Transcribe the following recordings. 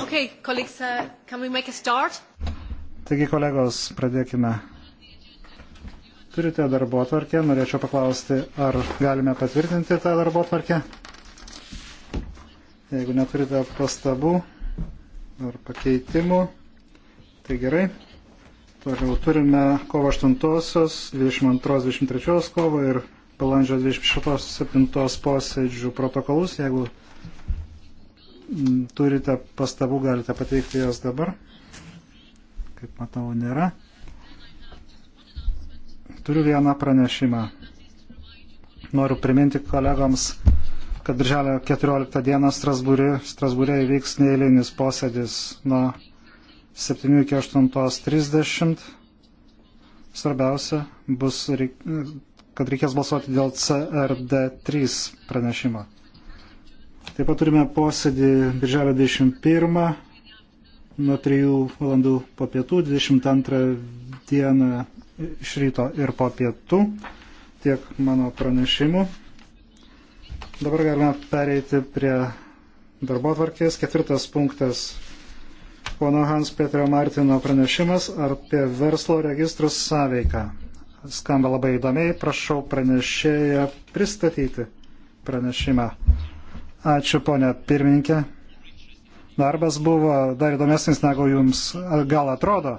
Okay, colleagues, uh, can we make a start? Taigi, kolegos, pradėkime. Turite darbo atvarkę, norėčiau paklausti, ar galime patvirtinti tą darbo atvarkę. Jeigu neturite pastabų ar pakeitimų, tai gerai. Toliau turime kovo 8, 22-23 kovo ir balandžio 26-7 posėdžių protokolus. Jeigu turite pastabų, galite pateikti jas dabar. Kaip matau, nėra. Turiu vieną pranešimą. Noriu priminti kolegams, kad birželio 14 dieną Strasbūrė, Strasbūrė įvyks neįlinis posėdis nuo 7 iki 8.30. Svarbiausia bus, kad reikės balsuoti dėl CRD3 pranešimo. Taip pat turime posėdį birželio 21 nuo 3 valandų po pietų, 22 dieną iš ryto ir po pietų. Tiek mano pranešimų. Dabar galime pereiti prie darbo tvarkės. Ketvirtas punktas. Pono Hans Petrio Martino pranešimas apie verslo registrus sąveiką. Skamba labai įdomiai, prašau pranešėją pristatyti pranešimą. Ačiū, ponia pirmininkė. Darbas buvo dar įdomesnis, negu jums e, gal atrodo.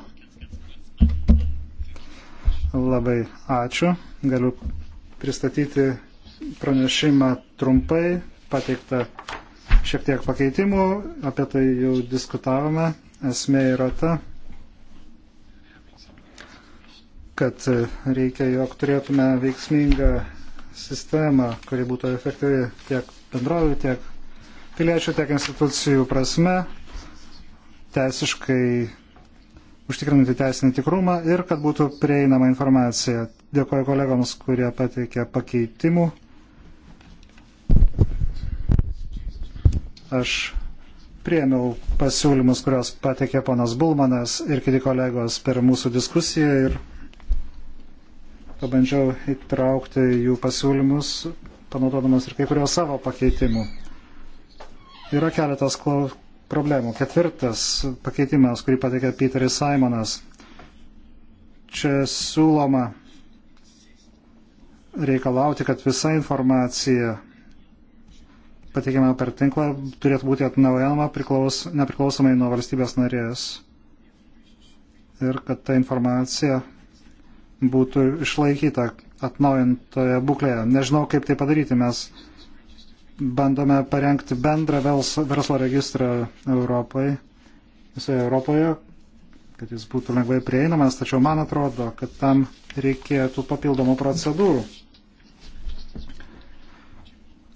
Labai ačiū. Galiu pristatyti pranešimą trumpai, pateiktą šiek tiek pakeitimų, apie tai jau diskutavome. Esmė yra ta, kad reikia, jog turėtume veiksmingą sistemą, kuri būtų efektyvi tiek bendrovių, tiek piliečių, tiek institucijų prasme, teisiškai užtikrinti teisinį tikrumą ir kad būtų prieinama informacija. Dėkuoju kolegoms, kurie pateikė pakeitimų. Aš priemiau pasiūlymus, kurios pateikė ponas Bulmanas ir kiti kolegos per mūsų diskusiją ir pabandžiau įtraukti jų pasiūlymus panaudodamas ir kai kurios savo pakeitimų. Yra keletas klau... problemų. Ketvirtas pakeitimas, kurį pateikė Peteris Simonas. Čia siūloma reikalauti, kad visa informacija pateikiama per tinklą turėtų būti atnaujama priklaus, nepriklausomai nuo valstybės narės ir kad ta informacija būtų išlaikyta atnaujintoje būklėje. Nežinau, kaip tai padaryti. Mes bandome parengti bendrą verslo registrą Europai, visoje Europoje, kad jis būtų lengvai prieinamas, tačiau man atrodo, kad tam reikėtų papildomų procedūrų.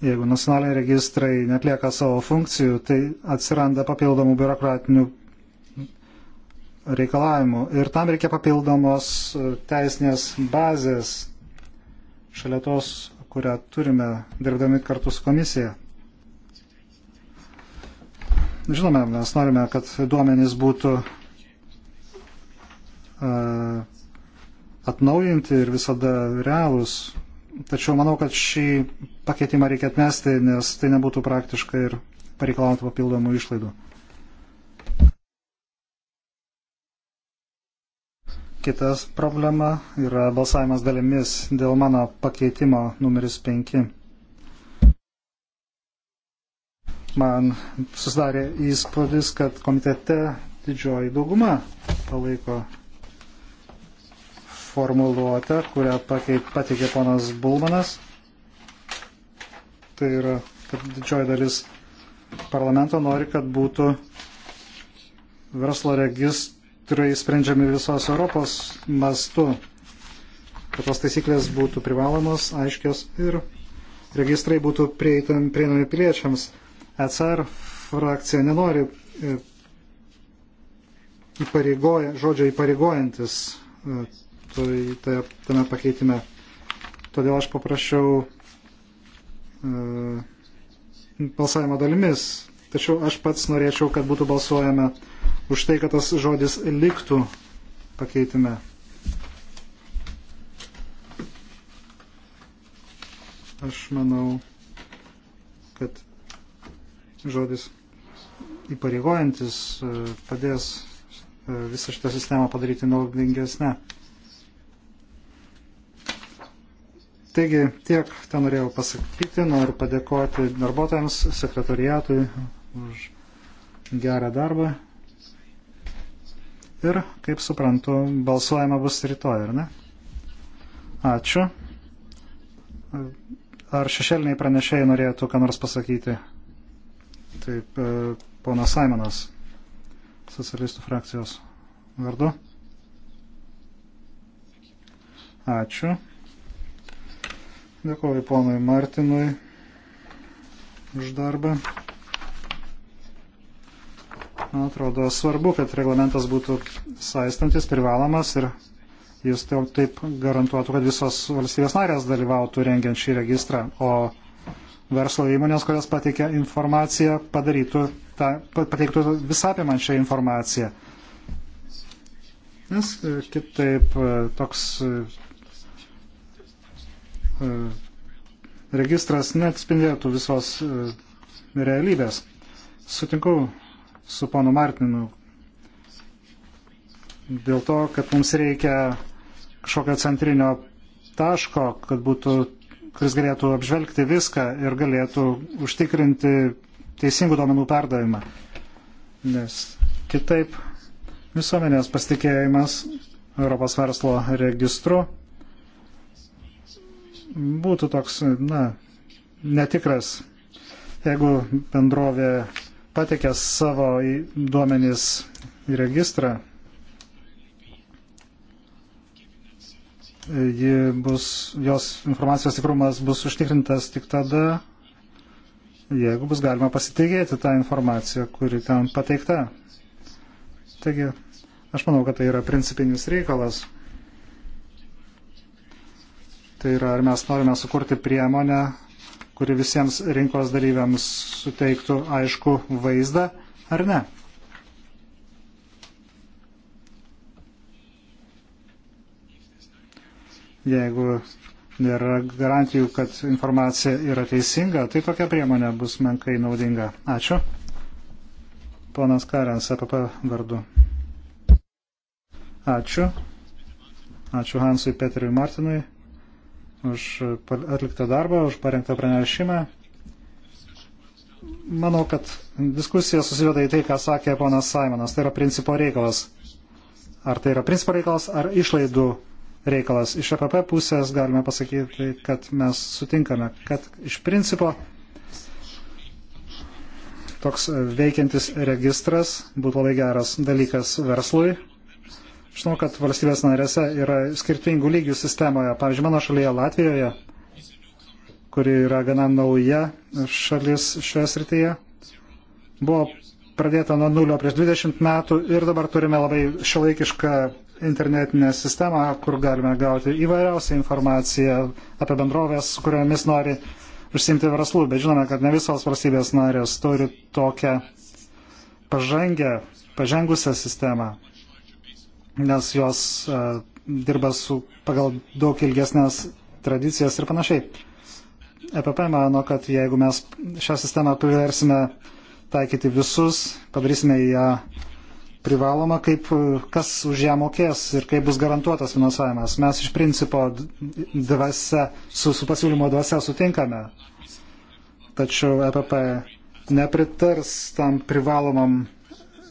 Jeigu nacionaliniai registrai netlieka savo funkcijų, tai atsiranda papildomų biurokratinių reikalavimų. Ir tam reikia papildomos e, teisinės bazės, šalia tos, kurią turime dirbdami kartu su komisija. Žinome, mes norime, kad duomenys būtų uh, atnaujinti ir visada realūs, tačiau manau, kad šį pakeitimą reikia atmesti, nes tai nebūtų praktiška ir pareikalautų papildomų išlaidų. Kitas problema yra balsavimas dalimis dėl mano pakeitimo numeris 5. Man susidarė įspūdis, kad komitete didžioji dauguma palaiko formuluotę, kurią pakeit, pateikė ponas Bulmanas. Tai yra, kad didžioji dalis parlamento nori, kad būtų verslo registro trai sprendžiami visos Europos mastu, kad tos taisyklės būtų privalomos, aiškios ir registrai būtų prieinami piliečiams. ECR frakcija nenori e, įpareigoja, žodžio įpareigojantis tai, tai, tame pakeitime. Todėl aš paprašiau e, balsavimo dalimis. Tačiau aš pats norėčiau, kad būtų balsuojama už tai, kad tas žodis liktų pakeitime. Aš manau, kad žodis įpareigojantis e, padės e, visą šitą sistemą padaryti naudingesnę. Taigi tiek ten norėjau pasakyti, noriu padėkoti darbuotojams, sekretariatui už gerą darbą. Ir, kaip suprantu, balsuojama bus rytoj, ar ne? Ačiū. Ar šešėliniai pranešėjai norėtų ką nors pasakyti? Taip, e, ponas Simonas, socialistų frakcijos vardu. Ačiū. Dėkuoju ponui Martinui už darbą. Man atrodo svarbu, kad reglamentas būtų saistantis, privalomas ir jis taip garantuotų, kad visos valstybės narės dalyvautų rengiant šį registrą, o verslo įmonės, kurios pateikia informaciją, padarytų tą, pateiktų visapimančią informaciją. Nes e, kitaip e, toks e, registras neatspindėtų visos realybės. Sutinku su ponu Martinu dėl to, kad mums reikia kažkokio centrinio taško, kad būtų, kuris galėtų apžvelgti viską ir galėtų užtikrinti teisingų duomenų perdavimą. Nes kitaip visuomenės pasitikėjimas Europos verslo registru būtų toks, na, netikras. Jeigu bendrovė pateikė savo duomenys į registrą, bus, jos informacijos tikrumas bus užtikrintas tik tada, jeigu bus galima pasitikėti tą informaciją, kuri ten pateikta. Taigi, aš manau, kad tai yra principinis reikalas. Tai yra, ar mes norime sukurti priemonę, kuri visiems rinkos dalyviams suteiktų aišku vaizdą, ar ne? Jeigu nėra garantijų, kad informacija yra teisinga, tai tokia priemonė bus menkai naudinga. Ačiū. Ponas Karens, APP vardu. Ačiū. Ačiū Hansui Petriui Martinui už atliktą darbą, už parengtą pranešimą. Manau, kad diskusija susiveda į tai, ką sakė ponas Simonas. Tai yra principo reikalas. Ar tai yra principo reikalas, ar išlaidų reikalas. Iš EPP pusės galime pasakyti, kad mes sutinkame, kad iš principo toks veikiantis registras būtų labai geras dalykas verslui, Žinau, kad valstybės narėse yra skirtingų lygių sistemoje. Pavyzdžiui, mano šalyje Latvijoje, kuri yra gana nauja šalis šioje srityje, buvo pradėta nuo nulio prieš 20 metų ir dabar turime labai šiuolaikišką internetinę sistemą, kur galime gauti įvairiausią informaciją apie bendrovės, su kuriomis nori užsimti verslų, bet žinome, kad ne visos valstybės narės turi tokią pažangę, pažengusią sistemą nes jos e, dirba su pagal daug ilgesnės tradicijas ir panašiai. EPP mano, kad jeigu mes šią sistemą priversime taikyti visus, padarysime ją privaloma, kaip, e, kas už ją mokės ir kaip bus garantuotas finansavimas. Mes iš principo dvasia, su, su pasiūlymo dvasia sutinkame, tačiau EPP nepritars tam privalomam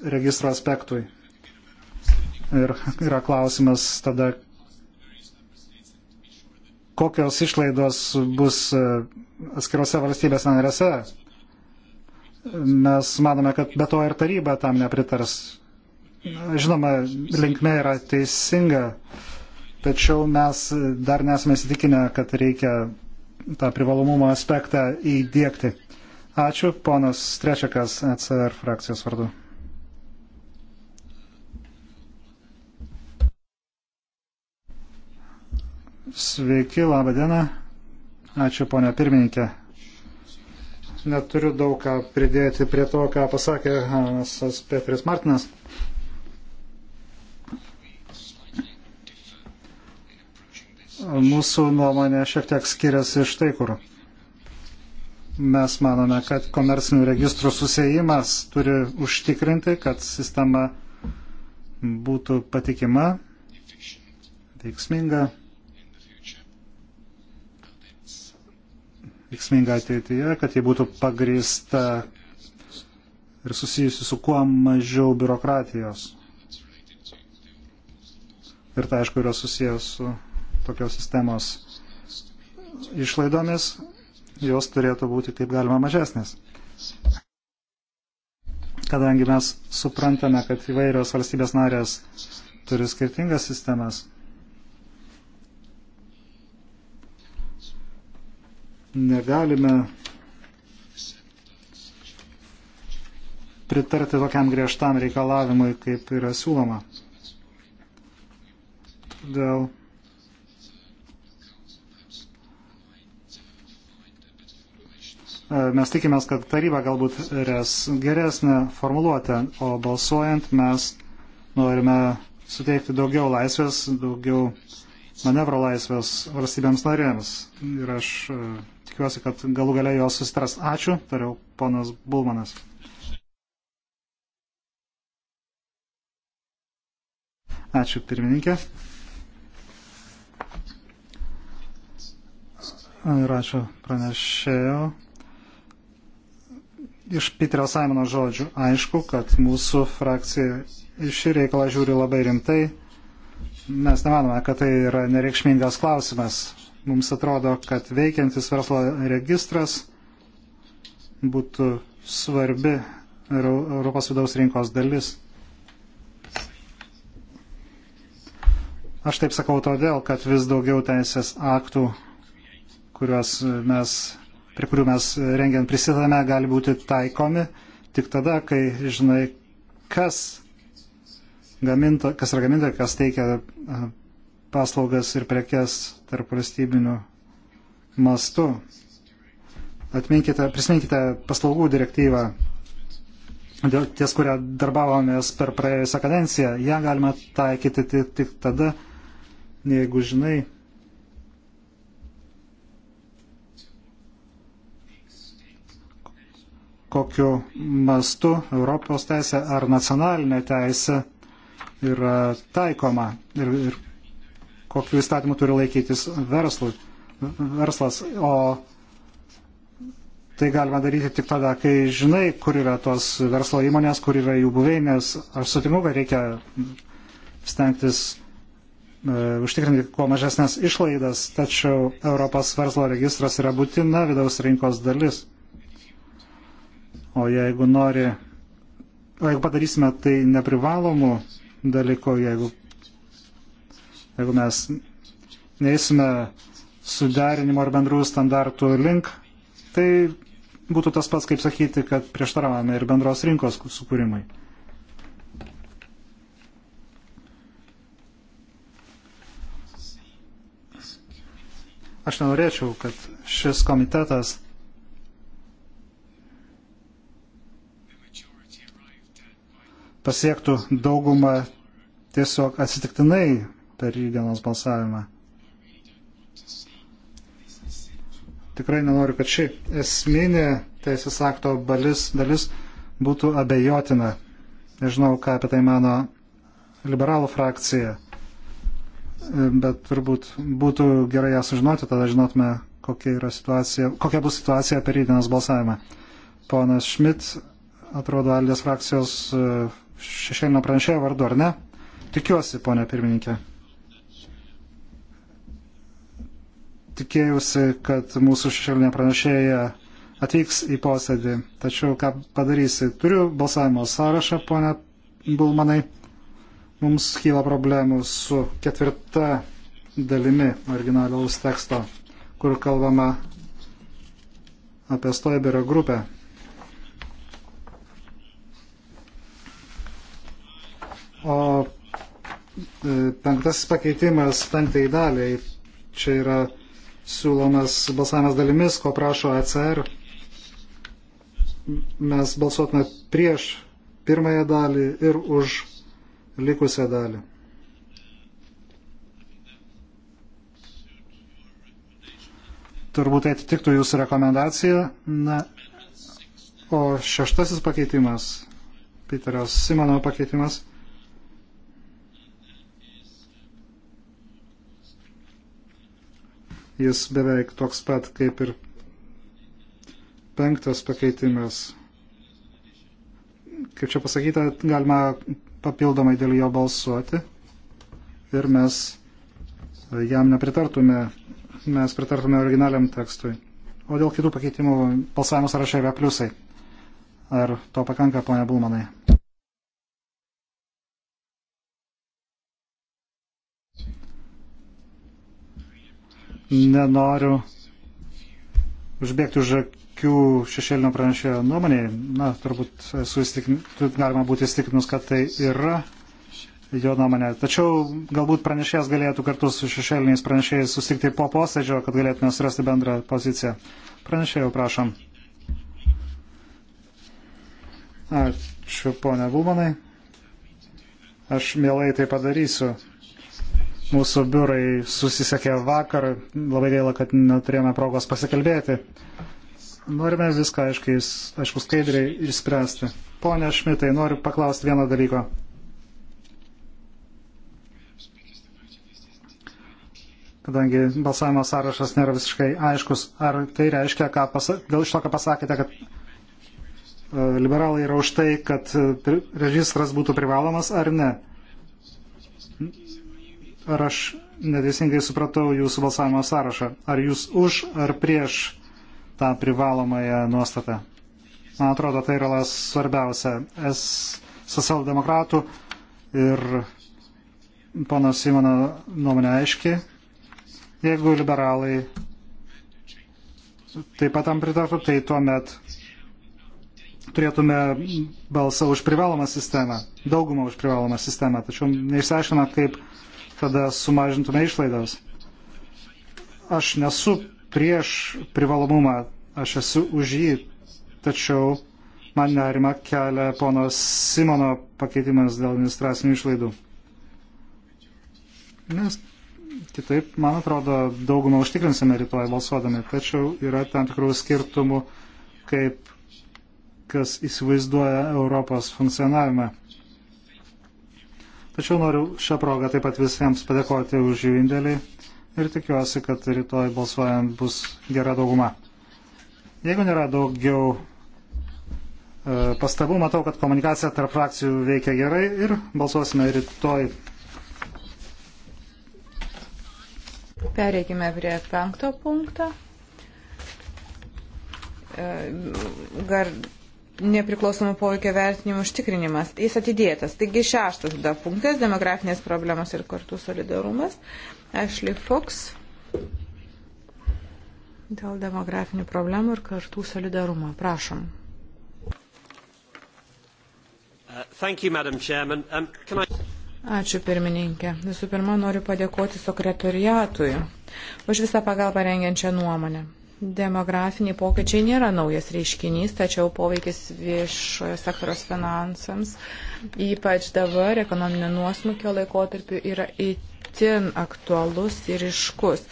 registro aspektui. Ir yra klausimas tada, kokios išlaidos bus e, atskirose valstybės narėse. Mes manome, kad be to ir taryba tam nepritars. Žinoma, linkme yra teisinga, tačiau mes dar nesame įsitikinę, kad reikia tą privalomumo aspektą įdėkti. Ačiū, ponas Trečiakas, ECR frakcijos vardu. Sveiki, laba diena. Ačiū, ponia pirmininkė. Neturiu daug ką pridėti prie to, ką pasakė Hansas Petris Martinas. Mūsų nuomonė šiek tiek skiriasi iš tai, kur mes manome, kad komercinių registrų susijimas turi užtikrinti, kad sistema būtų patikima, veiksminga veiksminga ateityje, kad jie būtų pagrįsta ir susijusi su kuo mažiau biurokratijos. Ir tai aišku yra susijęs su tokios sistemos išlaidomis, jos turėtų būti kaip galima mažesnės. Kadangi mes suprantame, kad įvairios valstybės narės turi skirtingas sistemas, negalime pritarti tokiam griežtam reikalavimui, kaip yra siūloma. Todėl mes tikimės, kad taryba galbūt res geresnę formuluotę, o balsuojant mes norime suteikti daugiau laisvės, daugiau manevro laisvės valstybėms narėms. Ir aš tikiuosi, kad galų galia jos susitras. Ačiū, tariau ponas Bulmanas. Ačiū pirmininkė. Ir ačiū pranešėjo. Iš Piterio Saimono žodžių aišku, kad mūsų frakcija į šį reikalą žiūri labai rimtai. Mes nemanome, kad tai yra nereikšmingas klausimas. Mums atrodo, kad veikiantis verslo registras būtų svarbi Europos vidaus rinkos dalis. Aš taip sakau todėl, kad vis daugiau teisės aktų, mes, prie kurių mes rengiant prisidame, gali būti taikomi tik tada, kai žinai, kas, gaminta, kas yra gaminta, kas teikia paslaugas ir prekes tarp valstybinių mastų. Atminkite, prisiminkite paslaugų direktyvą, dėl ties, kurią darbavomės per praėjusią kadenciją. Ja galima taikyti tik tada, jeigu žinai, kokiu mastu Europos teisė ar nacionalinė teisė yra taikoma ir, ir kokiu įstatymu turi laikytis verslui, verslas, o tai galima daryti tik tada, kai žinai, kur yra tos verslo įmonės, kur yra jų buveinės. Aš sutinku, kad reikia stengtis e, užtikrinti kuo mažesnės išlaidas, tačiau Europos verslo registras yra būtina vidaus rinkos dalis. O jeigu nori, o jeigu padarysime tai neprivalomu dalyku, jeigu Jeigu mes neįsime suderinimo ar bendrų standartų link, tai būtų tas pats, kaip sakyti, kad prieštaravome ir bendros rinkos sukūrimui. Aš nenorėčiau, kad šis komitetas pasiektų daugumą tiesiog atsitiktinai per rydienos balsavimą. Tikrai nenoriu, kad ši esminė teisės akto balis, dalis būtų abejotina. Nežinau, ką apie tai mano liberalų frakcija, bet turbūt būtų gerai ją sužinoti, tada žinotume, kokia, situacija, kokia bus situacija per rydienos balsavimą. Ponas Šmit, atrodo, Aldės frakcijos e, šešėlinio pranešėjo vardu, ar ne? Tikiuosi, ponė pirmininkė. tikėjusi, kad mūsų šešėlinė pranešėja atvyks į posėdį. Tačiau ką padarysi? Turiu balsavimo sąrašą, ponia Bulmanai. Mums kyla problemų su ketvirta dalimi originaliaus teksto, kur kalbama apie Stoiberio grupę. O e, penktasis pakeitimas penktai daliai čia yra siūlomas balsavimas dalimis, ko prašo ECR. Mes balsuotume prieš pirmąją dalį ir už likusią dalį. Turbūt tai atitiktų jūsų rekomendaciją. Na, o šeštasis pakeitimas, Piterio Simono pakeitimas jis beveik toks pat kaip ir penktas pakeitimas. Kaip čia pasakyta, galima papildomai dėl jo balsuoti ir mes jam nepritartume, mes pritartume originaliam tekstui. O dėl kitų pakeitimų balsavimo sąraše yra pliusai. Ar to pakanka, ponia Bulmanai? nenoriu užbėgti už akių šešėlinio pranešėjo nuomonėje. Na, turbūt esu įstikin, galima būti įstikinus, kad tai yra jo nuomonė. Tačiau galbūt pranešėjas galėtų kartu su šešėliniais pranešėjais susitikti po posėdžio, kad galėtume surasti bendrą poziciją. Pranešėjau, prašom. Ačiū, ponia Bulmanai. Aš mielai tai padarysiu mūsų biurai susisiekė vakar, labai gaila, kad neturėjome progos pasikalbėti. Norime viską, aiškai, aišku, skaidriai išspręsti. Pone Šmitai, noriu paklausti vieną dalyką. Kadangi balsavimo sąrašas nėra visiškai aiškus, ar tai reiškia, ką pasa... dėl iš to, ką pasakėte, kad e, liberalai yra už tai, kad e, registras būtų privalomas ar ne? ar aš neteisingai supratau jūsų balsavimo sąrašą. Ar jūs už ar prieš tą privalomąją nuostatą? Man atrodo, tai yra svarbiausia. Es socialdemokratų ir pono Simono nuomonė aiški. Jeigu liberalai taip pat tam pritartų, tai tuomet turėtume balsą už privalomą sistemą, daugumą už privalomą sistemą. Tačiau neišsiaiškina, kaip tada sumažintume išlaidas. Aš nesu prieš privalomumą, aš esu už jį, tačiau man nerima kelia pono Simono pakeitimas dėl administracinių išlaidų. Nes kitaip, man atrodo, daugumą užtikrinsime rytoj balsuodami, tačiau yra tam tikrų skirtumų, kaip kas įsivaizduoja Europos funkcionavimą. Tačiau noriu šią progą taip pat visiems padėkoti už jų indėlį ir tikiuosi, kad rytoj balsuojant bus gera dauguma. Jeigu nėra daugiau e, pastabų, matau, kad komunikacija tarp frakcijų veikia gerai ir balsuosime rytoj. Pereikime prie penkto punkto. E, gar nepriklausomų poveikio vertinimų užtikrinimas. Jis atidėtas. Taigi šeštas da punktas - demografinės problemos ir kartų solidarumas. Ashley Fox dėl demografinių problemų ir kartų solidarumo. Prašom. Uh, you, um, I... Ačiū pirmininkė. Visų pirma, noriu padėkoti sekretoriatui už visą pagalbą rengiančią nuomonę. Demografiniai pokyčiai nėra naujas reiškinys, tačiau poveikis viešojo sektoriaus finansams, ypač dabar ekonominio nuosmukio laikotarpiu, yra itin aktualus ir iškus.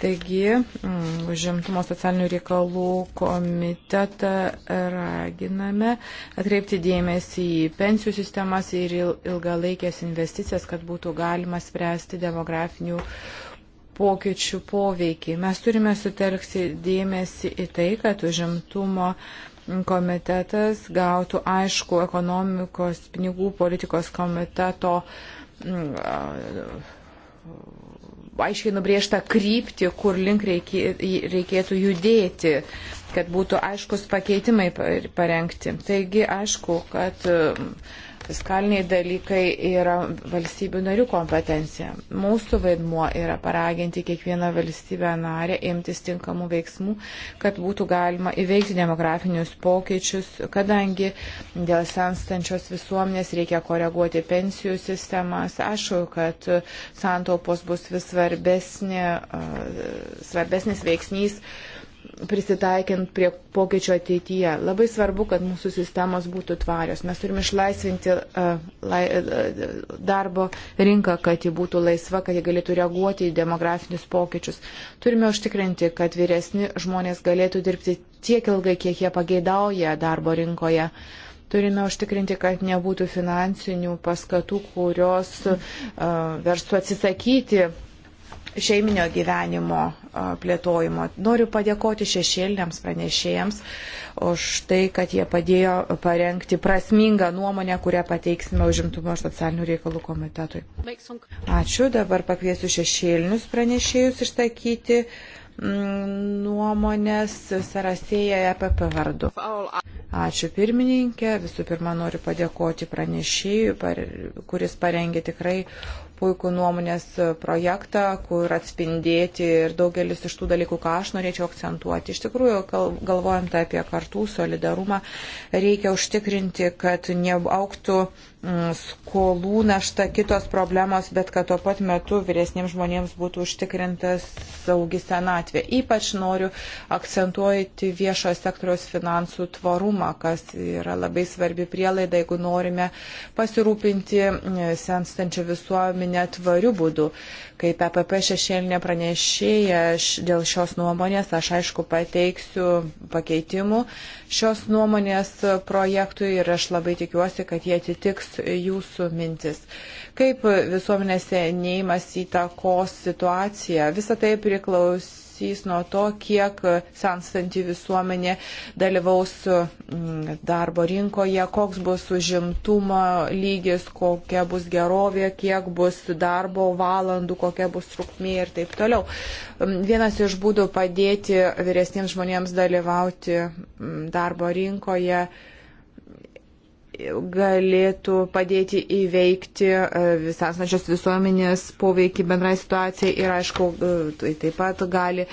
Taigi, mm, užimtumo socialinių reikalų komitetą raginame atkreipti dėmesį į pensijų sistemas ir ilgalaikės investicijas, kad būtų galima spręsti demografinių pokyčių poveikį. Mes turime sutelkti dėmesį į tai, kad užimtumo komitetas gautų aišku ekonomikos pinigų politikos komiteto mm, aiškiai nubriežtą kryptį, kur link reikėtų judėti, kad būtų aiškus pakeitimai parengti. Taigi aišku, kad uh, fiskaliniai dalykai yra valstybių narių kompetencija. Mūsų vaidmuo yra paraginti kiekvieną valstybę narę imtis tinkamų veiksmų, kad būtų galima įveikti demografinius pokyčius, kadangi dėl senstančios visuomenės reikia koreguoti pensijų sistemas. Ašku, kad santaupos bus vis svarbesnė, svarbesnis veiksnys. Uh, prisitaikint prie pokyčio ateityje. Labai svarbu, kad mūsų sistemos būtų tvarios. Mes turime išlaisvinti uh, lai, uh, darbo rinką, kad ji būtų laisva, kad ji galėtų reaguoti į demografinius pokyčius. Turime užtikrinti, kad vyresni žmonės galėtų dirbti tiek ilgai, kiek jie pageidauja darbo rinkoje. Turime užtikrinti, kad nebūtų finansinių paskatų, kurios uh, verstų atsisakyti šeiminio gyvenimo plėtojimo. Noriu padėkoti šešėliniams pranešėjams už tai, kad jie padėjo parengti prasmingą nuomonę, kurią pateiksime užimtumo ir socialinių reikalų komitetui. Ačiū, dabar pakviesiu šešėlinius pranešėjus išsakyti mm, nuomonės Sarasėje EPP vardu. Ačiū pirmininkė. Visų pirma, noriu padėkoti pranešėjui, kuris parengė tikrai puikų nuomonės projektą, kur atspindėti ir daugelis iš tų dalykų, ką aš norėčiau akcentuoti. Iš tikrųjų, galvojant apie kartų solidarumą, reikia užtikrinti, kad neauktų mm, skolų našta, kitos problemos, bet kad tuo pat metu vyresniems žmonėms būtų užtikrintas saugi senatvė. Ypač noriu akcentuoti viešo sektoriaus finansų tvarumą, kas yra labai svarbi prielaida, jeigu norime pasirūpinti mm, senstančią visuomenę daromi netvarių būdų. Kaip EPP šešėlinė pranešėja dėl šios nuomonės, aš aišku pateiksiu pakeitimų šios nuomonės projektui ir aš labai tikiuosi, kad jie atitiks jūsų mintis. Kaip visuomenėse neįmas įtakos situacija, visą tai priklauso priklausys nuo to, kiek senstanti visuomenė dalyvaus mm, darbo rinkoje, koks bus užimtumo lygis, kokia bus gerovė, kiek bus darbo valandų, kokia bus trukmė ir taip toliau. Mm, vienas iš būdų padėti vyresniems žmonėms dalyvauti mm, darbo rinkoje galėtų padėti įveikti e, visasančios visuomenės poveikį bendrai situacijai ir, aišku, e, tai taip pat gali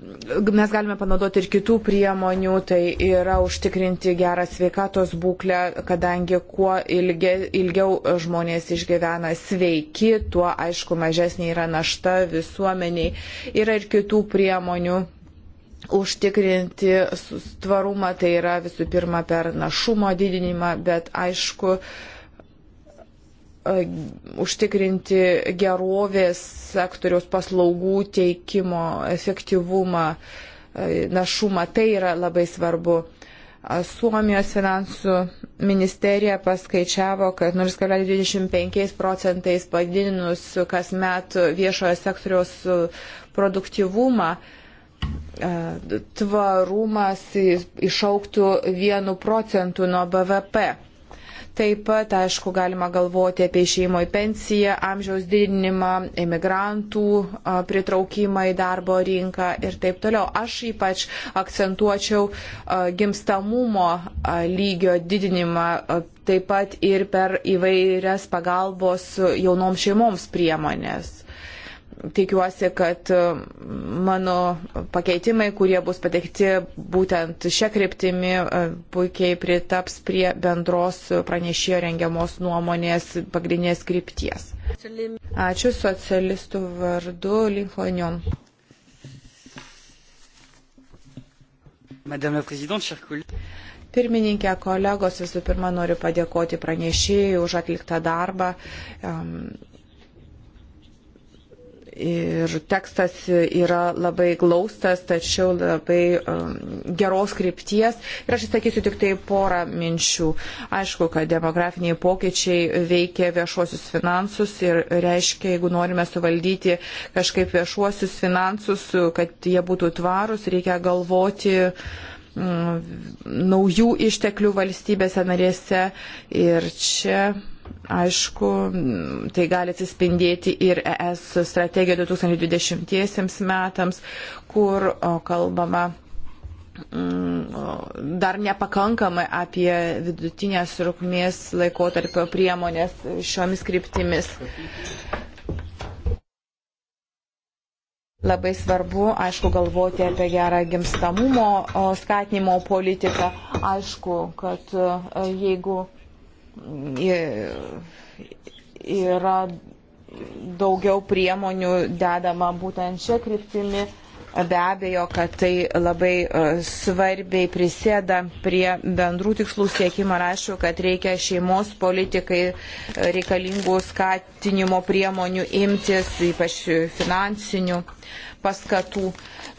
mes galime panaudoti ir kitų priemonių, tai yra užtikrinti gerą sveikatos būklę, kadangi kuo ilgia, ilgiau žmonės išgyvena sveiki, tuo aišku mažesnė yra našta visuomeniai. Yra ir kitų priemonių užtikrinti tvarumą, tai yra visų pirma per našumo didinimą, bet aišku, e, užtikrinti gerovės sektoriaus paslaugų teikimo efektyvumą, e, našumą, tai yra labai svarbu. Suomijos finansų ministerija paskaičiavo, kad 0,25 procentais padidinus kasmet viešojo sektoriaus produktivumą, E, tvarumas išauktų vienu procentu nuo BVP. Taip pat, aišku, galima galvoti apie šeimo į pensiją, amžiaus didinimą, emigrantų e, pritraukimą į darbo rinką ir taip toliau. Aš ypač akcentuočiau e, gimstamumo lygio didinimą taip pat ir per įvairias pagalbos jaunom šeimoms priemonės tikiuosi, kad mm, mano pakeitimai, kurie bus pateikti būtent šią kryptimį, e, puikiai pritaps prie bendros pranešėjo rengiamos nuomonės pagrindinės krypties. Ačiū socialistų vardu Linfonion. Madame la Présidente, chers collègues. Pirmininkė, kolegos, visų pirma noriu padėkoti pranešėjai už atliktą darbą. Um, Ir tekstas yra labai glaustas, tačiau labai um, geros krypties. Ir aš įsakysiu tik tai porą minčių. Aišku, kad demografiniai pokyčiai veikia viešuosius finansus ir reiškia, jeigu norime suvaldyti kažkaip viešuosius finansus, kad jie būtų tvarus, reikia galvoti um, naujų išteklių valstybėse narėse. Ir čia Aišku, tai gali atsispindėti ir ES strategija 2020 metams, kur kalbama mm, dar nepakankamai apie vidutinės rūkmės laikotarpio priemonės šiomis kryptimis. Labai svarbu, aišku, galvoti apie gerą gimstamumo skatinimo politiką. Aišku, kad e, jeigu yra daugiau priemonių dedama būtent šią kryptimį be abejo, kad tai labai e, svarbiai prisėda prie bendrų tikslų siekimo ir aišku, kad reikia šeimos politikai e, reikalingų skatinimo priemonių imtis, ypač finansinių paskatų.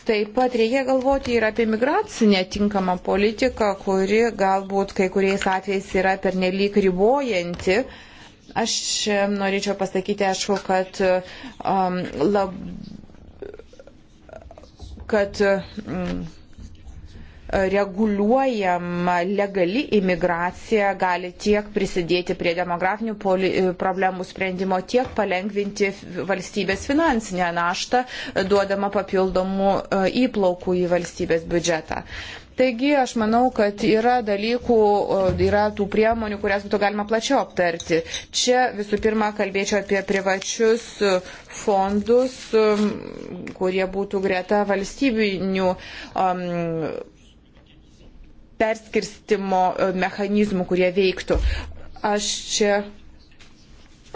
Taip pat reikia galvoti ir apie migracinę tinkamą politiką, kuri galbūt kai kuriais atvejais yra pernelyg ribojanti. Aš norėčiau pasakyti, aišku, kad um, labai kad mm, reguliuojama legali imigracija gali tiek prisidėti prie demografinių problemų sprendimo, tiek palengvinti valstybės finansinę naštą, duodama papildomų e, įplaukų į valstybės biudžetą. Taigi aš manau, kad yra dalykų, yra tų priemonių, kurias būtų galima plačiau aptarti. Čia visų pirma kalbėčiau apie privačius e, fondus, e, kurie būtų greta valstybinių. Um, perskirstimo e, mechanizmų, kurie veiktų. Aš čia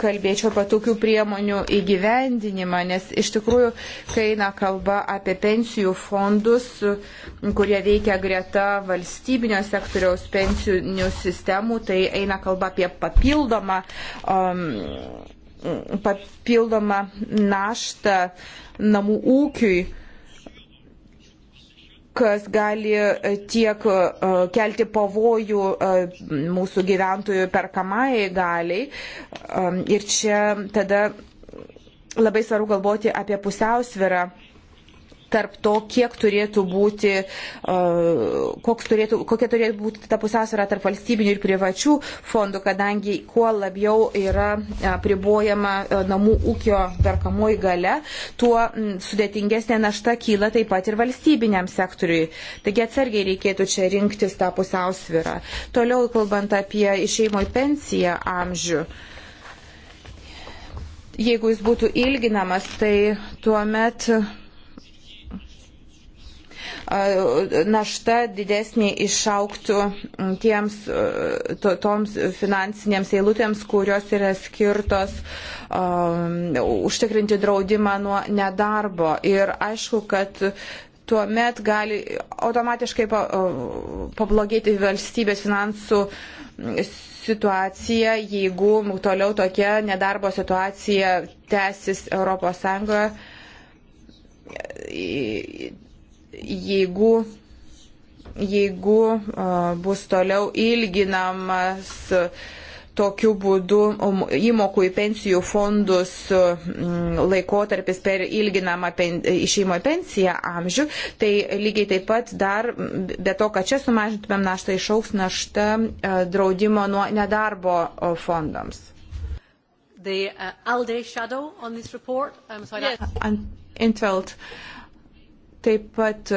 kalbėčiau apie tokių priemonių įgyvendinimą, nes iš tikrųjų, kai eina kalba apie pensijų fondus, kurie veikia greta valstybinio sektoriaus pensijų sistemų, tai eina kalba apie papildomą. Um, papildomą naštą namų ūkiui, kas gali e, tiek e, kelti pavojų e, mūsų gyventojų perkamai galiai. Ir čia tada labai svarbu galvoti apie pusiausvirą tarp to, kiek turėtų būti, turėtų, kokia turėtų būti ta pusiausvėra tarp valstybinių ir privačių fondų, kadangi kuo labiau yra pribojama namų ūkio perkamoji gale, tuo sudėtingesnė našta kyla taip pat ir valstybiniam sektoriui. Taigi atsargiai reikėtų čia rinktis tą pusiausvyrą. Toliau kalbant apie išeimo į pensiją amžių jeigu jis būtų ilginamas, tai tuomet našta didesnė išauktų tiems, to, toms finansinėms eilutėms, kurios yra skirtos um, užtikrinti draudimą nuo nedarbo. Ir aišku, kad tuo met gali automatiškai pablogėti valstybės finansų situacija, jeigu toliau tokia nedarbo situacija tęsis ES jeigu, jeigu bus toliau ilginamas tokiu būdu um, įmokų į pensijų fondus laikotarpis per ilginamą pen, išeimo į pensiją amžių, tai lygiai taip pat dar, be to, kad čia sumažintumėm naštą, išauks našta draudimo nuo nedarbo fondams. The, uh, Alde shadow on this report. Um, sorry, yes. Intveld. Uh, taip pat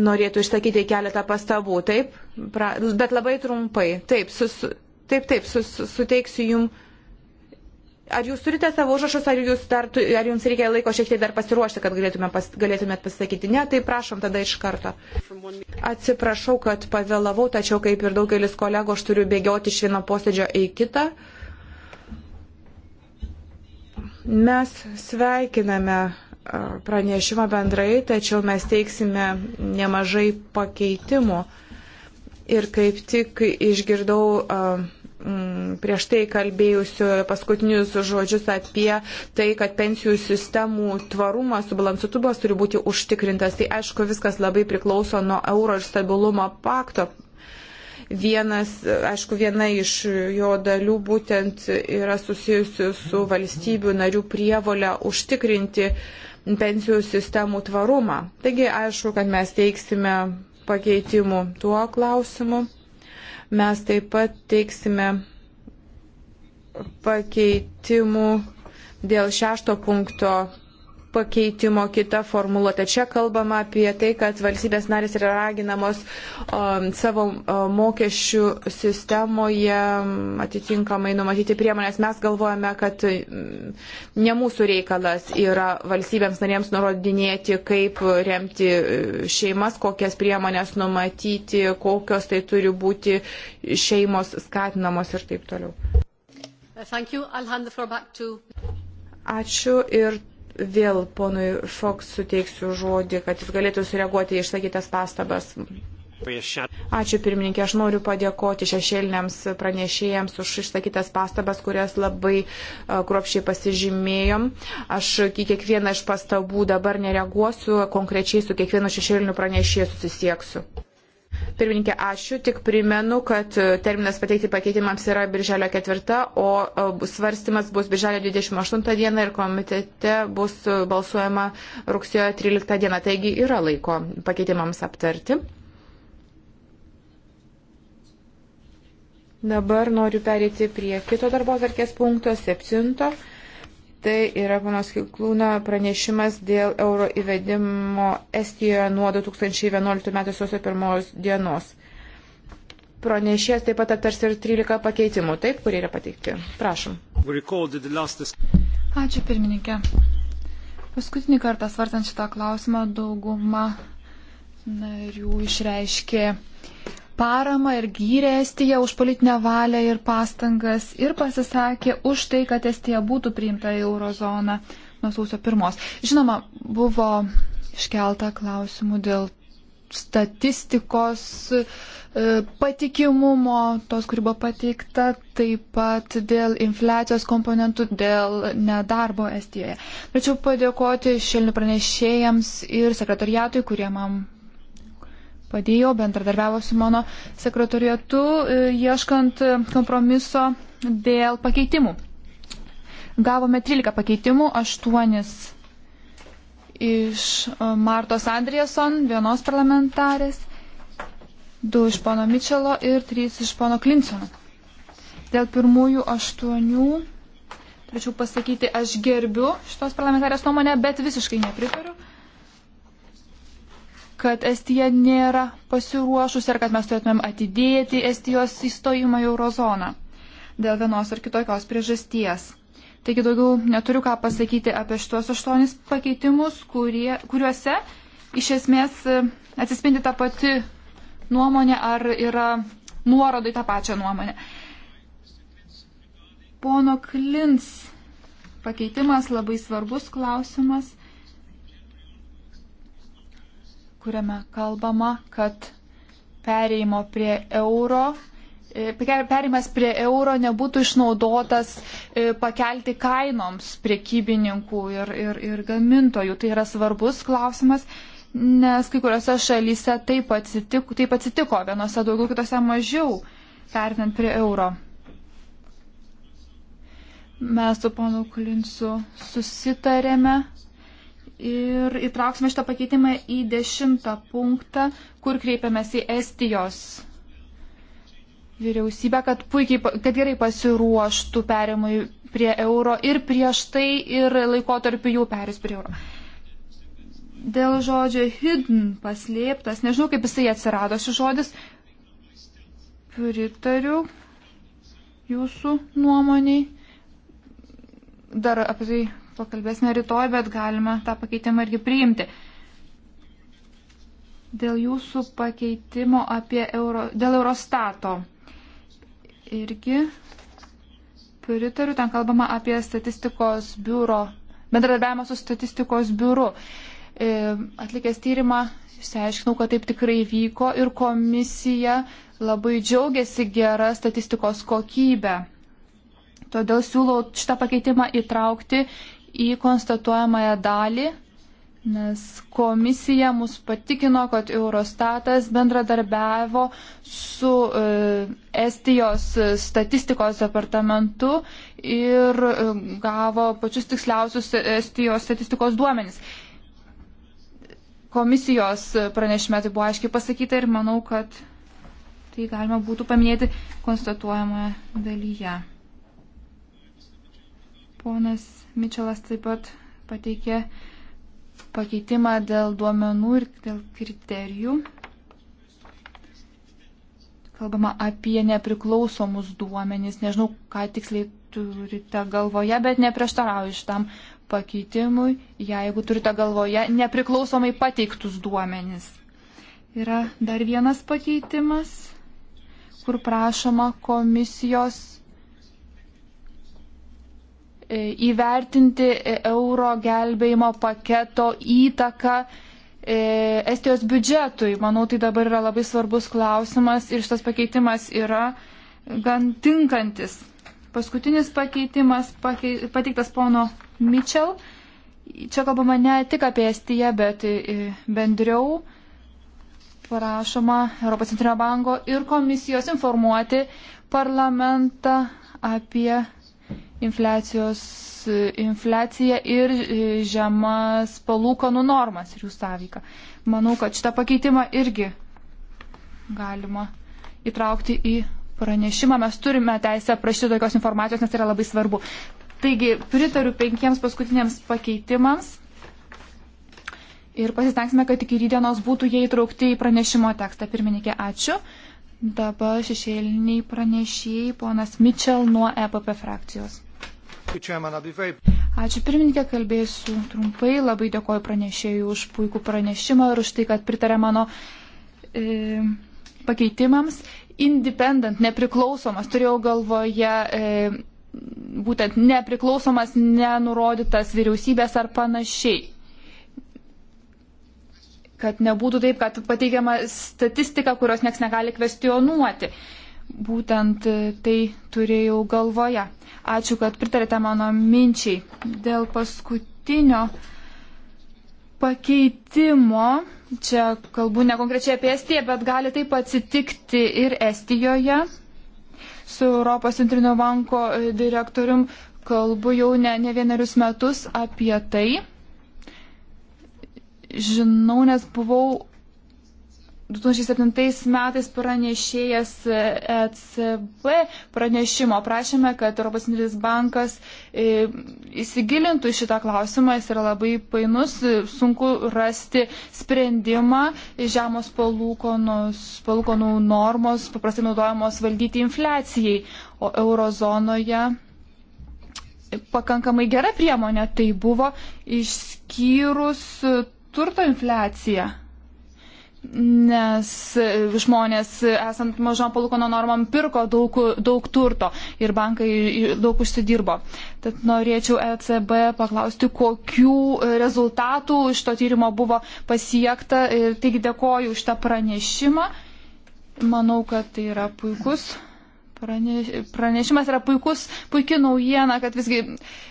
norėtų išsakyti keletą pastabų, taip, pra, bet labai trumpai. Taip, sus, taip, taip sus, suteiksiu jums. Ar jūs turite savo užrašus, ar, jūs dar, ar jums reikia laiko šiek tiek dar pasiruošti, kad galėtume pas, galėtumėt pasakyti? Ne, tai prašom tada iš karto. Atsiprašau, kad pavėlavau, tačiau kaip ir daugelis kolegų, aš turiu bėgioti iš vieno posėdžio į kitą. Mes sveikiname pranešimą bendrai, tačiau mes teiksime nemažai pakeitimų. Ir kaip tik išgirdau prieš tai kalbėjusiu paskutinius žodžius apie tai, kad pensijų sistemų tvarumas, subalansuotumas turi būti užtikrintas. Tai aišku, viskas labai priklauso nuo euro ir stabilumo pakto. Vienas, aišku, viena iš jo dalių būtent yra susijusi su valstybių narių prievolę užtikrinti uh, pensijų sistemų tvarumą. Taigi aišku, kad mes teiksime pakeitimų tuo klausimu. Mes taip pat teiksime pakeitimų dėl šešto punkto pakeitimo kita formuluotė. Čia kalbama apie tai, kad valstybės narės yra raginamos um, savo um, mokesčių sistemoje um, atitinkamai numatyti priemonės. Mes galvojame, kad um, ne mūsų reikalas yra valstybėms narėms nurodinėti, kaip remti uh, šeimas, kokias priemonės numatyti, kokios tai turi būti šeimos skatinamos ir taip toliau. Ačiū ir vėl ponui Fox suteiksiu žodį, kad jis galėtų sureaguoti į išsakytas pastabas. Ačiū pirmininkė, aš noriu padėkoti šešėliniams pranešėjams už išsakytas pastabas, kurias labai e, kruopšiai pasižymėjom. Aš į kiekvieną iš pastabų dabar nereaguosiu, konkrečiai su kiekvienu šešėliniu pranešėju susisieksiu. Pirmininkė, ačiū. Tik primenu, kad e, terminas pateikti pakeitimams yra birželio 4, o e, svarstymas bus birželio 28 dieną ir komitete bus e, balsuojama rugsėjo 13 dieną. Taigi yra laiko pakeitimams aptarti. Dabar noriu perėti prie kito darbo verkės punkto, septinto. Tai yra panos Kiklūno pranešimas dėl euro įvedimo Estijoje nuo 2011 m. sausio 1 dienos. Pranešės taip pat aptars ir 13 pakeitimų, taip, kurie yra pateikti. Prašom. Ačiū pirmininkė. Paskutinį kartą svartant šitą klausimą dauguma narių išreiškė paramą ir gyrė Estiją už politinę valią ir pastangas ir pasisakė už tai, kad Estija būtų priimta į eurozoną nuo sausio pirmos. Žinoma, buvo iškelta klausimų dėl statistikos e, patikimumo, tos, kuri buvo pateikta, taip pat dėl infliacijos komponentų, dėl nedarbo Estijoje. Norėčiau padėkoti šelnių pranešėjams ir sekretariatui, kurie man padėjo, bendradarbiavo su mano sekretoriatu, e, ieškant e, kompromiso dėl pakeitimų. Gavome 13 pakeitimų, 8 iš e, Martos Andrieson, vienos parlamentarės, 2 iš pono Mičelo ir 3 iš pono Klinsono. Dėl pirmųjų aštuonių, turėčiau pasakyti, aš gerbiu šitos parlamentarės nuomonę, bet visiškai nepritariu kad Estija nėra pasiruošusi ir kad mes turėtumėm atidėti Estijos įstojimą į eurozoną dėl vienos ar kitokios priežasties. Taigi daugiau neturiu ką pasakyti apie šitos aštuonis pakeitimus, kurie, kuriuose iš esmės e, atsispindi ta pati nuomonė ar yra nuorodai tą pačią nuomonę. Pono Klins pakeitimas labai svarbus klausimas kuriame kalbama, kad pereimo prie euro e, perimas prie euro nebūtų išnaudotas e, pakelti kainoms priekybininkų ir, ir, ir gamintojų. Tai yra svarbus klausimas, nes kai kuriuose šalyse taip atsitiko, taip atsitiko vienose daugiau, kitose mažiau, perinant prie euro. Mes su ponu Kulinsu susitarėme ir įtrauksime šitą pakeitimą į dešimtą punktą, kur kreipiamės į Estijos vyriausybę, kad, puikiai, kad gerai pasiruoštų perimui prie euro ir prieš tai ir laikotarpiu jau perės prie euro. Dėl žodžio hidden paslėptas, nežinau kaip jisai atsirado šis žodis, pritariu jūsų nuomoniai. Dar apie tai pakalbėsime rytoj, bet galima tą pakeitimą irgi priimti. Dėl jūsų pakeitimo apie euro, dėl Eurostato. Irgi pritariu, ten kalbama apie statistikos biuro, bendradarbiavimą su statistikos biuru. E, atlikęs tyrimą, išsiaiškinau, kad taip tikrai vyko ir komisija labai džiaugiasi gera statistikos kokybė. Todėl siūlau šitą pakeitimą įtraukti į konstatuojamąją dalį, nes komisija mus patikino, kad Eurostatas bendradarbiavo su e, Estijos statistikos departamentu ir e, gavo pačius tiksliausius Estijos statistikos duomenys komisijos pranešime tai buvo aiškiai pasakyta ir manau, kad tai galima būtų paminėti konstatuojamoje dalyje. Ponas Mičelas taip pat pateikė pakeitimą dėl duomenų ir dėl kriterijų. Kalbama apie nepriklausomus duomenys. Nežinau, ką tiksliai turite galvoje, bet neprieštarauju šitam pakeitimui, jeigu turite galvoje nepriklausomai pateiktus duomenys. Yra dar vienas pakeitimas, kur prašoma komisijos E, įvertinti e, euro gelbėjimo paketo įtaką e, Estijos biudžetui. Manau, tai dabar yra labai svarbus klausimas ir šitas pakeitimas yra gan tinkantis. Paskutinis pakeitimas pakei, pateiktas pono Mitchell. Čia kalbama ne tik apie Estiją, bet bendriau prašoma Europos centrinio banko ir komisijos informuoti parlamentą apie infliacija ir e, žemas palūkanų normas ir jų sąveika. Manau, kad šitą pakeitimą irgi galima įtraukti į pranešimą. Mes turime teisę prašyti tokios informacijos, nes tai yra labai svarbu. Taigi, pritariu penkiems paskutiniams pakeitimams ir pasistengsime, kad iki rydienos būtų jie įtraukti į pranešimo tekstą. Pirmininkė, ačiū. Dabar šešėliniai pranešėjai, ponas Mitchell nuo EPP frakcijos. Ačiū pirmininkė, kalbėsiu trumpai. Labai dėkoju pranešėjui už puikų pranešimą ir už tai, kad pritarė mano e, pakeitimams. Independent, nepriklausomas, turėjau galvoje. E, būtent nepriklausomas, nenurodytas vyriausybės ar panašiai. Kad nebūtų taip, kad pateikiama statistika, kurios nieks negali kvestionuoti būtent tai turėjau galvoje. Ačiū, kad pritarėte mano minčiai. Dėl paskutinio pakeitimo, čia kalbu ne konkrečiai apie Estiją, bet gali taip atsitikti ir Estijoje. Su Europos centrinio banko direktorium kalbu jau ne, ne vienerius metus apie tai. Žinau, nes buvau 2007 metais pranešėjas ECB e pranešimo prašėme, kad Europos Centrinis bankas e, įsigilintų šitą klausimą, jis yra labai painus, sunku rasti sprendimą, žemos palūkonų normos paprastai naudojamos valdyti infliacijai, o eurozonoje pakankamai gera priemonė tai buvo išskyrus turto infliaciją nes žmonės esant mažom palūkono normam pirko daug, daug turto ir bankai daug užsidirbo. Tad norėčiau ECB paklausti, kokių rezultatų iš to tyrimo buvo pasiekta. Ir taigi dėkoju už tą pranešimą. Manau, kad tai yra puikus pranešimas yra puikus, puikia naujiena, kad visgi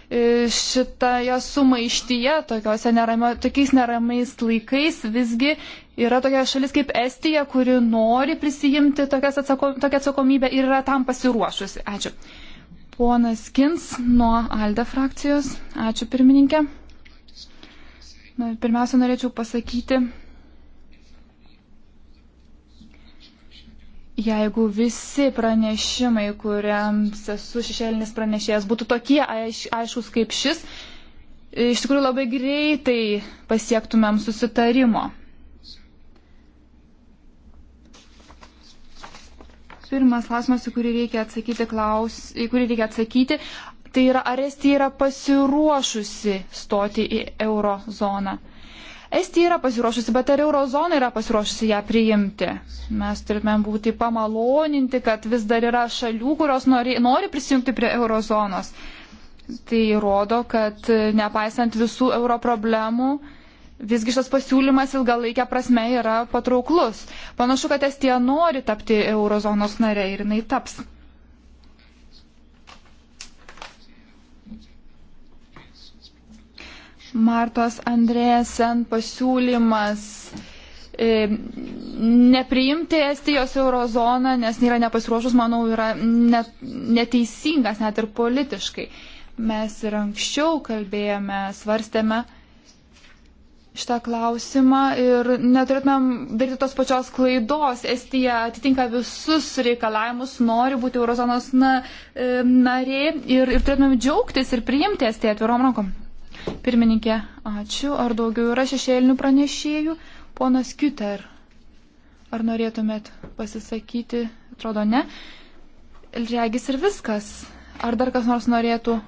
e, šitoje sumaištyje, nerame, tokiais neramiais laikais visgi yra tokia šalis kaip Estija, kuri nori prisijimti atsako, tokią atsakomybę ir yra tam pasiruošusi. Ačiū. Ponas Kins nuo Alde frakcijos. Ačiū pirmininkė. Na, pirmiausia, norėčiau pasakyti, Jeigu visi pranešimai, kuriams esu šešėlinis pranešėjas, būtų tokie aiš, aiškus kaip šis, iš tikrųjų labai greitai pasiektumėm susitarimo. Pirmas klausimas, į kurį reikia atsakyti, klaus, į kurį reikia atsakyti tai yra, ar Estija yra pasiruošusi stoti į eurozoną. Estija yra pasiruošusi, bet ar eurozona yra pasiruošusi ją priimti? Mes turime būti pamaloninti, kad vis dar yra šalių, kurios nori, nori prisijungti prie eurozonos. Tai rodo, kad nepaisant visų euro problemų, visgi šis pasiūlymas ilgalaikia prasme yra patrauklus. Panašu, kad Estija nori tapti eurozonos nare ir jinai taps. Martos Andrėsen pasiūlymas e, nepriimti Estijos eurozoną, nes nėra nepasiruošus, manau, yra net, neteisingas net ir politiškai. Mes ir anksčiau kalbėjome, svarstėme šitą klausimą ir neturėtumėm daryti tos pačios klaidos. Estija atitinka visus reikalavimus, nori būti eurozonos na, e, narė ir, ir turėtumėm džiaugtis ir priimti Estiją atvirom rankom. Pirmininkė, ačiū. Ar daugiau yra šešėlinių pranešėjų? Ponas Küter, ar norėtumėt pasisakyti? Atrodo, ne. Regis ir viskas. Ar dar kas nors norėtų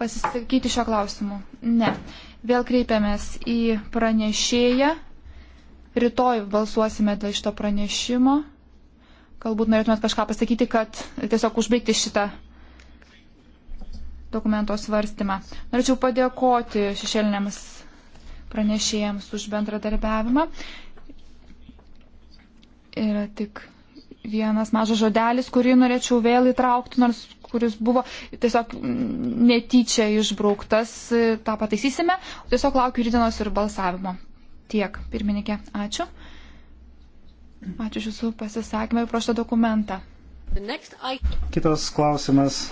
pasisakyti šio klausimu? Ne. Vėl kreipiamės į pranešėją. Rytoj balsuosime dėl šito pranešimo. Galbūt norėtumėt kažką pasakyti, kad tiesiog užbaigti šitą dokumento svarstymą. Norėčiau padėkoti šešėlinėms pranešėjams už bendradarbiavimą. Yra tik vienas mažas žodelis, kurį norėčiau vėl įtraukti, nors kuris buvo tiesiog netyčia išbrauktas, tą pataisysime. Tiesiog laukiu rytinos ir balsavimo. Tiek, pirmininkė, ačiū. Ačiū iš jūsų pasisakymą ir prašau dokumentą. Kitas klausimas.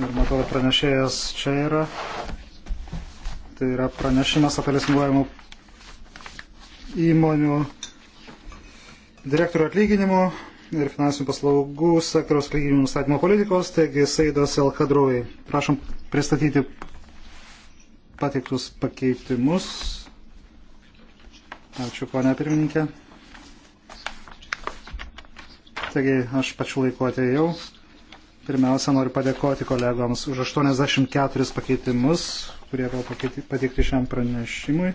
Ir matau, kad pranešėjas čia yra. Tai yra pranešimas apie lisinguojamų įmonių direktorių atlyginimų ir finansinių paslaugų sektoriaus atlyginimų nustatymo politikos, taigi Saidas Elkadrovai. Prašom pristatyti pateiktus pakeitimus. Ačiū, ponia pirmininkė. Taigi aš pačiu laiku atėjau. Pirmiausia, noriu padėkoti kolegoms už 84 pakeitimus, kurie buvo pateikti šiam pranešimui.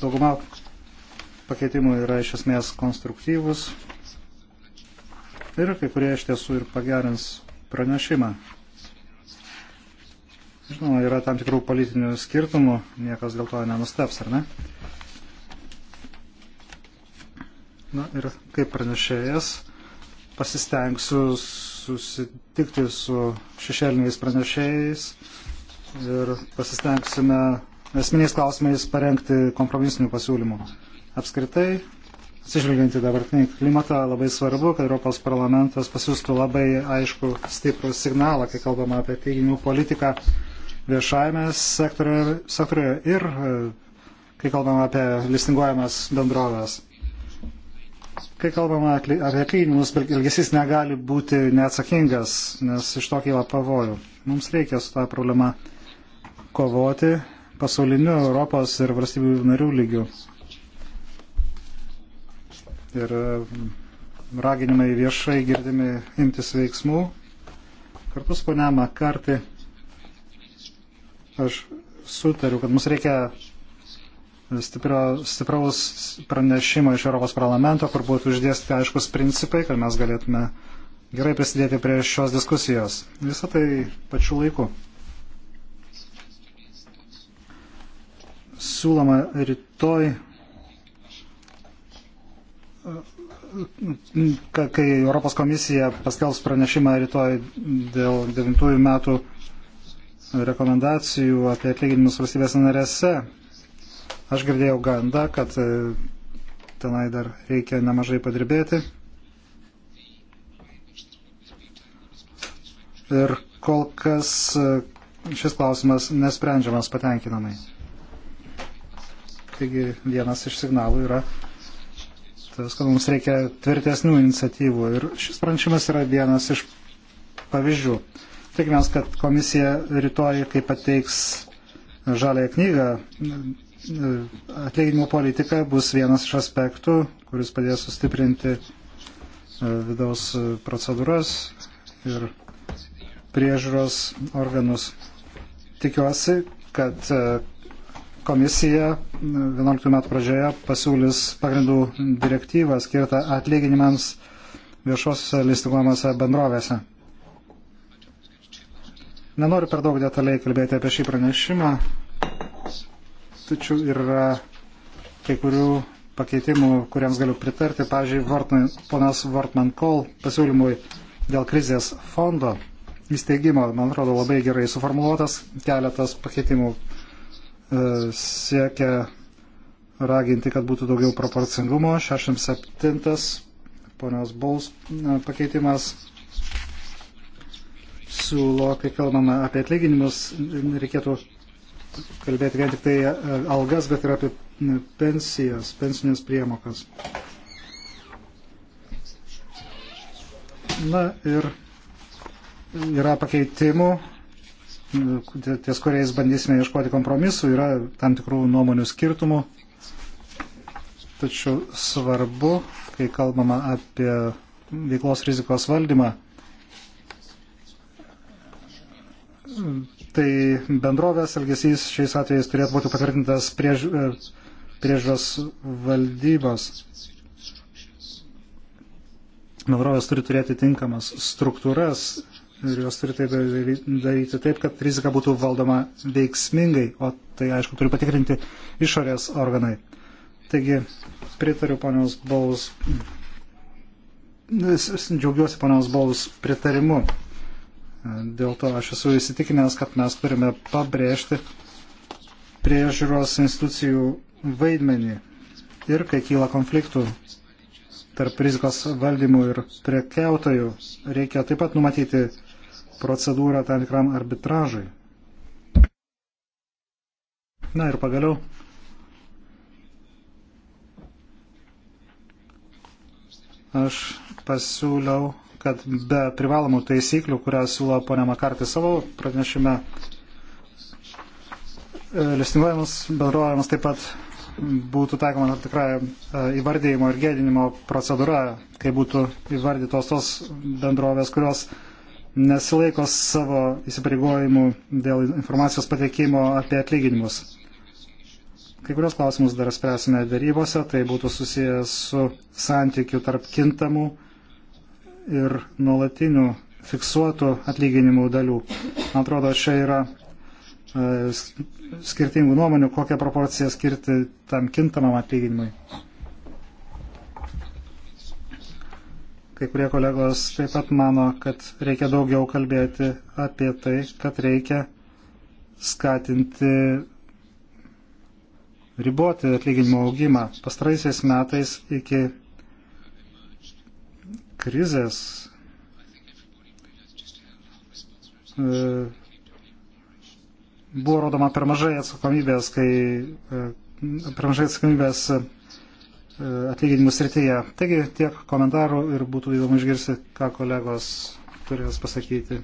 Dauguma pakeitimų yra iš esmės konstruktyvus ir kai kurie iš tiesų ir pagerins pranešimą. Žinoma, yra tam tikrų politinių skirtumų, niekas dėl to nenusteps, ar ne? Na ir kaip pranešėjas, pasistengsiu susitikti su šešėliniais pranešėjais ir pasistengsime esminiais klausimais parengti kompromisinių pasiūlymų. Apskritai, atsižvelgiant į dabartinį klimatą, labai svarbu, kad Europos parlamentas pasiūstų labai aišku stiprų signalą, kai kalbama apie teiginių politiką viešajame sektoriuje ir kai kalbama apie listinguojamas bendrovės. Kai kalbame apie atlyginimus, elgesys negali būti neatsakingas, nes iš to kyla pavojų. Mums reikia su tą problema kovoti pasauliniu Europos ir valstybių narių lygiu. Ir e, raginimai viešai girdimi imtis veiksmų. Kartu su ponia Makarti aš sutariu, kad mums reikia stipraus pranešimo iš Europos parlamento, kur būtų išdėstyti aiškus principai, kad mes galėtume gerai prisidėti prie šios diskusijos. Visą tai pačiu laiku. Siūloma rytoj, kai Europos komisija paskelbs pranešimą rytoj dėl 9 metų rekomendacijų apie atlyginimus valstybės narėse, Aš girdėjau gandą, kad e, tenai dar reikia nemažai padirbėti. Ir kol kas e, šis klausimas nesprendžiamas patenkinamai. Taigi vienas iš signalų yra tas, kad mums reikia tvirtesnių iniciatyvų. Ir šis pranešimas yra vienas iš pavyzdžių. Tikimės, kad komisija rytoj, kai pateiks žaląją knygą, atlyginimų politika bus vienas iš aspektų, kuris padės sustiprinti e, vidaus e, procedūras ir priežiūros organus. Tikiuosi, kad e, komisija 11 metų pradžioje pasiūlys pagrindų direktyvą skirtą atlyginimams viešosiuose listinguomose bendrovėse. Nenoriu per daug detaliai kalbėti apie šį pranešimą, tačiau yra kai kurių pakeitimų, kuriems galiu pritarti. Pavyzdžiui, Vortman, ponas Vortman Kol pasiūlymui dėl krizės fondo įsteigimo, man atrodo, labai gerai suformuoluotas. Keletas pakeitimų e, siekia raginti, kad būtų daugiau proporcingumo. 67. ponios Baus e, pakeitimas siūlo, kai kalbame apie atlyginimus, reikėtų kalbėti vien tik tai e, algas, bet ir apie pensijas, pensinės priemokas. Na ir yra pakeitimų, ties kuriais bandysime ieškoti kompromisų, yra tam tikrų nuomonių skirtumų. Tačiau svarbu, kai kalbama apie veiklos rizikos valdymą, tai bendrovės elgesys šiais atvejais turėtų būti patvirtintas priež, e, priežos valdybos. Bendrovės turi turėti tinkamas struktūras ir jos turi tai daryti taip, kad rizika būtų valdoma veiksmingai, o tai aišku turi patikrinti išorės organai. Taigi pritariu ponios Baus, džiaugiuosi ponios Baus pritarimu. Dėl to aš esu įsitikinęs, kad mes turime pabrėžti priežiūros institucijų vaidmenį ir kai kyla konfliktų tarp rizikos valdymų ir prekiautojų, reikia taip pat numatyti procedūrą tam tikram arbitražui. Na ir pagaliau. Aš pasiūliau kad be privalomų taisyklių, kurią siūlo ponia Makartė savo pranešime, e, listinguojamas bendrovėms taip pat būtų taikoma tam tikra e, įvardėjimo ir gėdinimo procedūra, kai būtų įvardytos tos bendrovės, kurios nesilaiko savo įsipareigojimų dėl informacijos pateikimo apie atlyginimus. Kai kurios klausimus dar spręsime darybose, tai būtų susijęs su santykiu tarp kintamų ir nuolatinių fiksuotų atlyginimų dalių. Man atrodo, čia yra e, skirtingų nuomonių, kokią proporciją skirti tam kintamam atlyginimui. Kai kurie kolegos taip pat mano, kad reikia daugiau kalbėti apie tai, kad reikia skatinti riboti atlyginimo augimą. Pastaraisiais metais iki krizės e, buvo rodoma per mažai atsakomybės, kai e, per mažai atsakomybės e, atlyginimų srityje. Taigi tiek komentarų ir būtų įdomu išgirsti, ką kolegos turės pasakyti.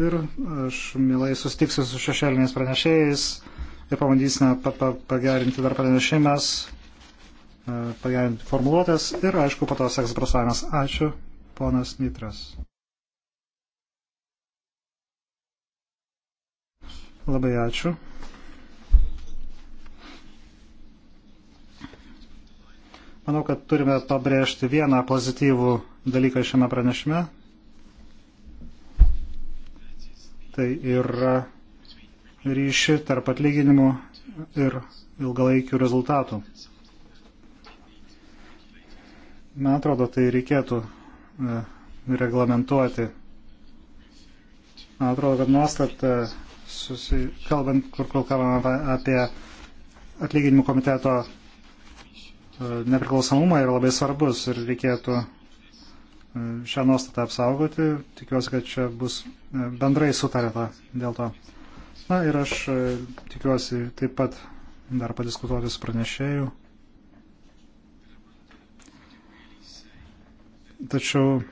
Ir aš mielai sustiksiu su šešėliniais pranešėjais ir pabandysime pagerinti dar pranešimės. E, pagerinti formuluotės ir, aišku, po to seks balsavimas. Ačiū, ponas Nitras. Labai ačiū. Manau, kad turime pabrėžti vieną pozityvų dalyką šiame pranešime. Tai yra ryšį tarp atlyginimų ir ilgalaikių rezultatų. Man atrodo, tai reikėtų e, reglamentuoti. Man atrodo, kad nuostata, e, susi... kalbant, kur kalbame apie atlyginimų komiteto e, nepriklausomumą yra labai svarbus ir reikėtų šią nuostatą apsaugoti. Tikiuosi, kad čia bus bendrai sutarėta dėl to. Na ir aš tikiuosi taip pat dar padiskutuoti su pranešėju. Tačiau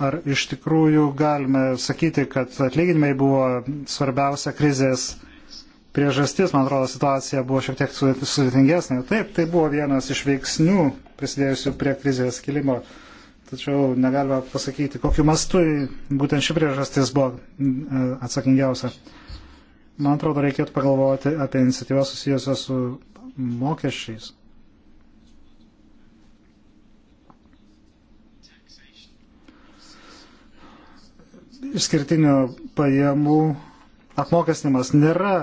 ar iš tikrųjų galime sakyti, kad atlyginimai buvo svarbiausia krizės priežastis, man atrodo, situacija buvo šiek tiek sudėtingesnė. Taip, tai buvo vienas iš veiksnių prisidėjusių prie krizės kilimo. Tačiau negalima pasakyti, kokiu mastu būtent ši priežastis buvo e, atsakingiausia. Man atrodo, reikėtų pagalvoti apie iniciatyvas susijusios su mokesčiais. išskirtinių pajamų apmokestinimas nėra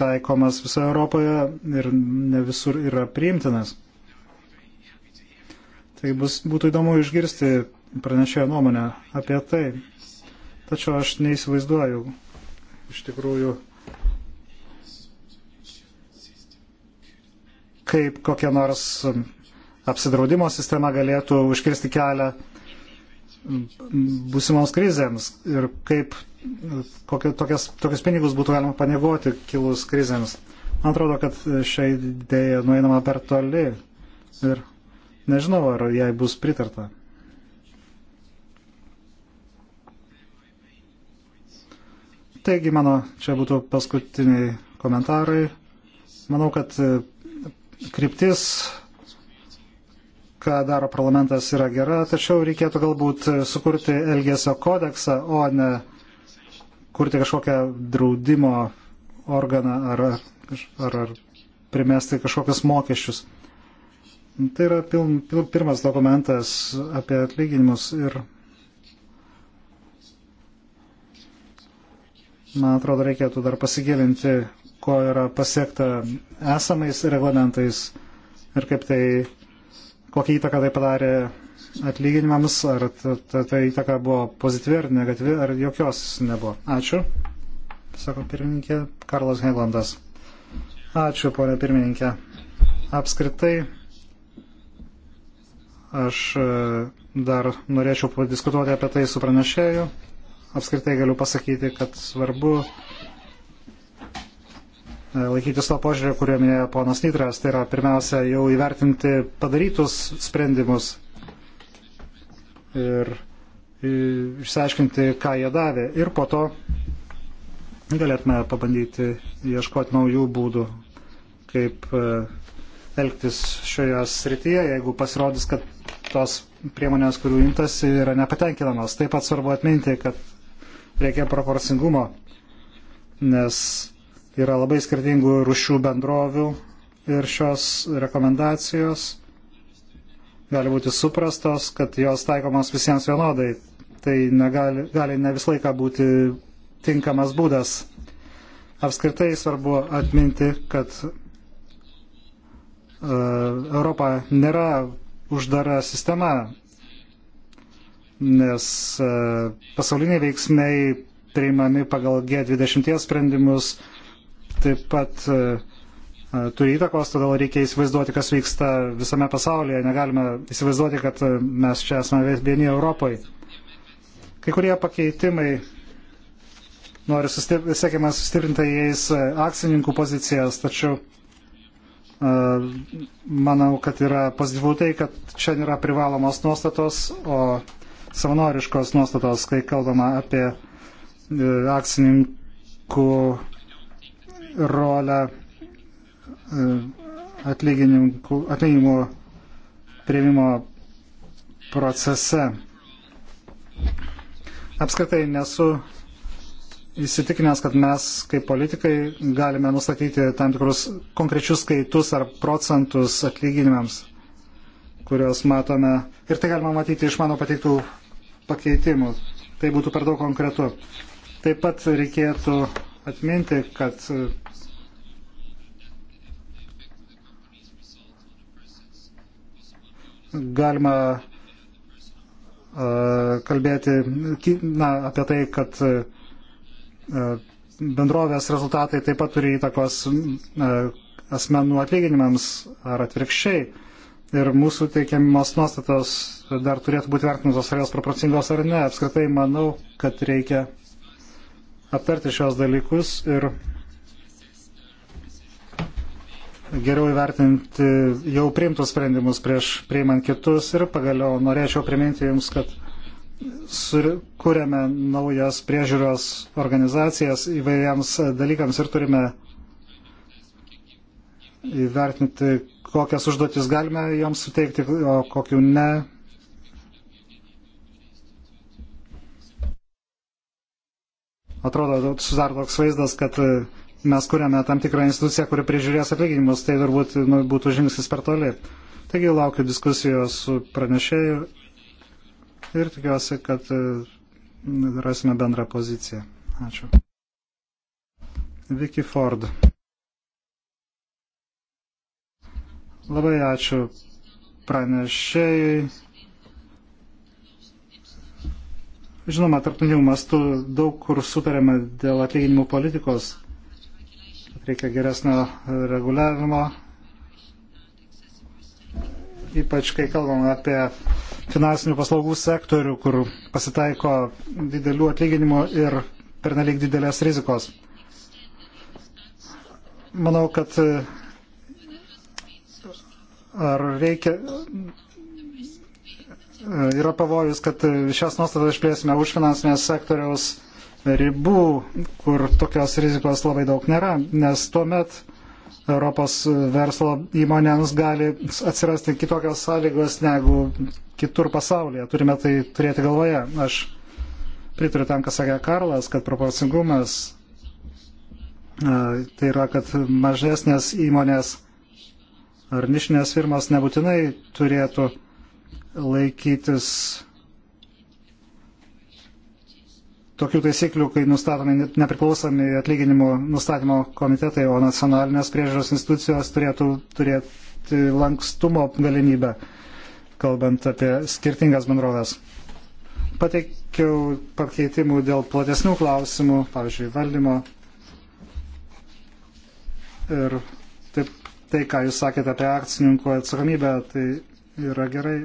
taikomas visoje Europoje ir ne visur yra priimtinas. Tai bus, būtų įdomu išgirsti pranešėjo nuomonę apie tai. Tačiau aš neįsivaizduoju iš tikrųjų, kaip kokia nors apsidraudimo sistema galėtų užkirsti kelią būsimoms krizėms ir kaip kokio, tokias, tokius pinigus būtų galima panegoti kilus krizėms. Man atrodo, kad šią idėją nueinama per toli ir nežinau, ar jai bus pritarta. Taigi mano čia būtų paskutiniai komentarai. Manau, kad kryptis ką daro parlamentas, yra gera, tačiau reikėtų galbūt sukurti Elgesio kodeksą, o ne kurti kažkokią draudimo organą ar, ar, ar primesti kažkokius mokesčius. Tai yra pil, pil, pirmas dokumentas apie atlyginimus ir man atrodo reikėtų dar pasigilinti, ko yra pasiekta esamais reglamentais ir kaip tai kokią įtaką tai padarė atlyginimams, ar ta, ta, ta įtaka buvo pozityvi ar negatyvi, ar jokios nebuvo. Ačiū, sako pirmininkė Karlas Heglandas. Ačiū, ponė pirmininkė. Apskritai, aš e, dar norėčiau padiskutuoti apie tai su pranešėju. Apskritai galiu pasakyti, kad svarbu E, laikytis to požiūrio, kurio minėjo ponas Nitras, tai yra pirmiausia jau įvertinti padarytus sprendimus ir išsiaiškinti, ką jie davė. Ir po to galėtume pabandyti ieškoti naujų būdų, kaip e, elgtis šioje srityje, jeigu pasirodys, kad tos priemonės, kurių imtasi, yra nepatenkinamos. Taip pat svarbu atminti, kad reikia proporcingumo, nes Yra labai skirtingų rušių bendrovių ir šios rekomendacijos gali būti suprastos, kad jos taikomos visiems vienodai. Tai negali, gali ne visą laiką būti tinkamas būdas. Apskritai svarbu atminti, kad uh, Europa nėra uždara sistema, nes uh, pasauliniai veiksmai priimami pagal G20 sprendimus, uh, taip pat e, e, turi įtakos, todėl reikia įsivaizduoti, kas vyksta visame pasaulyje. Negalime įsivaizduoti, kad e, mes čia esame vieni Europoje. Kai kurie pakeitimai nori siekiama sustiprinti jais akcininkų pozicijas, tačiau manau, kad yra pozityvų tai, kad čia nėra privalomos nuostatos, o savanoriškos nuostatos, kai kalbama apie akcininkų rolę e, atlyginimo prieimimo procese. Apskritai nesu įsitikinęs, kad mes kaip politikai galime nustatyti tam tikrus konkrečius skaitus ar procentus atlyginimams, kuriuos matome. Ir tai galima matyti iš mano pateiktų pakeitimų. Tai būtų per daug konkretu. Taip pat reikėtų atminti, kad galima e, kalbėti na, apie tai, kad e, bendrovės rezultatai taip pat turi įtakos e, asmenų atlyginimams ar atvirkščiai. Ir mūsų teikiamos nuostatos dar turėtų būti vertinamos, ar jos proporcingos ar ne. Apskritai manau, kad reikia aptarti šios dalykus ir geriau įvertinti jau priimtus sprendimus prieš priimant kitus ir pagaliau norėčiau priminti Jums, kad kuriame naujas priežiūros organizacijas įvairiams dalykams ir turime įvertinti, kokias užduotis galime joms suteikti, o kokių ne. Atrodo, susidaro toks vaizdas, kad mes kuriame tam tikrą instituciją, kuri prižiūrės atlyginimus, tai turbūt nu, būtų žingsnis per toli. Taigi laukiu diskusijos su pranešėju ir tikiuosi, kad e, rasime bendrą poziciją. Ačiū. Vicky Ford. Labai ačiū pranešėjai. Žinoma, tarptautinių mastų daug kur sutarėme dėl atlyginimų politikos reikia geresnio reguliavimo, ypač kai kalbam apie finansinių paslaugų sektorių, kur pasitaiko didelių atlyginimų ir pernelyg didelės rizikos. Manau, kad ar reikia. Yra pavojus, kad šias nuostatas išplėsime už finansinės sektoriaus ribų, kur tokios rizikos labai daug nėra, nes tuomet Europos verslo įmonėms gali atsirasti kitokios sąlygos negu kitur pasaulyje. Turime tai turėti galvoje. Aš pritariu tam, ką sakė Karlas, kad proporcingumas e, tai yra, kad mažesnės įmonės ar nišinės firmas nebūtinai turėtų laikytis tokių taisyklių, kai nustatomi nepriklausomi atlyginimų nustatymo komitetai, o nacionalinės priežiūros institucijos turėtų turėti lankstumo galimybę, kalbant apie skirtingas bendrovės. Pateikiau pakeitimų dėl platesnių klausimų, pavyzdžiui, valdymo ir taip, tai, ką jūs sakėte apie akcininkų atsakomybę, tai yra gerai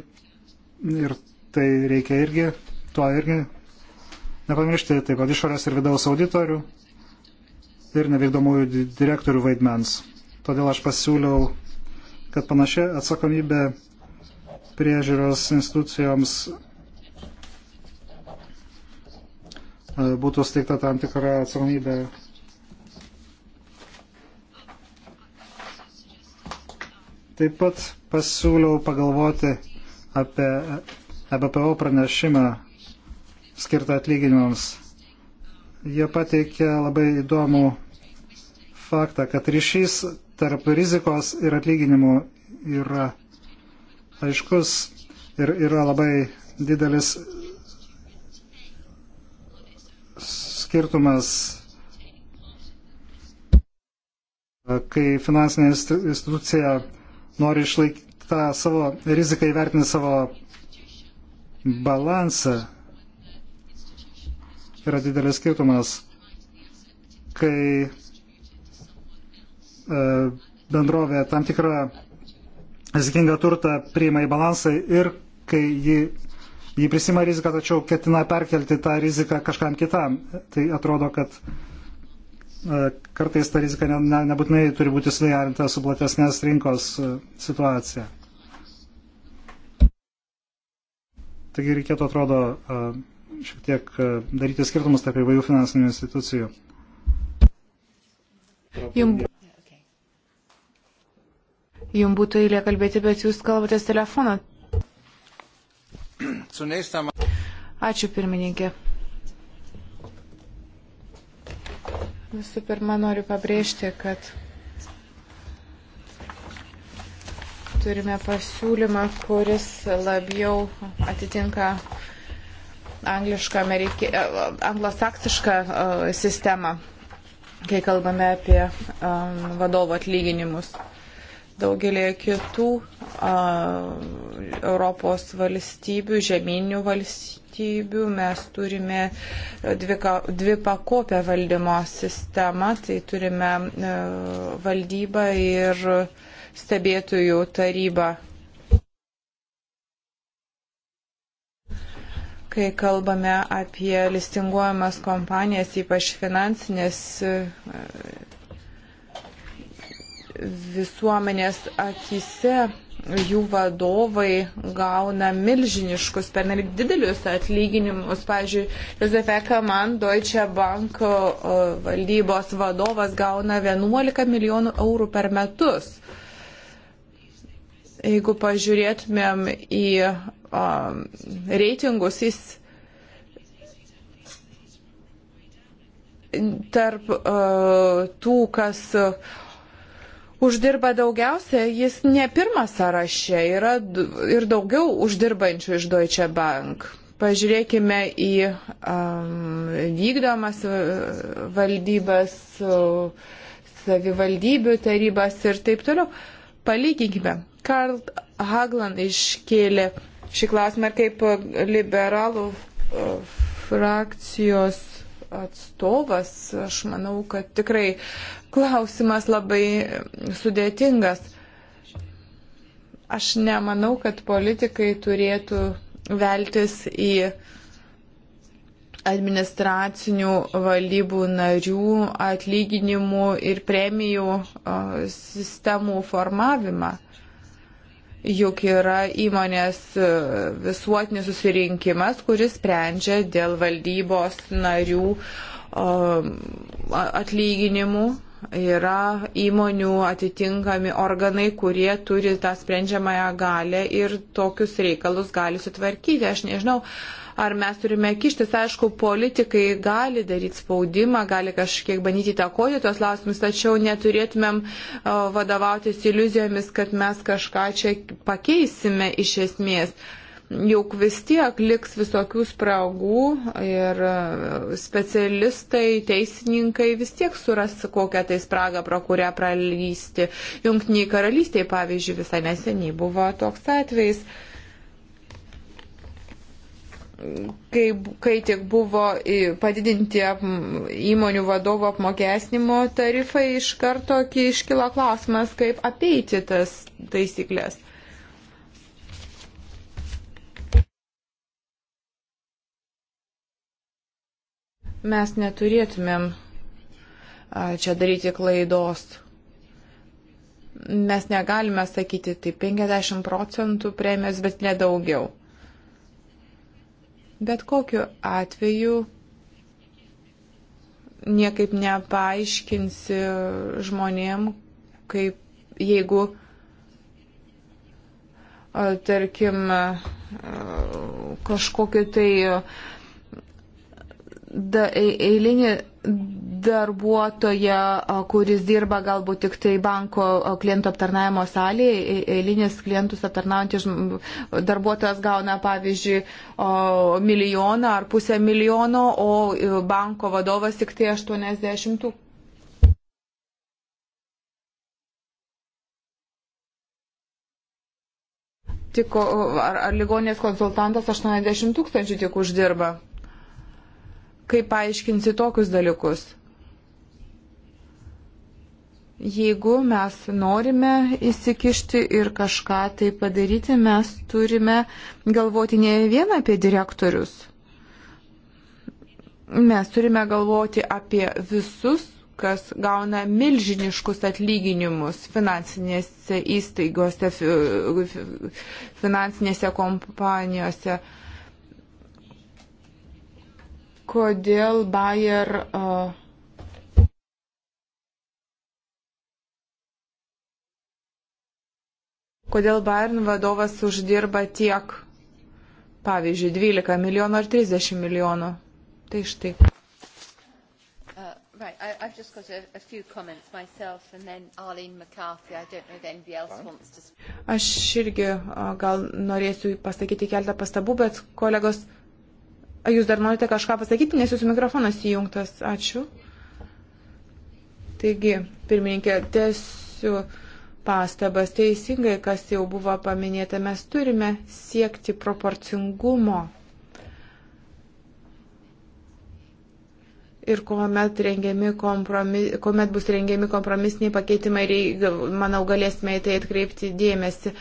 ir tai reikia irgi, tuo irgi Nepamiršti taip pat išorės ir vidaus auditorių ir nevykdomųjų direktorių vaidmens. Todėl aš pasiūliau, kad panašia atsakomybė priežiūros institucijoms e, būtų steigta tam tikra atsakomybė Taip pat pasiūliau pagalvoti apie EBPO pranešimą skirtą atlyginimams. Jie pateikė labai įdomų faktą, kad ryšys tarp rizikos ir atlyginimų yra aiškus ir yra labai didelis skirtumas, kai finansinė institucija nori išlaikyti tą savo riziką įvertinti savo balansą yra didelis skirtumas, kai e, bendrovė tam tikrą rizikinga turta priima į balansą ir kai ji, ji prisima riziką, tačiau ketina perkelti tą riziką kažkam kitam. Tai atrodo, kad e, kartais ta rizika ne, ne, nebūtinai turi būti suderinta su platesnės rinkos e, situacija. Taigi reikėtų, atrodo, šiek tiek e, daryti skirtumus tarp įvairių finansinių institucijų. Jums, jums būtų eilė kalbėti, bet jūs kalbatės telefoną. Ačiū pirmininkė. Visų pirma, noriu pabrėžti, kad turime pasiūlymą, kuris labiau atitinka uh, anglišką, amerikė, e, anglosaksišką e, sistemą, kai kalbame apie um, vadovų atlyginimus. Daugelį kitų a, Europos valstybių, žemynių valstybių mes turime dvi, dvi pakopę valdymo sistemą, tai turime a, e, valdybą ir stebėtojų tarybą kai kalbame apie listinguojamas kompanijas, ypač finansinės visuomenės akise jų vadovai gauna milžiniškus, pernelik didelius atlyginimus. Pavyzdžiui, Josefeka man Deutsche Bank e, valdybos vadovas gauna 11 milijonų eurų per metus. Jeigu pažiūrėtumėm į um, reitingus, jis tarp uh, tų, kas uh, uždirba daugiausia, jis ne pirmas sąraše, yra ir daugiau uždirbančių iš Deutsche Bank. Pažiūrėkime į um, vykdomas e, valdybas, savivaldybių tarybas ir taip toliau. Palyginkime. Karl Haglan iškėlė uh, šį klausimą ir kaip e, liberalų e, frakcijos atstovas, aš manau, kad tikrai klausimas labai sudėtingas. Aš nemanau, kad politikai turėtų veltis į administracinių valdybų narių atlyginimų ir premijų e, sistemų formavimą juk yra įmonės e, visuotinis susirinkimas, kuris sprendžia dėl valdybos narių e, atlyginimų yra įmonių atitinkami organai, kurie turi tą sprendžiamąją galę ir tokius reikalus gali sutvarkyti. Aš nežinau, ar mes turime kištis. Aišku, politikai gali daryti spaudimą, gali kažkiek bandyti įtakoti tos lausimus, tačiau neturėtumėm vadovautis iliuzijomis, kad mes kažką čia pakeisime iš esmės juk vis tiek liks visokių spragų ir e, specialistai, teisininkai vis tiek suras kokią tai spragą, pro kurią pralysti. Junktiniai karalystiai, pavyzdžiui, visai neseniai buvo toks atvejs kai, kai tik buvo padidinti įmonių vadovų apmokesnimo tarifai, iš karto iškilo klausimas, kaip apeiti tas taisyklės. Mes neturėtumėm čia daryti klaidos. Mes negalime sakyti, tai 50 procentų premijos, bet nedaugiau. Bet kokiu atveju niekaip nepaaiškinsi žmonėm, kaip jeigu, tarkim, kažkokiu tai da, e, eilinį darbuotoją, kuris dirba galbūt tik tai banko klientų aptarnaimo salėje, e, eilinis klientus aptarnaujantis darbuotojas gauna, pavyzdžiui, milijoną ar pusę milijono, o e, banko vadovas tik tai 80 tūkstančių. Tik, ar, ar ligonės konsultantas 80 tūkstančių tik uždirba? kaip paaiškinsi tokius dalykus? Jeigu mes norime įsikišti ir kažką tai padaryti, mes turime galvoti ne vien apie direktorius. Mes turime galvoti apie visus, kas gauna milžiniškus atlyginimus finansinėse įstaigose, finansinėse kompanijose kodėl Bayer. Uh, kodėl Bayern vadovas uždirba tiek, pavyzdžiui, 12 milijonų ar 30 milijonų. Tai štai. Uh, right, I, I've just got a, a few comments myself, and then Arlene McCarthy. I don't know if anybody else wants to. Aš irgi gal norėsiu pasakyti keletą pastabų, bet kolegos. Uh, Jūs dar norite kažką pasakyti, nes jūsų mikrofonas įjungtas. Ačiū. Taigi, pirmininkė, tęsiu pastabas. Teisingai, kas jau buvo paminėta, mes turime siekti proporcingumo. Ir kuomet, kompromis, kuomet bus rengiami kompromisiniai pakeitimai, manau, galėsime į tai atkreipti dėmesį.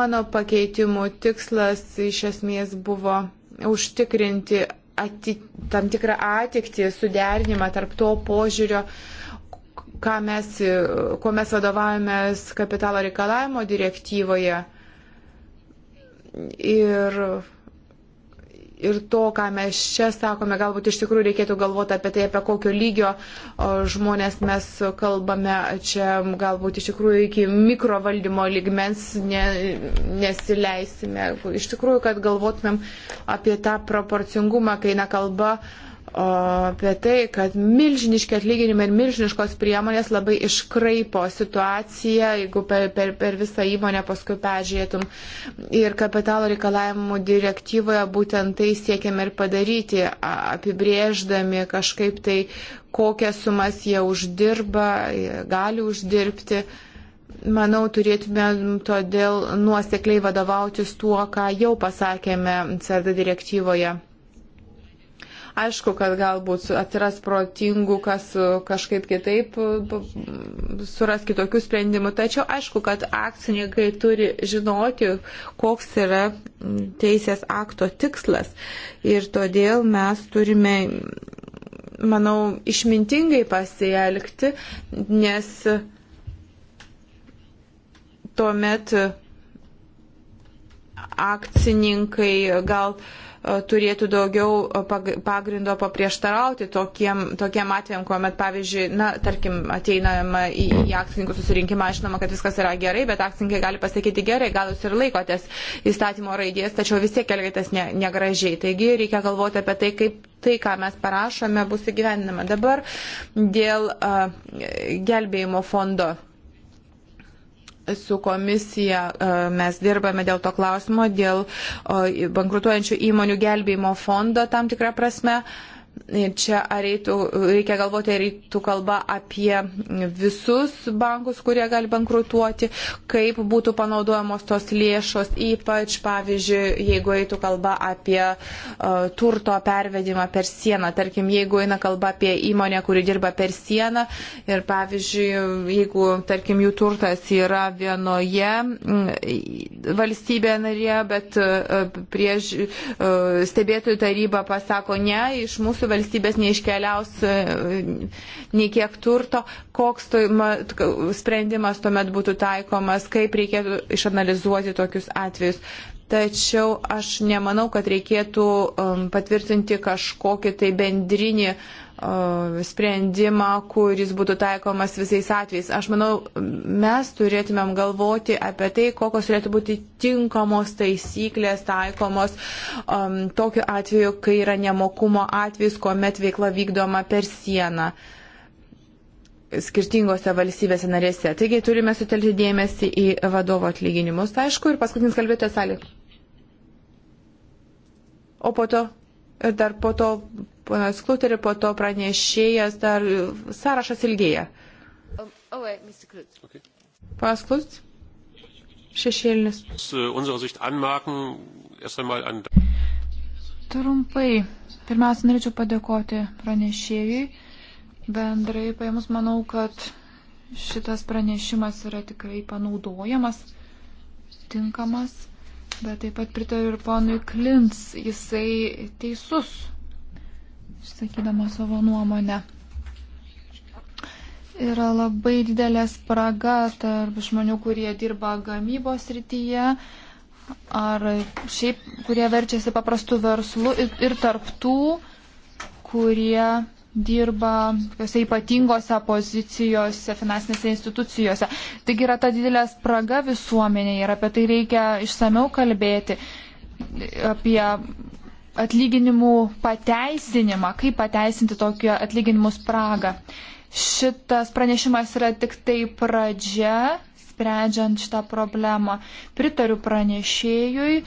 Mano pakeitimų tikslas iš esmės buvo užtikrinti ati, tam tikrą atikti, suderinimą tarp to požiūrio, ką mes, kuo mes vadovavomės kapitalo reikalavimo direktyvoje. Ir ir to, ką mes čia sakome, galbūt iš tikrųjų reikėtų galvoti apie tai, apie kokio lygio žmonės mes kalbame. Čia galbūt iš tikrųjų iki mikrovaldymo ligmens ne, nesileisime. Iš tikrųjų, kad galvotumėm apie tą proporcingumą, kai eina kalba apie tai, kad milžiniški atlyginimai ir milžiniškos priemonės labai iškraipo situaciją, jeigu per, per, per visą įmonę paskui peržiūrėtum. Ir kapitalo reikalavimų direktyvoje būtent tai siekiame ir padaryti, apibrėždami kažkaip tai, kokias sumas jie uždirba, gali uždirbti manau, turėtume todėl nuosekliai vadovautis tuo, ką jau pasakėme CERD direktyvoje. Aišku, kad galbūt atras protingų, kas kažkaip kitaip suras kitokių sprendimų, tačiau aišku, kad akcininkai turi žinoti, koks yra teisės akto tikslas. Ir todėl mes turime, manau, išmintingai pasielgti, nes tuomet akcininkai gal uh, turėtų daugiau pagrindo paprieštarauti tokiem, tokiem atvejam, kuomet, pavyzdžiui, na, tarkim, ateinama į, į akcininkų susirinkimą, žinoma, kad viskas yra gerai, bet akcininkai gali pasakyti gerai, gal jūs ir laikotės įstatymo raidės, tačiau vis tiek elgitės ne, negražiai. Taigi reikia galvoti apie tai, kaip tai, ką mes parašome, bus įgyvendinama. Dabar dėl uh, gelbėjimo fondo su komisija e, mes dirbame dėl to klausimo, dėl bankrutuojančių įmonių gelbėjimo fondo tam tikrą prasme. Uh, Čia reitų, reikia galvoti, ar reiktų kalba apie visus bankus, kurie gali bankrutuoti, kaip būtų panaudojamos tos lėšos, ypač, pavyzdžiui, jeigu eitų kalba apie uh, turto pervedimą per sieną. Tarkim, jeigu eina kalba apie įmonę, kuri dirba per sieną ir, pavyzdžiui, jeigu, tarkim, jų turtas yra vienoje mm, valstybėje narėje, bet uh, e, priež, uh, e, stebėtojų taryba pasako ne iš mūsų mūsų valstybės neiškeliaus e, nei kiek turto, koks to, ma, sprendimas tuomet būtų taikomas, kaip reikėtų išanalizuoti tokius atvejus. Tačiau aš nemanau, kad reikėtų um, patvirtinti kažkokį tai bendrinį uh, sprendimą, kuris būtų taikomas visais atvejais. Aš manau, mes turėtumėm galvoti apie tai, kokios turėtų būti tinkamos taisyklės taikomos um, tokiu atveju, kai yra nemokumo atvejs, kuomet veikla vykdoma per sieną skirtingose valstybėse narėse. Taigi turime sutelkti dėmesį į vadovo atlyginimus, tai aišku, ir paskutinis kalbėtojas salė. O po to ir dar po to ponas Kluterį, po to pranešėjas, dar sąrašas ilgėja. Um, oh, ponas Klut, šešėlinis. Äh, Trumpai, pirmiausia, norėčiau padėkoti pranešėjui. Bendrai paėmus, manau, kad šitas pranešimas yra tikrai panaudojamas, tinkamas, bet taip pat pritariu ir ponui Klins, jisai teisus sakydama savo nuomonę. Yra labai didelė spraga tarp žmonių, kurie dirba gamybos rytyje ar šiaip, kurie verčiasi paprastų verslų ir, ir tarptų, kurie dirba tose ypatingose pozicijose, finansinėse institucijose. Taigi yra ta didelė spraga visuomenėje ir apie tai reikia išsameu kalbėti, apie atlyginimų pateisinimą, kaip pateisinti tokią atlyginimų spragą. Šitas pranešimas yra tik tai pradžia, sprendžiant šitą problemą. Pritariu pranešėjui,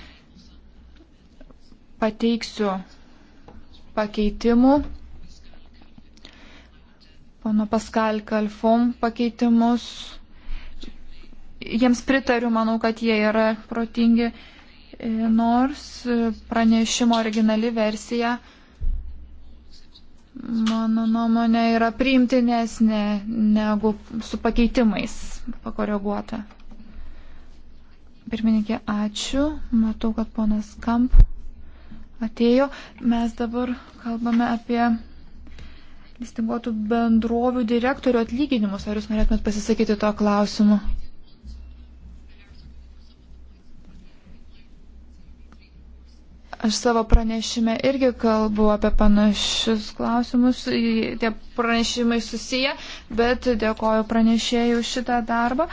pateiksiu pakeitimų, pono Paskal Kalfom pakeitimus. Jiems pritariu, manau, kad jie yra protingi. E, nors pranešimo originali versija, mano nuomonė, yra priimtinesnė negu su pakeitimais pakoreguota. Pirmininkė, ačiū. Matau, kad ponas Kamp atėjo. Mes dabar kalbame apie listinguotų bendrovių direktorių atlyginimus. Ar jūs norėtumėt pasisakyti to klausimu? Aš savo pranešime irgi kalbu apie panašius klausimus, tie pranešimai susiję, bet dėkoju pranešėjai už šitą darbą.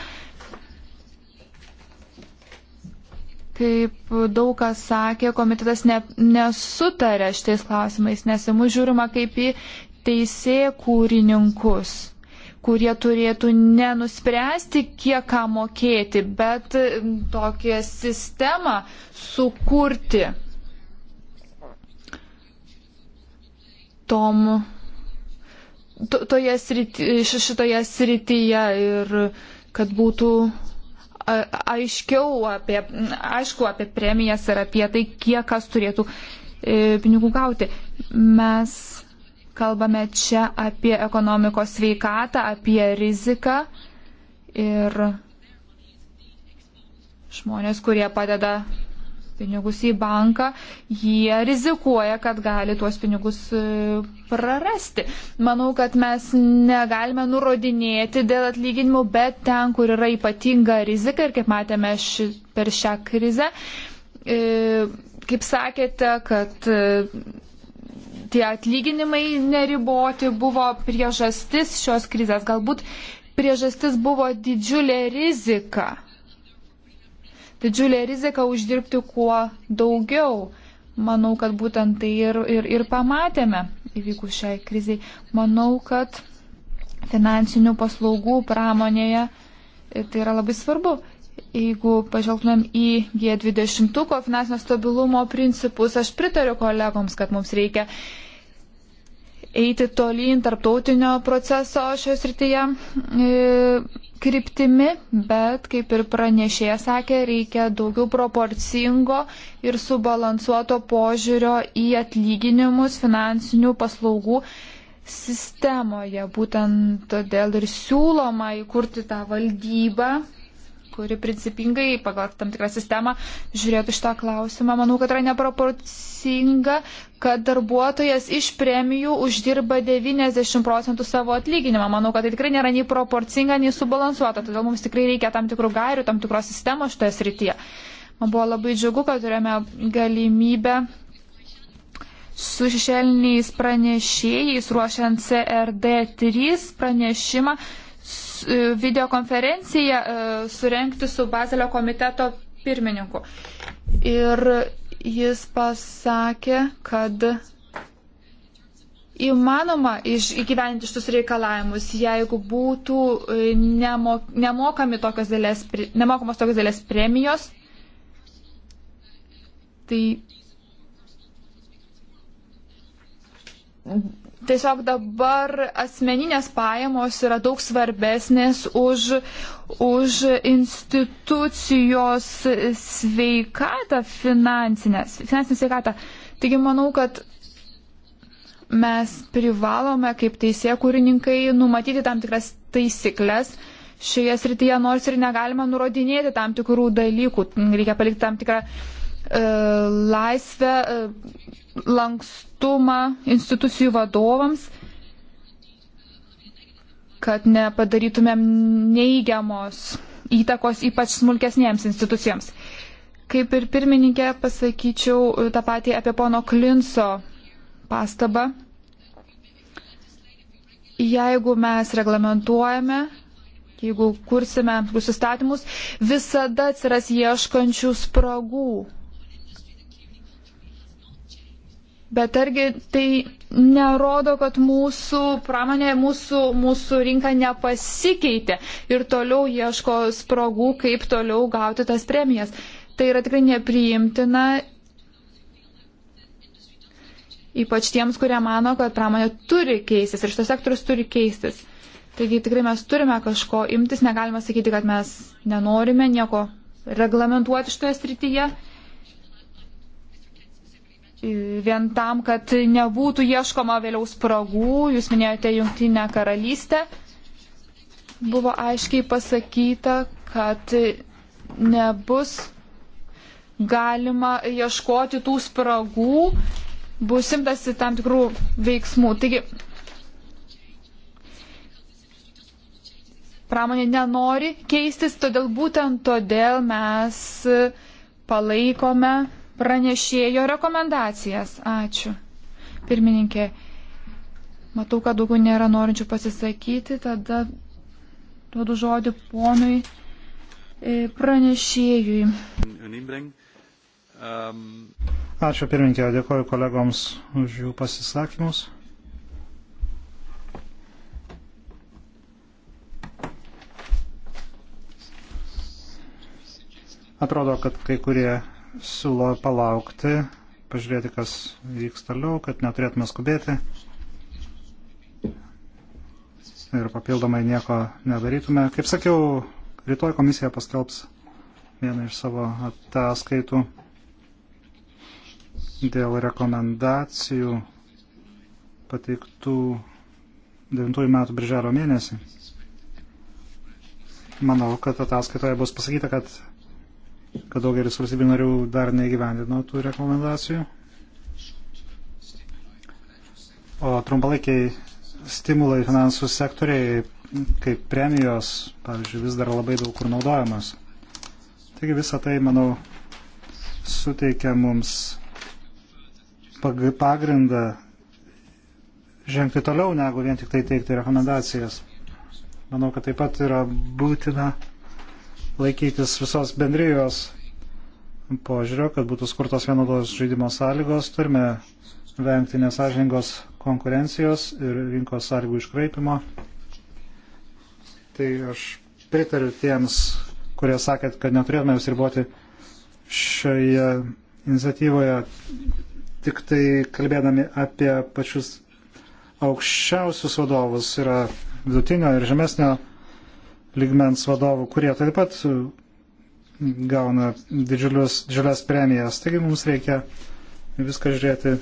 Kaip daug kas sakė, komitetas ne, nesutarė šitais klausimais, nes į mus žiūrima kaip į teisė kūrininkus kurie turėtų nenuspręsti, kiek ką mokėti, bet tokią sistemą sukurti tom to, toje srity, šitoje srityje ir kad būtų aiškiau apie, aišku, apie premijas ir apie tai, kiek kas turėtų e, pinigų gauti. Mes kalbame čia apie ekonomikos sveikatą, apie riziką ir žmonės, kurie padeda pinigus į banką, jie rizikuoja, kad gali tuos pinigus e, prarasti. Manau, kad mes negalime nurodinėti dėl atlyginimų, bet ten, kur yra ypatinga rizika ir kaip matėme ši, per šią krizę, e, kaip sakėte, kad e, tie atlyginimai neriboti buvo priežastis šios krizės. Galbūt priežastis buvo didžiulė rizika didžiulė rizika uždirbti kuo daugiau. Manau, kad būtent tai ir, ir, ir pamatėme įvykus šiai kriziai. Manau, kad finansinių paslaugų pramonėje e, tai yra labai svarbu. Jeigu pažvelgtumėm į G20 finansinio stabilumo principus, aš pritariu kolegoms, kad mums reikia eiti tolyn tarptautinio proceso šios rytyje e, kryptimi, bet kaip ir pranešėja sakė, reikia daugiau proporcingo ir subalansuoto požiūrio į atlyginimus finansinių paslaugų sistemoje. Būtent todėl ir siūloma įkurti tą valdybą kuri principingai pagal tam tikrą sistemą žiūrėtų šitą klausimą. Manau, kad yra neproporcinga, kad darbuotojas iš premijų uždirba 90 procentų savo atlyginimą. Manau, kad tai tikrai nėra nei proporcinga, nei subalansuota. Todėl mums tikrai reikia tam tikrų gairių, tam tikros sistemos šitoje srityje. Man buvo labai džiugu, kad turėjome galimybę su šešelniais pranešėjais ruošiant CRD3 pranešimą E, videokonferenciją e, surenkti su Bazelio komiteto pirmininku. Ir jis pasakė, kad įmanoma iš, įgyventi šitus reikalavimus, jeigu būtų e, nemok, tokios dėlės, nemokamos tokios dėlės premijos. Tai Tiesiog dabar asmeninės pajamos yra daug svarbesnės už, už institucijos sveikatą, finansinę, finansinę sveikatą. Taigi manau, kad mes privalome kaip teisėkūrininkai numatyti tam tikras taisyklės, šioje srityje nors ir negalima nurodinėti tam tikrų dalykų, reikia palikti tam tikrą e, laisvę e, lankstumą institucijų vadovams, kad nepadarytumėm neįgiamos įtakos ypač smulkesnėms institucijoms. Kaip ir pirmininkė, pasakyčiau tą patį apie pono Klinso pastabą. Jeigu mes reglamentuojame, jeigu kursime įstatymus, visada atsiras ieškančių spragų Bet argi tai nerodo, kad mūsų pramonė, mūsų, mūsų rinka nepasikeitė ir toliau ieško spragų, kaip toliau gauti tas premijas. Tai yra tikrai nepriimtina, ypač tiems, kurie mano, kad pramonė turi keistis ir šitas sektorius turi keistis. Taigi tikrai mes turime kažko imtis, negalime sakyti, kad mes nenorime nieko reglamentuoti šitoje srityje vien tam, kad nebūtų ieškoma vėliau spragų, jūs minėjote Junktinę karalystę, buvo aiškiai pasakyta, kad nebus galima ieškoti tų spragų, bus imtasi tam tikrų veiksmų. Taigi, pramonė nenori keistis, todėl būtent todėl mes palaikome pranešėjo rekomendacijas. Ačiū. Pirmininkė, matau, kad daugiau nėra norinčių pasisakyti, tada duodu žodį ponui e, pranešėjui. Ačiū pirmininkė, dėkoju kolegoms už jų pasisakymus. Atrodo, kad kai kurie siūlo palaukti, pažiūrėti, kas vyks toliau, kad neturėtume skubėti ir papildomai nieko nedarytume. Kaip sakiau, rytoj komisija paskelbs vieną iš savo ataskaitų dėl rekomendacijų pateiktų 9 metų birželio mėnesį. Manau, kad ataskaitoje bus pasakyta, kad kad daugelis valstybių narių dar neįgyvendino tų rekomendacijų. O trumpalaikiai stimulai finansų sektoriai, kaip premijos, pavyzdžiui, vis dar labai daug kur naudojamas. Taigi visą tai, manau, suteikia mums pagrindą žengti toliau, negu vien tik tai teikti rekomendacijas. Manau, kad taip pat yra būtina laikytis visos bendrijos požiūrio, kad būtų skurtos vienodos žaidimo sąlygos, turime vengti nesažingos konkurencijos ir rinkos sąlygų iškraipimo. Tai aš pritariu tiems, kurie sakėt, kad neturėtume apsiriboti šioje iniciatyvoje tik tai kalbėdami apie pačius aukščiausius vadovus yra vidutinio ir žemesnio ligmens vadovų, kurie taip pat e, gauna didžiulius, didžiulės premijas. Taigi mums reikia viską žiūrėti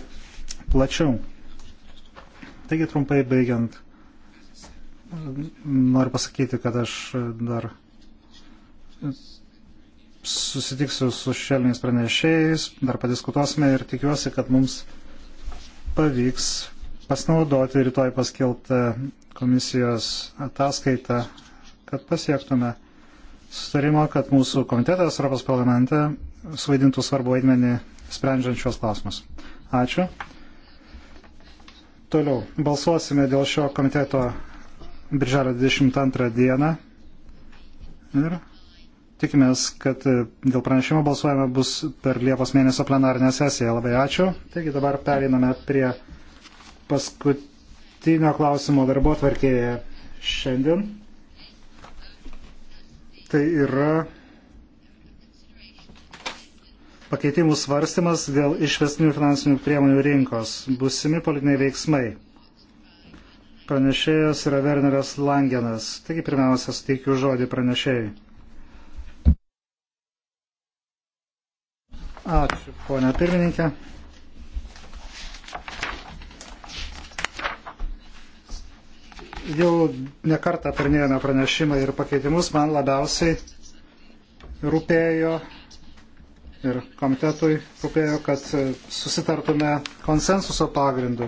plačiau. Taigi trumpai baigiant, noriu pasakyti, kad aš dar susitiksiu su šelniais pranešėjais, dar padiskutuosime ir tikiuosi, kad mums pavyks pasinaudoti rytoj paskelbtą komisijos ataskaitą kad pasiektume sustarimo, kad mūsų komitetas Europos parlamente suvaidintų svarbu vaidmenį sprendžiant šios klausimus. Ačiū. Toliau. Balsuosime dėl šio komiteto birželio 22 dieną. Ir tikimės, kad dėl pranešimo balsuojame bus per Liepos mėnesio plenarinę sesiją. Labai ačiū. Taigi dabar pereiname prie paskutinio klausimo darbo tvarkėje šiandien tai yra pakeitimų svarstymas dėl išvestinių finansinių priemonių rinkos, busimi politiniai veiksmai. Pranešėjas yra Werneras Langenas. Taigi pirmiausia, suteikiu žodį pranešėjai. Ačiū, ponia pirmininkė. Jau nekartą aptarnėjome pranešimą ir pakeitimus, man labiausiai rūpėjo ir komitetui rūpėjo, kad susitartume konsensuso pagrindu.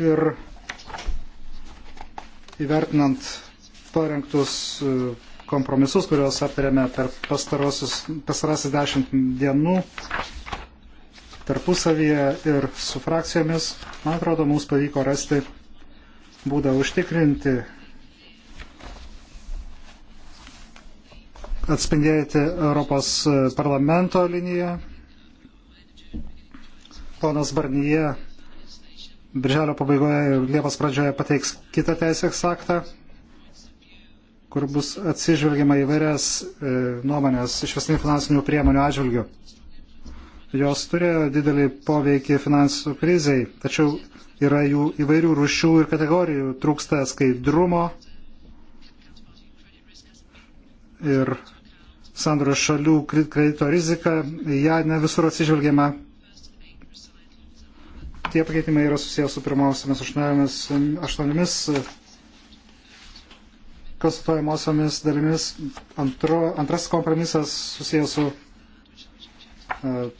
Ir įvertinant parengtus e, kompromisus, kuriuos aptarėme per pastarosius dešimt dienų, tarpusavyje ir su frakcijomis, man atrodo, mums pavyko rasti būdą užtikrinti, atspindėti Europos parlamento liniją. Ponas Barnyje Birželio pabaigoje ir Liepos pradžioje pateiks kitą teisės aktą, kur bus atsižvelgiama įvairias e, nuomonės išvesnių finansinių priemonių atžvilgių. Jos turėjo didelį poveikį finansų kriziai, tačiau yra jų įvairių rušių ir kategorijų. Trūksta skaidrumo ir sandro šalių kredito rizika, ją ne visur atsižvelgiama. Tie pakeitimai yra susijęs su pirmosiamis aštuoniomis konstatuojamosiomis dalimis. Antro, antras kompromisas susijęs su uh,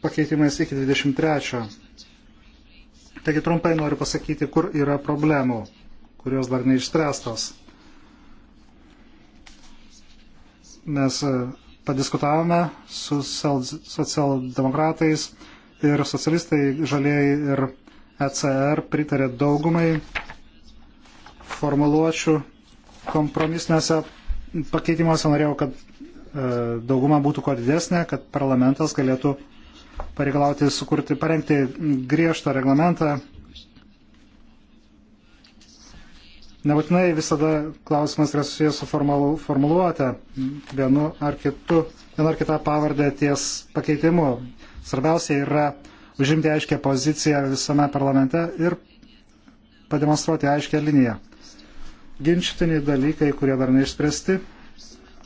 pakeitimais iki 23. Taigi trumpai noriu pasakyti, kur yra problemų, kurios dar neišspręstos. Mes e, padiskutavome su socialdemokratais ir socialistai žalieji ir ECR pritarė daugumai formuluočių kompromisnėse pakeitimuose norėjau, kad e, dauguma būtų kuo didesnė, kad parlamentas galėtų pareikalauti sukurti, parengti griežtą reglamentą. Nebūtinai visada klausimas yra susijęs su formalu, formuluote vienu ar kitu, vienu ar kitą pavardę ties pakeitimu. Svarbiausia yra užimti aiškę poziciją visame parlamente ir pademonstruoti aiškę liniją. Ginčitiniai dalykai, kurie dar neišspręsti,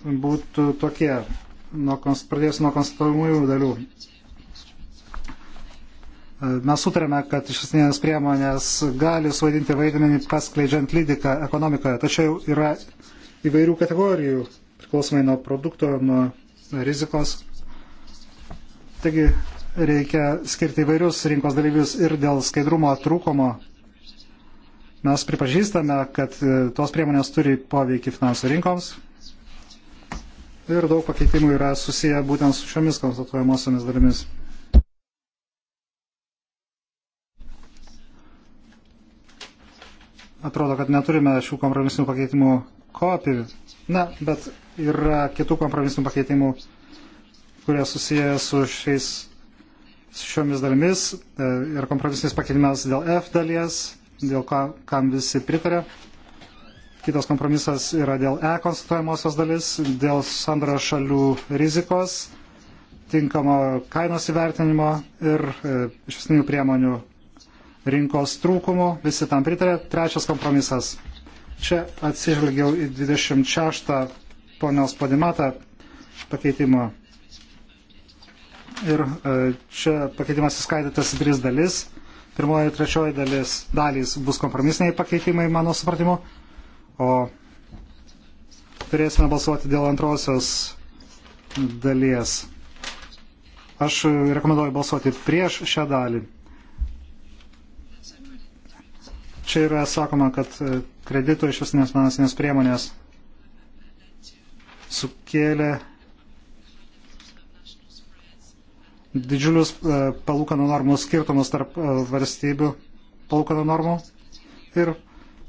būtų tokie, nuo, pradėsiu nuo konstatuojamųjų dalių. E, mes sutarėme, kad iš esmės priemonės gali suvaidinti vaidmenį paskleidžiant lydiką ekonomikoje, tačiau yra įvairių kategorijų, priklausomai nuo produkto, nuo rizikos. Taigi reikia skirti įvairius rinkos dalyvius ir dėl skaidrumo trūkumo. Mes pripažįstame, kad e, tos priemonės turi poveikį finansų rinkoms ir daug pakeitimų yra susiję būtent su šiomis konstatuojamosiomis dalimis. atrodo, kad neturime šių kompromisinių pakeitimų kopijų. Na, bet yra kitų kompromisinių pakeitimų, kurie susiję su šiais, su šiomis dalimis ir e, kompromisinis pakeitimas dėl F dalies, dėl ko, kam visi pritarė. Kitas kompromisas yra dėl E konstatuojamosios dalis, dėl sandro šalių rizikos, tinkamo kainos įvertinimo ir e, išvisnių priemonių rinkos trūkumų, visi tam pritarė. Trečias kompromisas. Čia atsižvelgiau į 26 ponios padimatą pakeitimą. Ir e, čia pakeitimas įskaidytas į tris dalis. Pirmoji ir trečioji dalis dalys bus kompromisiniai pakeitimai, mano supratimu. O turėsime balsuoti dėl antrosios dalies. Aš rekomenduoju balsuoti prieš šią dalį. Čia yra sakoma, kad e, kredito iš visinės finansinės priemonės sukėlė didžiulius e, palūkanų normų skirtumus tarp e, valstybių palūkanų normų ir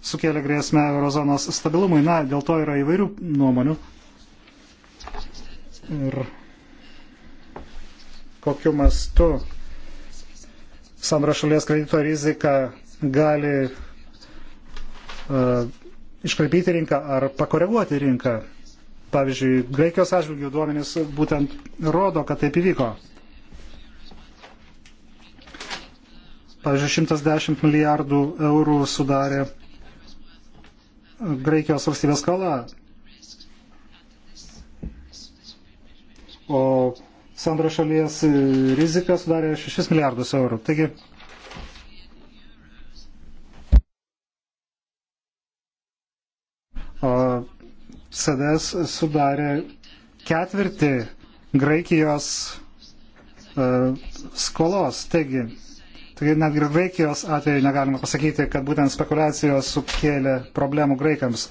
sukėlė grėsmę eurozonos stabilumui. Na, dėl to yra įvairių nuomonių. Ir kokiu mastu samra šalies kredito rizika gali E, iškraipyti rinką ar pakoreguoti rinką. Pavyzdžiui, Graikijos atžvilgių duomenys būtent rodo, kad taip įvyko. Pavyzdžiui, 110 milijardų eurų sudarė Graikijos valstybės skola. O sandro šalies rizika sudarė 6 milijardus eurų. Taigi, savęs sudarė ketvirtį Graikijos uh, skolos. Taigi, taigi netgi ir Graikijos atveju negalima pasakyti, kad būtent spekulacijos sukėlė problemų graikams.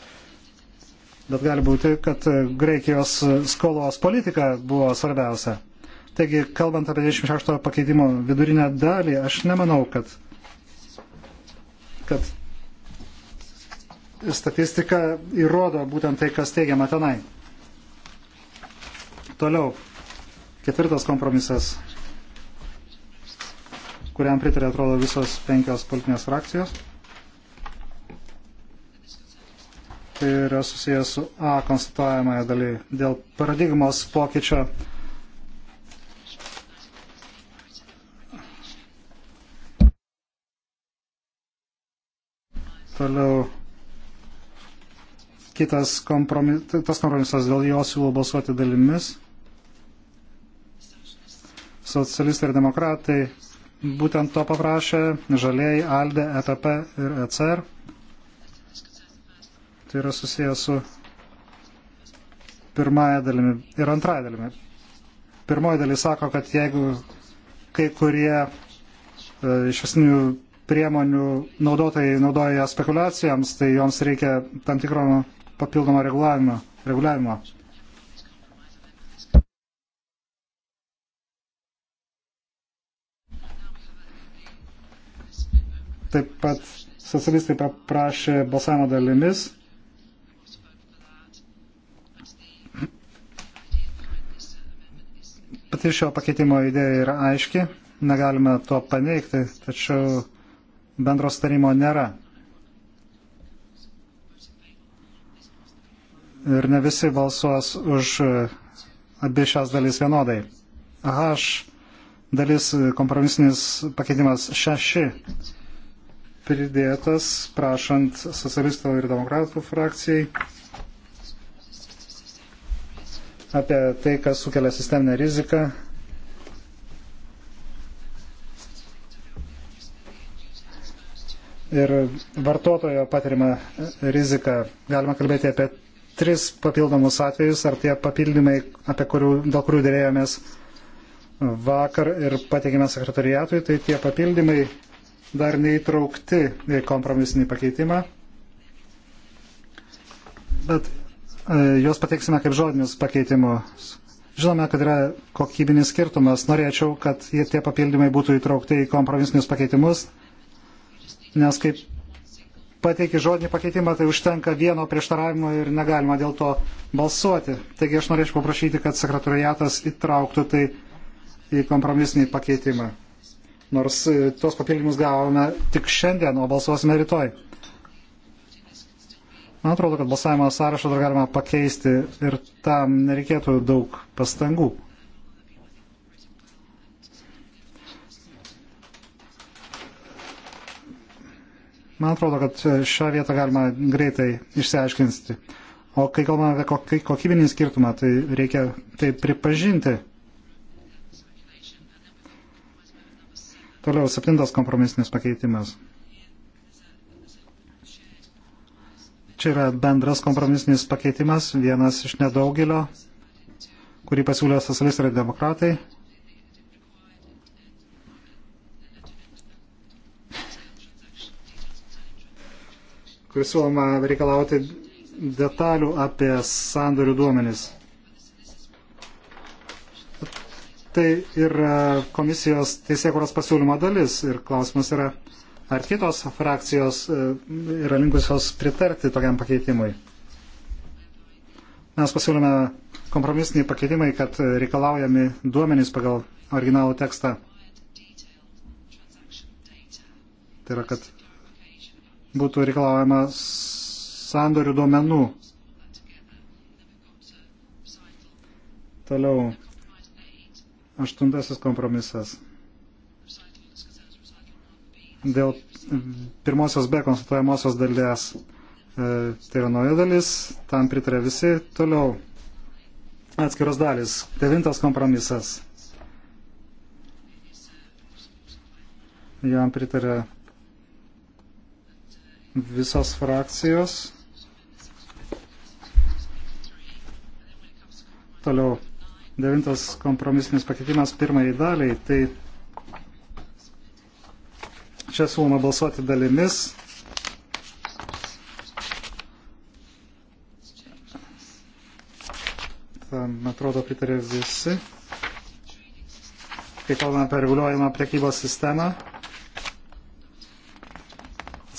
Bet gali būti, kad Graikijos skolos politika buvo svarbiausia. Taigi, kalbant apie 26 pakeitimo vidurinę dalį, aš nemanau, kad, kad statistika įrodo būtent tai, kas teigiama tenai. Toliau, ketvirtas kompromisas, kuriam pritarė atrodo visos penkios politinės frakcijos. Tai yra susijęs su A konstatuojamąją dalį dėl paradigmos pokyčio. Toliau kitas kompromis, tas kompromisas dėl jo siūlo balsuoti dalimis. Socialistai ir demokratai būtent to paprašė, žalieji, ALDE, ETP ir ECR. Tai yra susijęs su pirmąją dalimi ir antrąją dalimi. Pirmoji dalis sako, kad jeigu kai kurie e, išvesnių priemonių naudotojai naudoja spekulacijoms, tai joms reikia tam tikro papildomo reguliavimo. reguliavimo. Taip pat socialistai paprašė balsavimo dalimis. Pati šio pakeitimo idėja yra aiški, negalime to paneigti, tačiau bendro starimo nėra. ir ne visi balsuos už e, abi šias dalis vienodai. H dalis e, kompromisinis pakeitimas 6 pridėtas, prašant socialistų ir demokratų frakcijai apie tai, kas sukelia sisteminę riziką. Ir vartotojo patirima rizika. Galima kalbėti apie tris papildomus atvejus, ar tie papildymai, kurių, dėl kurių dėrėjomės vakar ir pateikėme sekretariatui, tai tie papildymai dar neįtraukti į kompromisinį pakeitimą. Bet e, juos pateiksime kaip žodinius pakeitimus. Žinome, kad yra kokybinis skirtumas. Norėčiau, kad tie papildymai būtų įtraukti į kompromisinius pakeitimus, nes kaip pateiki žodinį pakeitimą, tai užtenka vieno prieštaravimo ir negalima dėl to balsuoti. Taigi aš norėčiau paprašyti, kad sekretoriatas įtrauktų tai į kompromisinį pakeitimą. Nors e, tuos papildymus gavome tik šiandien, o balsuosime rytoj. Man atrodo, kad balsavimo sąrašą dar galima pakeisti ir tam nereikėtų daug pastangų. Man atrodo, kad e, šią vietą galima greitai išsiaiškinti. O kai kalbame apie kokybinį skirtumą, tai reikia tai pripažinti. Toliau septintas kompromisinis pakeitimas. Čia yra bendras kompromisinis pakeitimas, vienas iš nedaugelio, kurį pasiūlė socialistai ir demokratai. kur siūloma reikalauti detalių apie sandorių duomenis. Tai yra komisijos teisėkuros pasiūlymo dalis ir klausimas yra, ar kitos frakcijos e, yra linkusios pritarti tokiam pakeitimui. Mes pasiūlėme kompromisiniai pakeitimai, kad reikalaujami duomenys pagal originalų tekstą. Tai yra, kad būtų reikalaujama sandorių duomenų. Toliau. Aštuntasis kompromisas. Dėl pirmosios B konsultuojamosios dalies. E, tai yra nauja dalis, tam pritarė visi. Toliau atskiros dalis. Devintas kompromisas. Jam pritarė visos frakcijos. Toliau devintas kompromisinis pakeitimas pirmai daliai. Tai čia siūloma balsuoti dalimis. Tam, atrodo, pritarė visi. Kai kalbame apie reguliuojamą priekybos sistemą,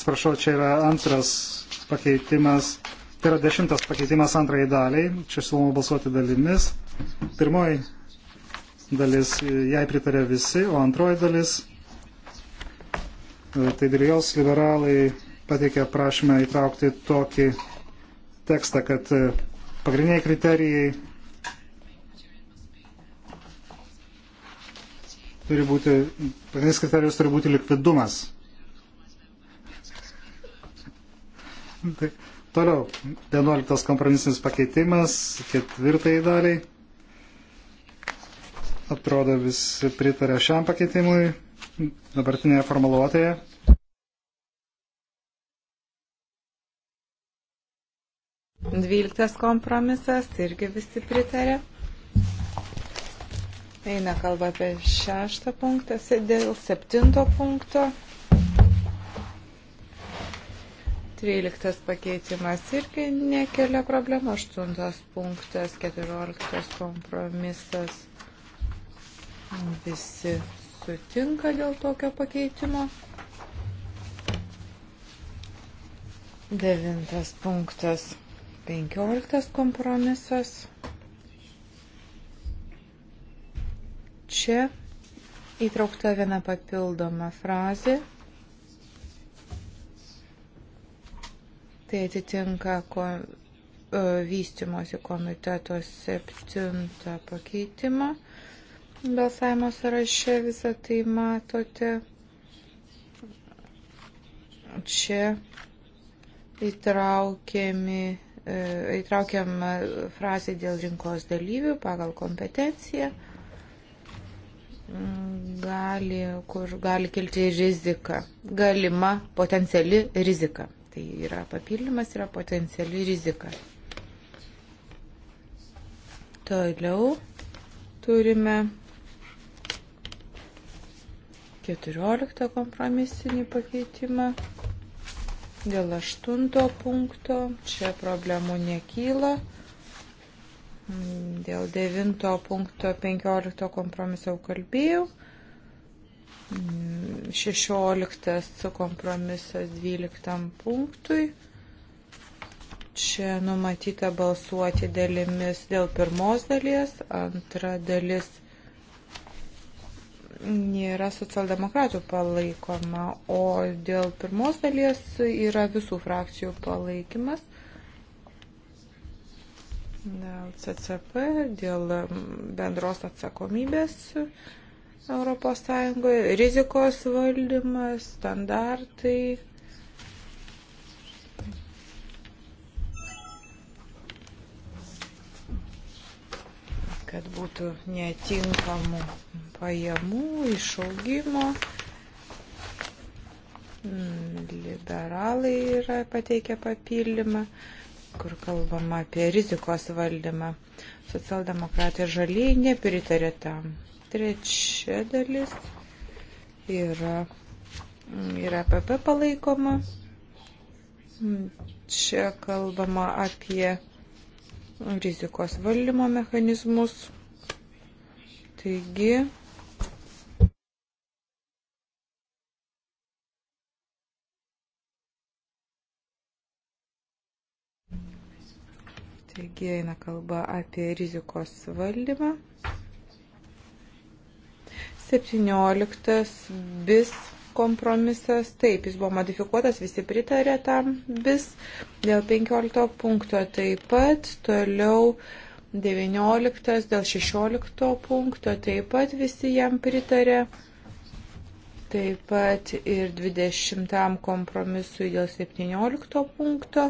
atsiprašau, čia yra antras pakeitimas, tai yra dešimtas pakeitimas antrai daliai, čia siūloma balsuoti dalimis. Pirmoji dalis, jai pritarė visi, o antroji dalis, e, tai dėl jos liberalai pateikė prašymą įtraukti tokį tekstą, kad e, pagrindiniai kriterijai turi būti, pagrindinis kriterijus turi būti likvidumas. Tai, toliau, 11 kompromisinis pakeitimas, ketvirtai daliai. Atrodo, visi pritarė šiam pakeitimui dabartinėje formuluotėje. Dvyliktas kompromisas, tai irgi visi pritarė. Eina kalba apie šeštą punktą, dėl septinto punkto. 13 pakeitimas irgi nekelia problemų. 8 punktas, 14 kompromisas. Visi sutinka dėl tokio pakeitimo. Devintas punktas, penkioliktas kompromisas. Čia įtraukta viena papildoma frazė Tai atitinka ko, e, vystimosi komiteto septintą pakeitimą. Balsavimo sąraše visą tai matote. Čia įtraukiami, e, įtraukiam frazę dėl rinkos dalyvių pagal kompetenciją. Gali, kur gali kilti rizika, galima potenciali rizika. Tai yra papildymas, yra potenciali rizika. Toliau turime 14 kompromisinį pakeitimą. Dėl 8 punkto čia problemų nekyla. Dėl 9 punkto 15 kompromiso jau kalbėjau. 16 kompromisas 12 punktui. Čia numatyta balsuoti dalimis dėl pirmos dalies, antra dalis nėra socialdemokratų palaikoma, o dėl pirmos dalies yra visų frakcijų palaikymas. Dėl CCP, dėl bendros atsakomybės. ES, rizikos valdymas, standartai. kad būtų netinkamų pajamų, išaugimo. Mm, liberalai yra pateikę papildymą kur kalbama apie rizikos valdymą. Socialdemokratai žaliai nepritarė tam. Trečia dalis yra, yra PP palaikoma. Čia kalbama apie rizikos valdymo mechanizmus. Taigi, Taigi eina kalba apie rizikos valdymą. 17 bis kompromisas, taip, jis buvo modifikuotas, visi pritarė tam bis. Dėl 15 punkto taip pat, toliau 19, dėl 16 punkto taip pat visi jam pritarė. Taip pat ir 20 kompromisui dėl 17 punkto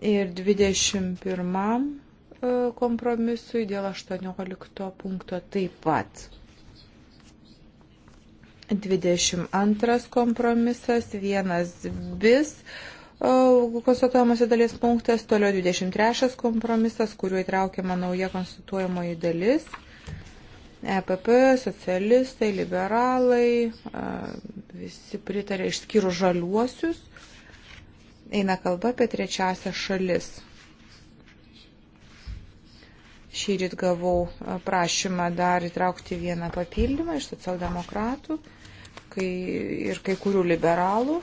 ir 21 e, kompromisui dėl 18 punkto taip pat. 22 kompromisas, vienas bis e, konstatuojamosi dalies punktas, toliau 23 kompromisas, kuriuo įtraukiama nauja konstatuojamoji dalis. EPP, socialistai, liberalai, e, visi pritarė išskyrus žaliuosius eina kalba apie trečiasią šalis. Šį rytą gavau prašymą dar įtraukti vieną papildymą iš socialdemokratų kai, ir kai kurių liberalų,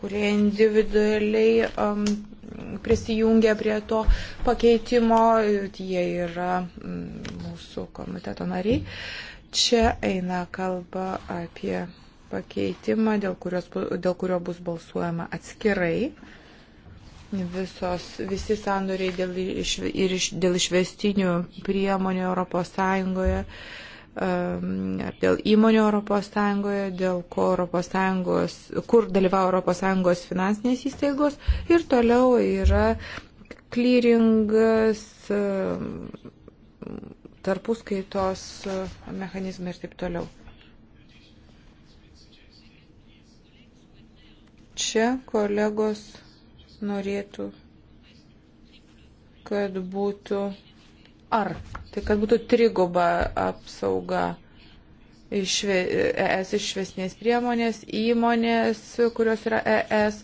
kurie individualiai um, prisijungia prie to pakeitimo, jie yra um, mūsų komiteto nariai. Čia eina kalba apie pakeitimą, dėl, kurios, dėl kurio bus balsuojama atskirai. Visos, visi sandoriai dėl, iš, ir iš, dėl išvestinių priemonių ES ar ehm, dėl įmonių ES, dėl ko ES, kur dalyvauja ES finansinės įstaigos ir toliau yra klyringas, ehm, tarpuskaitos ehm, mechanizmai ir taip toliau. Čia kolegos norėtų, kad būtų ar, tai kad būtų triguba apsauga išve, ES išvesnės priemonės, įmonės, kurios yra ES,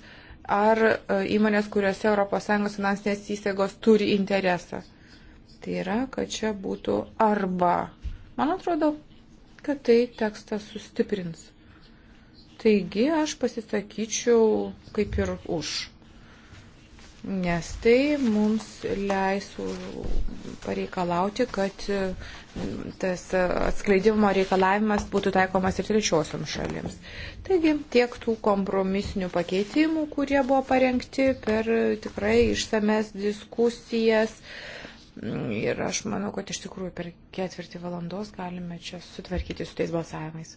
ar e, įmonės, kuriuose ES finansinės įstaigos turi interesą. Tai yra, kad čia būtų arba. Man atrodo, kad tai tekstą sustiprins. Taigi aš pasisakyčiau kaip ir už. Nes tai mums leis pareikalauti, kad e, tas atskleidimo reikalavimas būtų taikomas ir trečiosiam šalims. Taigi tiek tų kompromisinių pakeitimų, kurie buvo parengti per tikrai išsames diskusijas. Uh, Ir aš manau, kad iš tikrųjų per ketvirtį valandos galime čia sutvarkyti su tais balsavimais.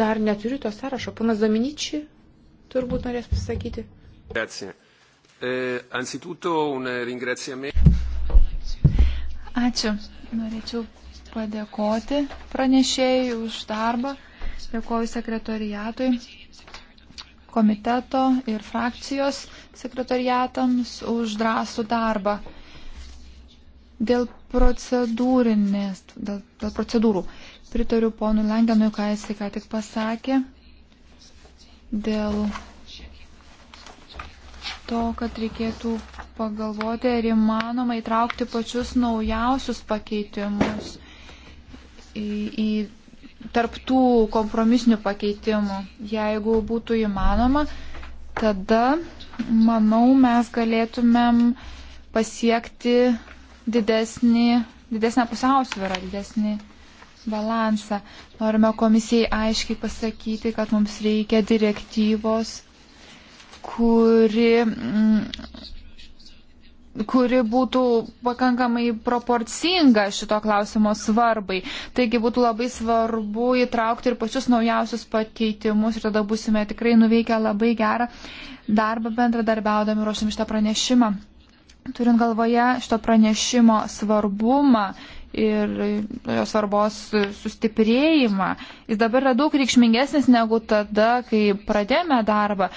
Dar neturiu to sąrašo. Panas Dominici turbūt norės pasakyti. Grazie. E, anzitutto un ringraziamento. Ačiū. Norėčiau padėkoti pranešėjai už darbą. Dėkoju sekretoriatui komiteto ir frakcijos sekretariatams už drąsų darbą. Dėl, dėl, dėl procedūrų pritariu ponui Langenui, ką jis ką tik pasakė, dėl to, kad reikėtų pagalvoti, ar įmanoma įtraukti pačius naujausius pakeitimus į, į tarptų kompromisinių pakeitimų. Jeigu būtų įmanoma, tada, manau, mes galėtumėm pasiekti didesnį, didesnę pusiausvyrą, didesnį balansą. Norime komisijai aiškiai pasakyti, kad mums reikia direktyvos, kuri mm, kuri būtų pakankamai proporcinga šito klausimo svarbai. Taigi būtų labai svarbu įtraukti ir pačius naujausius pakeitimus ir tada būsime tikrai nuveikę labai gerą darbą bendradarbiaudami ruošiam šitą pranešimą. Turint galvoje šito pranešimo svarbumą ir jo svarbos sustiprėjimą, jis dabar yra daug reikšmingesnis negu tada, kai pradėjome darbą.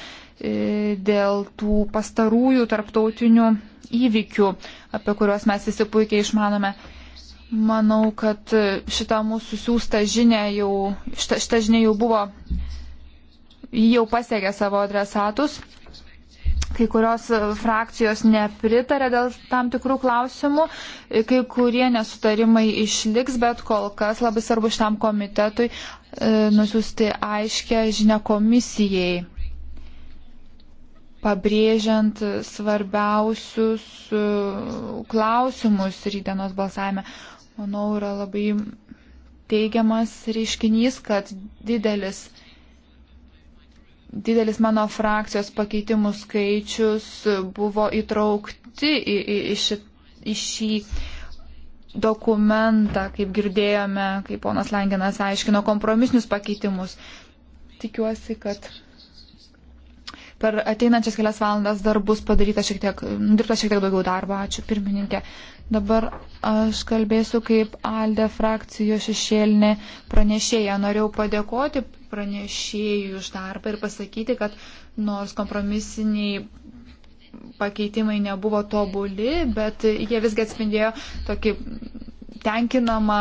E, dėl tų pastarųjų tarptautinių įvykių, apie kuriuos mes visi puikiai išmanome. Manau, kad šita mūsų siūsta žinia jau, šita, šita žinia jau buvo, jau pasiekė savo adresatus. Kai kurios frakcijos nepritarė dėl tam tikrų klausimų, kai kurie nesutarimai išliks, bet kol kas labai svarbu šitam komitetui e, nusiųsti aiškę žinę komisijai pabrėžiant svarbiausius e, klausimus rydienos balsavime. Manau, yra labai teigiamas reiškinys, kad didelis, didelis mano frakcijos pakeitimų skaičius buvo įtraukti į, į, į, šį, į šį dokumentą, kaip girdėjome, kaip ponas Langenas aiškino, kompromisinius pakeitimus. Tikiuosi, kad per ateinančias kelias valandas dar bus padaryta šiek tiek, dirbta šiek tiek daugiau darbo. Ačiū pirmininkė. Dabar aš kalbėsiu kaip Alde frakcijos šešėlinė pranešėja. Norėjau padėkoti pranešėjui už darbą ir pasakyti, kad nors kompromisiniai pakeitimai nebuvo tobuli, bet jie visgi atspindėjo tokį tenkinamą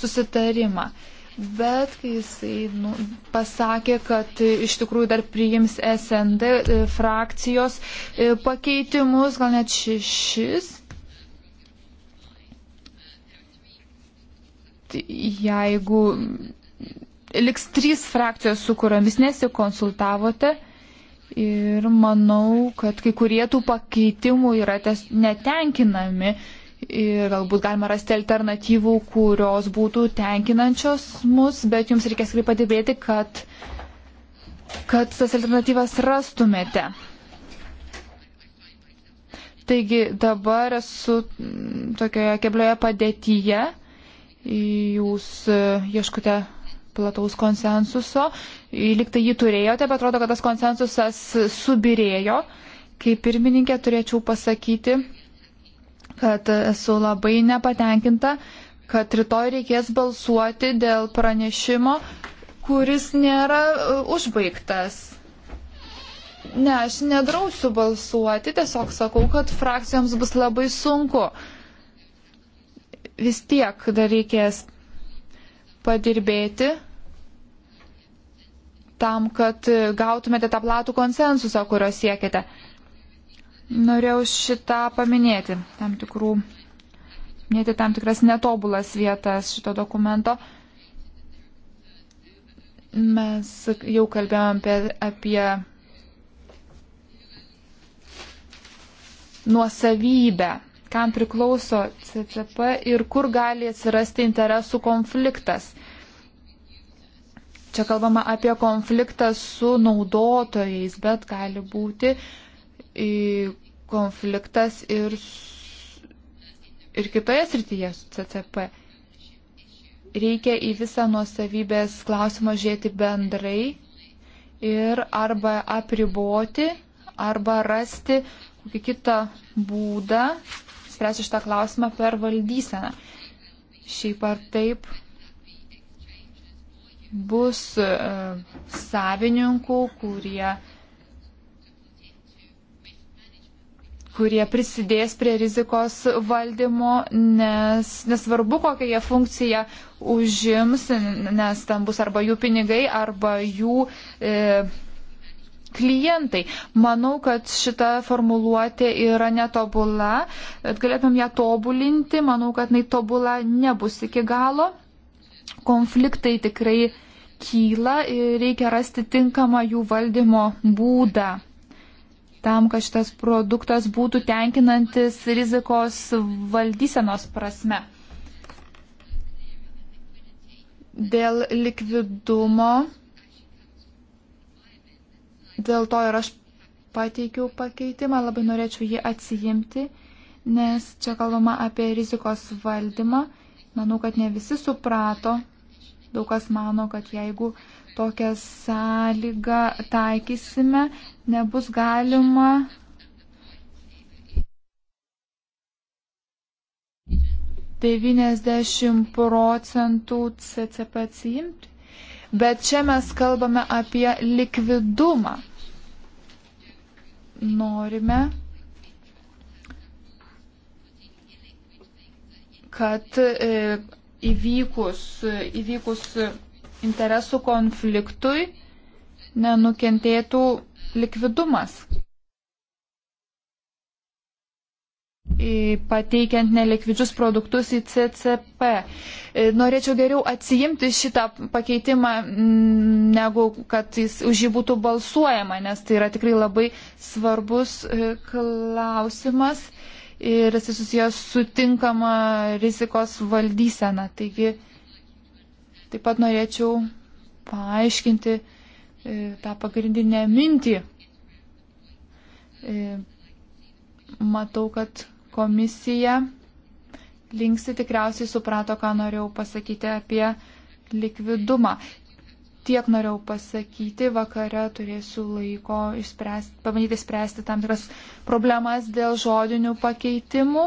susitarimą. Uh, Bet kai jisai nu, pasakė, kad iš tikrųjų dar priims SND e, frakcijos e, pakeitimus, gal net šešis. Tai jeigu liks trys frakcijos, su kuriomis nesikonsultavote, ir manau, kad kai kurie tų pakeitimų yra netenkinami ir galbūt galima rasti alternatyvų, kurios būtų tenkinančios mus, bet jums reikės tikrai padirbėti, kad, kad tas alternatyvas rastumėte. Taigi dabar esu tokioje keblioje padėtyje, jūs ieškote plataus konsensuso, liktai jį turėjote, bet atrodo, kad tas konsensusas subirėjo. Kaip pirmininkė turėčiau pasakyti, kad esu labai nepatenkinta, kad rytoj reikės balsuoti dėl pranešimo, kuris nėra e, užbaigtas. Ne, aš nedrausiu balsuoti, tiesiog sakau, kad frakcijoms bus labai sunku. Vis tiek dar reikės padirbėti tam, kad gautumėte tą platų konsensusą, kurio siekite. Norėjau šitą paminėti, tam tikrų, minėti tam tikras netobulas vietas šito dokumento. Mes jau kalbėjom apie, apie nuosavybę, kam priklauso CCP ir kur gali atsirasti interesų konfliktas. Čia kalbama apie konfliktą su naudotojais, bet gali būti uh, konfliktas ir, ir kitoje srityje su CCP. Reikia į visą nuosavybės klausimą žiūrėti bendrai ir arba apriboti, arba rasti kokį kitą būdą spręsti šitą klausimą per valdyseną. Šiaip ar taip bus e, savininkų, kurie kurie prisidės prie rizikos valdymo, nes nesvarbu, kokią jie funkciją užims, nes ten bus arba jų pinigai, arba jų e, klientai. Manau, kad šita formuluotė yra netobula, bet galėtum ją tobulinti. Manau, kad jinai tobula nebus iki galo. Konfliktai tikrai kyla ir reikia rasti tinkamą jų valdymo būdą tam, kad šitas produktas būtų tenkinantis rizikos valdysenos prasme. Dėl likvidumo, dėl to ir aš pateikiau pakeitimą, labai norėčiau jį atsijimti, nes čia kalbama apie rizikos valdymą. Manau, kad ne visi suprato, daug kas mano, kad jeigu tokią sąlygą taikysime, nebus galima devyniasdešimt procentų CCP atsiimti. Bet čia mes kalbame apie likvidumą. Norime, kad e, įvykus, įvykus interesų konfliktui nenukentėtų likvidumas. pateikiant nelikvidžius produktus į CCP. E, norėčiau geriau atsijimti šitą pakeitimą, mm, negu kad jis už jį būtų balsuojama, nes tai yra tikrai labai svarbus e, klausimas ir jis susijęs su tinkama rizikos valdysena. Taigi, Taip pat norėčiau paaiškinti e, tą pagrindinę mintį. E, matau, kad komisija linksi tikriausiai suprato, ką norėjau pasakyti apie likvidumą. Tiek norėjau pasakyti, vakare turėsiu laiko išspręsti, pabandyti spręsti tam tikras problemas dėl žodinių pakeitimų,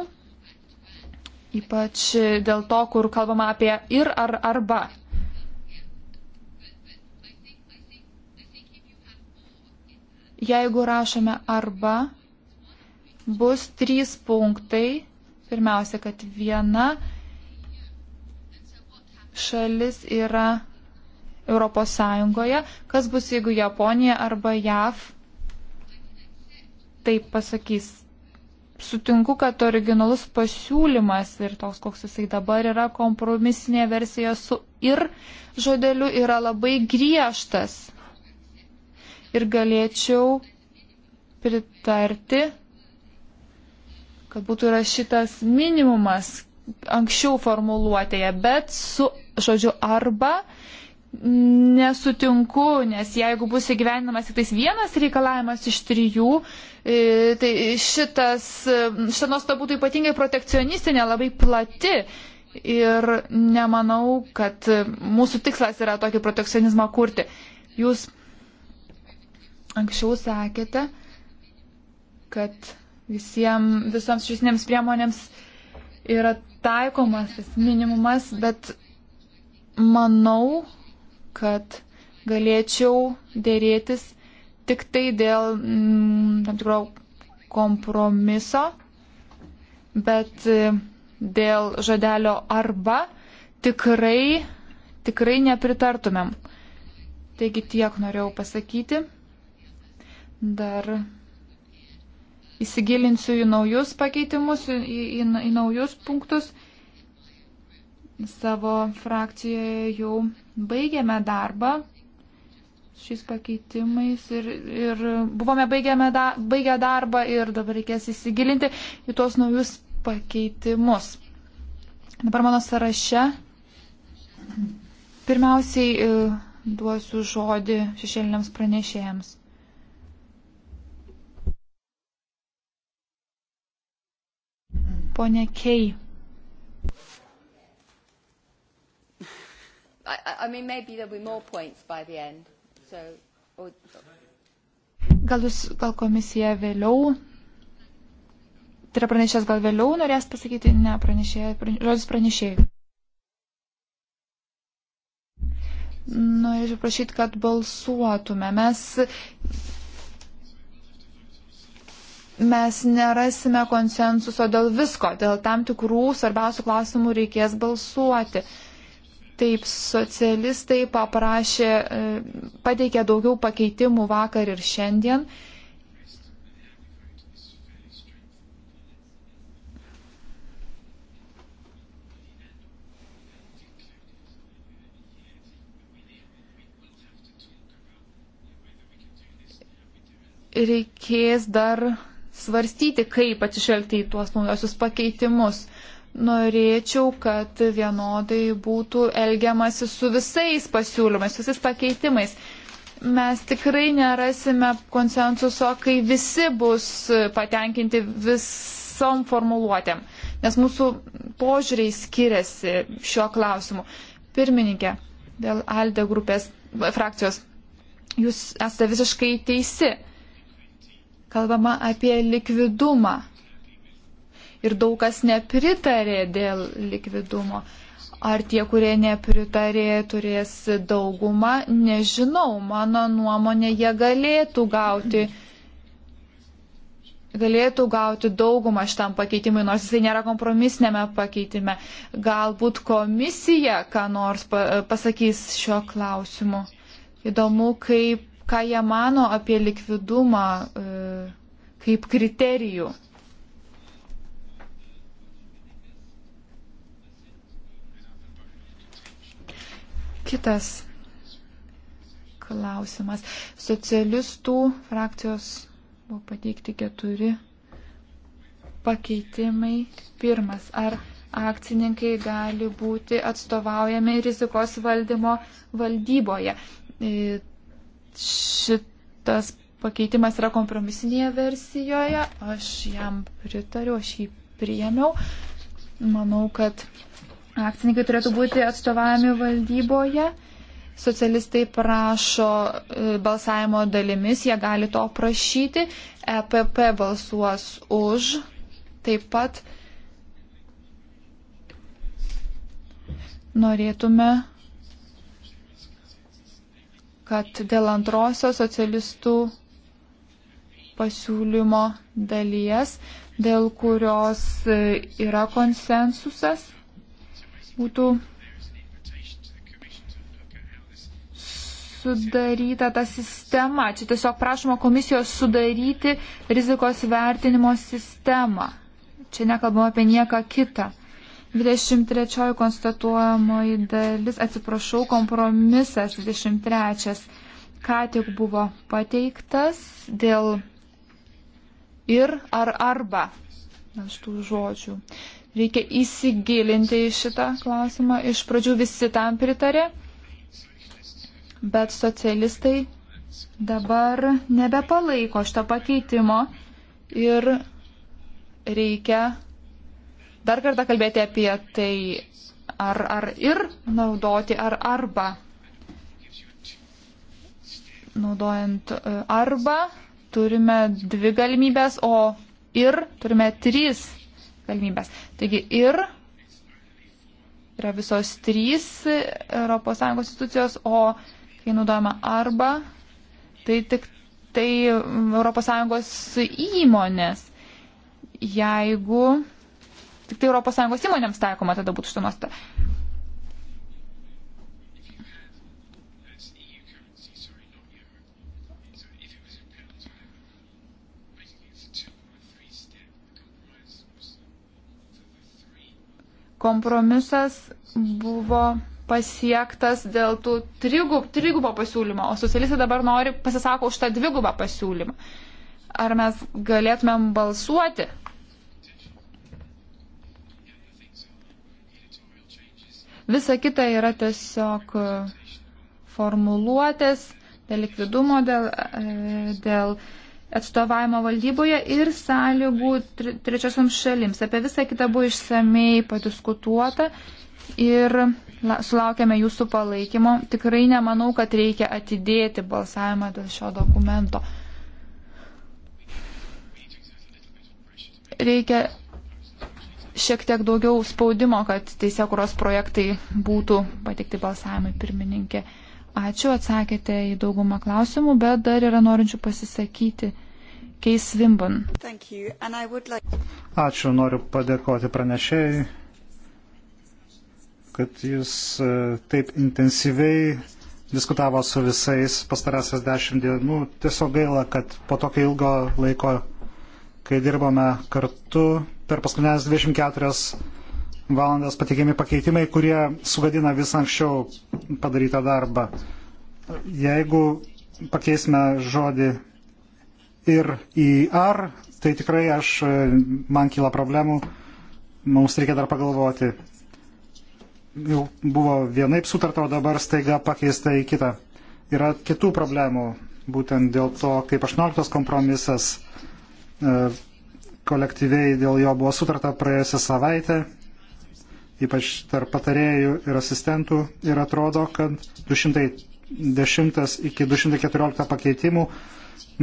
ypač dėl to, kur kalbama apie ir ar arba. Jeigu rašome arba, bus trys punktai. Pirmiausia, kad viena šalis yra Europos Sąjungoje. Kas bus, jeigu Japonija arba JAV taip pasakys? Sutinku, kad originalus pasiūlymas ir toks, koks jisai dabar yra, kompromisinė versija su ir žodeliu yra labai griežtas ir galėčiau pritarti, kad būtų rašytas minimumas anksčiau formuluotėje, bet su žodžiu arba nesutinku, nes jeigu bus įgyvenimas tik tais vienas reikalavimas iš trijų, e, tai šitas, e, šita nuosta būtų ypatingai protekcionistinė, labai plati. Ir nemanau, kad mūsų tikslas yra tokį protekcionizmą kurti. Jūs Anksčiau sakėte, kad visiems, visoms šisnėms priemonėms yra taikomas tas minimumas, bet manau, kad galėčiau dėrėtis tik tai dėl mm, tam tikro kompromiso, bet e, dėl žodelio arba tikrai, tikrai nepritartumėm. Taigi tiek norėjau pasakyti. Dar įsigilinsiu į naujus pakeitimus, į, į, į naujus punktus. Savo frakcijoje jau baigėme darbą šiais pakeitimais ir, ir buvome baigėme da, baigę darbą ir dabar reikės įsigilinti į tuos naujus pakeitimus. Dabar mano sąraše pirmiausiai e, duosiu žodį šešėliniams pranešėjams. Pone Kei. I, I mean, maybe there'll be more points by the end. So, or... Gal, jūs, gal komisija vėliau, tai yra pranešės gal vėliau norės pasakyti, ne, pranešė, prane, žodis pranešėjai. Norėčiau prašyti, kad balsuotume. Mes mes nerasime konsensuso dėl visko, dėl tam tikrų svarbiausių klausimų reikės balsuoti. Taip, socialistai paprašė, e, pateikė daugiau pakeitimų vakar ir šiandien. Reikės dar svarstyti, kaip atsižvelgti į tuos naujosius pakeitimus. Norėčiau, kad vienodai būtų elgiamasi su visais pasiūlymais, visais pakeitimais. Mes tikrai nerasime konsensuso, kai visi bus patenkinti visom formuluotėm, nes mūsų požiūriai skiriasi šiuo klausimu. Pirmininkė, dėl ALDE grupės frakcijos, jūs esate visiškai teisi kalbama apie likvidumą. Ir daug kas nepritarė dėl likvidumo. Ar tie, kurie nepritarė, turės daugumą, nežinau. Mano nuomonė, jie galėtų gauti, galėtų gauti daugumą šitam pakeitimui, nors jisai nėra kompromisnėme pakeitime. Galbūt komisija ką nors pasakys šio klausimu. Įdomu, kaip ką jie mano apie likvidumą e, kaip kriterijų. Kitas klausimas. Socialistų frakcijos buvo pateikti keturi pakeitimai. Pirmas, ar akcininkai gali būti atstovaujami rizikos valdymo valdyboje? E, šitas pakeitimas yra kompromisinėje versijoje. Aš jam pritariu, aš jį priėmiau. Manau, kad akcininkai turėtų būti atstovavami valdyboje. Socialistai prašo e, balsavimo dalimis, jie gali to prašyti. EPP balsuos už. Taip pat norėtume kad dėl antrosios socialistų pasiūlymo dalies, dėl kurios e, yra konsensusas, būtų sudaryta ta sistema. Čia tiesiog prašoma komisijos sudaryti rizikos vertinimo sistemą. Čia nekalbama apie nieką kitą. 23 konstatuojamoji dalis, atsiprašau, kompromisas 23 ką tik buvo pateiktas dėl ir ar arba aš tų žodžių. Reikia įsigilinti į šitą klausimą. Iš pradžių visi tam pritarė, bet socialistai dabar nebepalaiko šito pakeitimo ir reikia dar kartą kalbėti apie tai ar, ar ir naudoti, ar arba. Naudojant e, arba turime dvi galimybės, o ir turime trys galimybės. Taigi ir yra visos trys ES institucijos, o kai naudojama arba, tai tik tai ES įmonės. Jeigu tik tai ES įmonėms taikoma tada būtų šitą nuostatą. Kompromisas buvo pasiektas dėl tų trigub, trigubo pasiūlymo, o socialistai dabar nori pasisako už tą dvigubą pasiūlymą. Ar mes galėtumėm balsuoti Visa kita yra tiesiog e, formuluotės dėl likvidumo, dėl, e, dėl atstovavimo valdyboje ir sąlygų trečiosiams šalims. Apie visą kitą buvo išsamei padiskutuota ir sulaukėme jūsų palaikymo. Tikrai nemanau, kad reikia atidėti balsavimą dėl šio dokumento. Reikia šiek tiek daugiau spaudimo, kad teisėkuros projektai būtų patikti balsavimui pirmininkė. Ačiū, atsakėte į daugumą klausimų, bet dar yra norinčių pasisakyti. Keis Vimbon. Like... Ačiū, noriu padėkoti pranešėjai, kad jis e, taip intensyviai diskutavo su visais pastarąsias dešimt dienų. Nu, tiesiog gaila, kad po tokio ilgo laiko, kai dirbome kartu, per paskutinės 24 valandas pateikiami pakeitimai, kurie sugadina visą anksčiau padarytą darbą. Jeigu pakeisime žodį ir į ar, tai tikrai aš, man kyla problemų, mums reikia dar pagalvoti. Jau buvo vienaip sutarta, o dabar staiga pakeista į kitą. Yra kitų problemų, būtent dėl to, kaip 18 kompromisas e, kolektyviai dėl jo buvo sutarta praėjusią savaitę, ypač tarp patarėjų ir asistentų, ir atrodo, kad 210 iki 214 pakeitimų,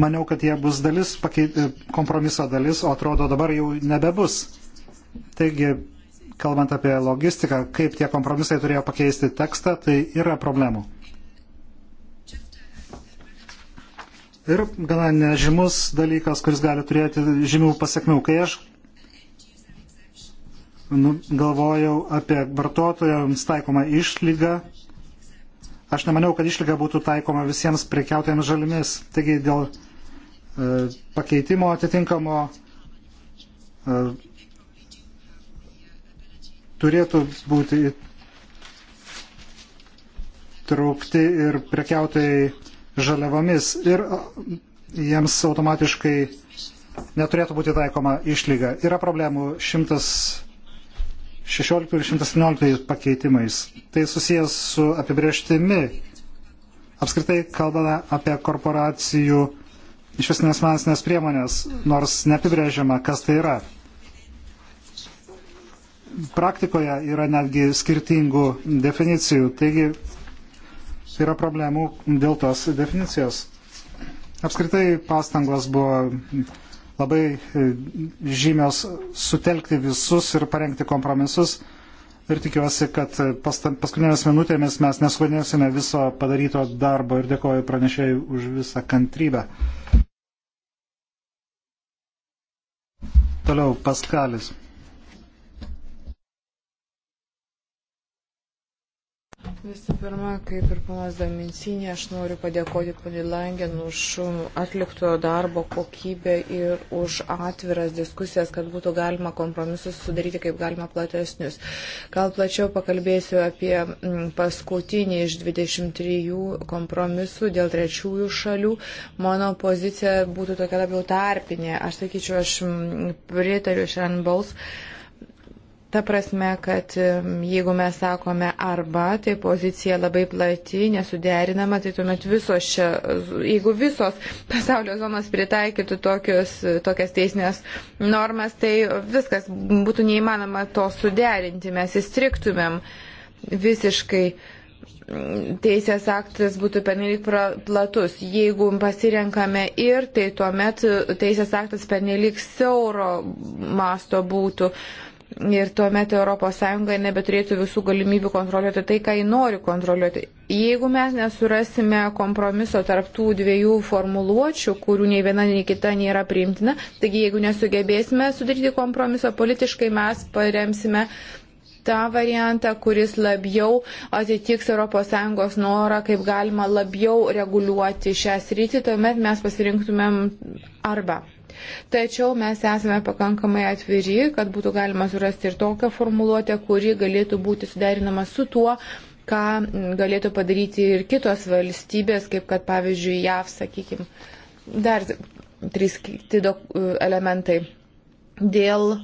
maniau, kad jie bus dalis, pakeit, kompromiso dalis, o atrodo dabar jau nebebus. Taigi, kalbant apie logistiką, kaip tie kompromisai turėjo pakeisti tekstą, tai yra problemų. ir gana nežymus dalykas, kuris gali turėti žymių pasiekmių. Kai aš nu, galvojau apie vartotojams taikomą išlygą, aš nemaniau, kad išlyga būtų taikoma visiems prekiautojams žalimis. Taigi dėl e, pakeitimo atitinkamo e, turėtų būti traukti ir prekiautojai žaliavomis ir jiems automatiškai neturėtų būti taikoma išlyga. Yra problemų 116 ir 117 pakeitimais. Tai susijęs su apibrieštimi. Apskritai kalbame apie korporacijų iš esmės finansinės priemonės, nors neapibrėžiama, kas tai yra. Praktikoje yra netgi skirtingų definicijų, taigi yra problemų dėl tos definicijos. Apskritai pastangos buvo labai e, žymios sutelkti visus ir parengti kompromisus. Ir tikiuosi, kad e, paskutinėmis minutėmis mes nesuvadinėsime viso padaryto darbo ir dėkoju pranešėjai už visą kantrybę. Toliau Paskalis. Visų pirma, kaip ir panas Daminsinė, aš noriu padėkoti panai Langen už atlikto darbo kokybę ir už atviras diskusijas, kad būtų galima kompromisus sudaryti kaip galima platesnius. Gal plačiau pakalbėsiu apie mm, paskutinį iš 23 kompromisų dėl trečiųjų šalių. Mano pozicija būtų tokia labiau tarpinė. Aš sakyčiau, aš mm, pritariu šiandien balsui Ta prasme, kad jeigu mes sakome arba, tai pozicija labai plati, nesuderinama, tai tuomet visos čia, jeigu visos pasaulio zonos pritaikytų tokius, tokias teisinės normas, tai viskas būtų neįmanoma to suderinti, mes įstriktumėm visiškai. Teisės aktas būtų pernelyg platus. Jeigu pasirenkame ir, tai tuomet teisės aktas pernelyg siauro masto būtų. Uh, ir tuomet ES nebeturėtų visų galimybių kontroliuoti tai, ką jį nori kontroliuoti. Jeigu mes nesurasime kompromiso tarp tų dviejų formuluočių, kurių nei viena, nei kita nėra priimtina, taigi jeigu nesugebėsime sudaryti kompromiso politiškai, mes paremsime tą variantą, kuris labiau atitiks ES norą, kaip galima labiau reguliuoti šią sritį, tuomet mes pasirinktumėm arba Tačiau mes esame pakankamai atviri, kad būtų galima surasti ir tokią formuluotę, kuri galėtų būti suderinama su tuo, ką galėtų padaryti ir kitos valstybės, kaip kad pavyzdžiui JAV, sakykime. Dar trys kiti elementai. Dėl uh,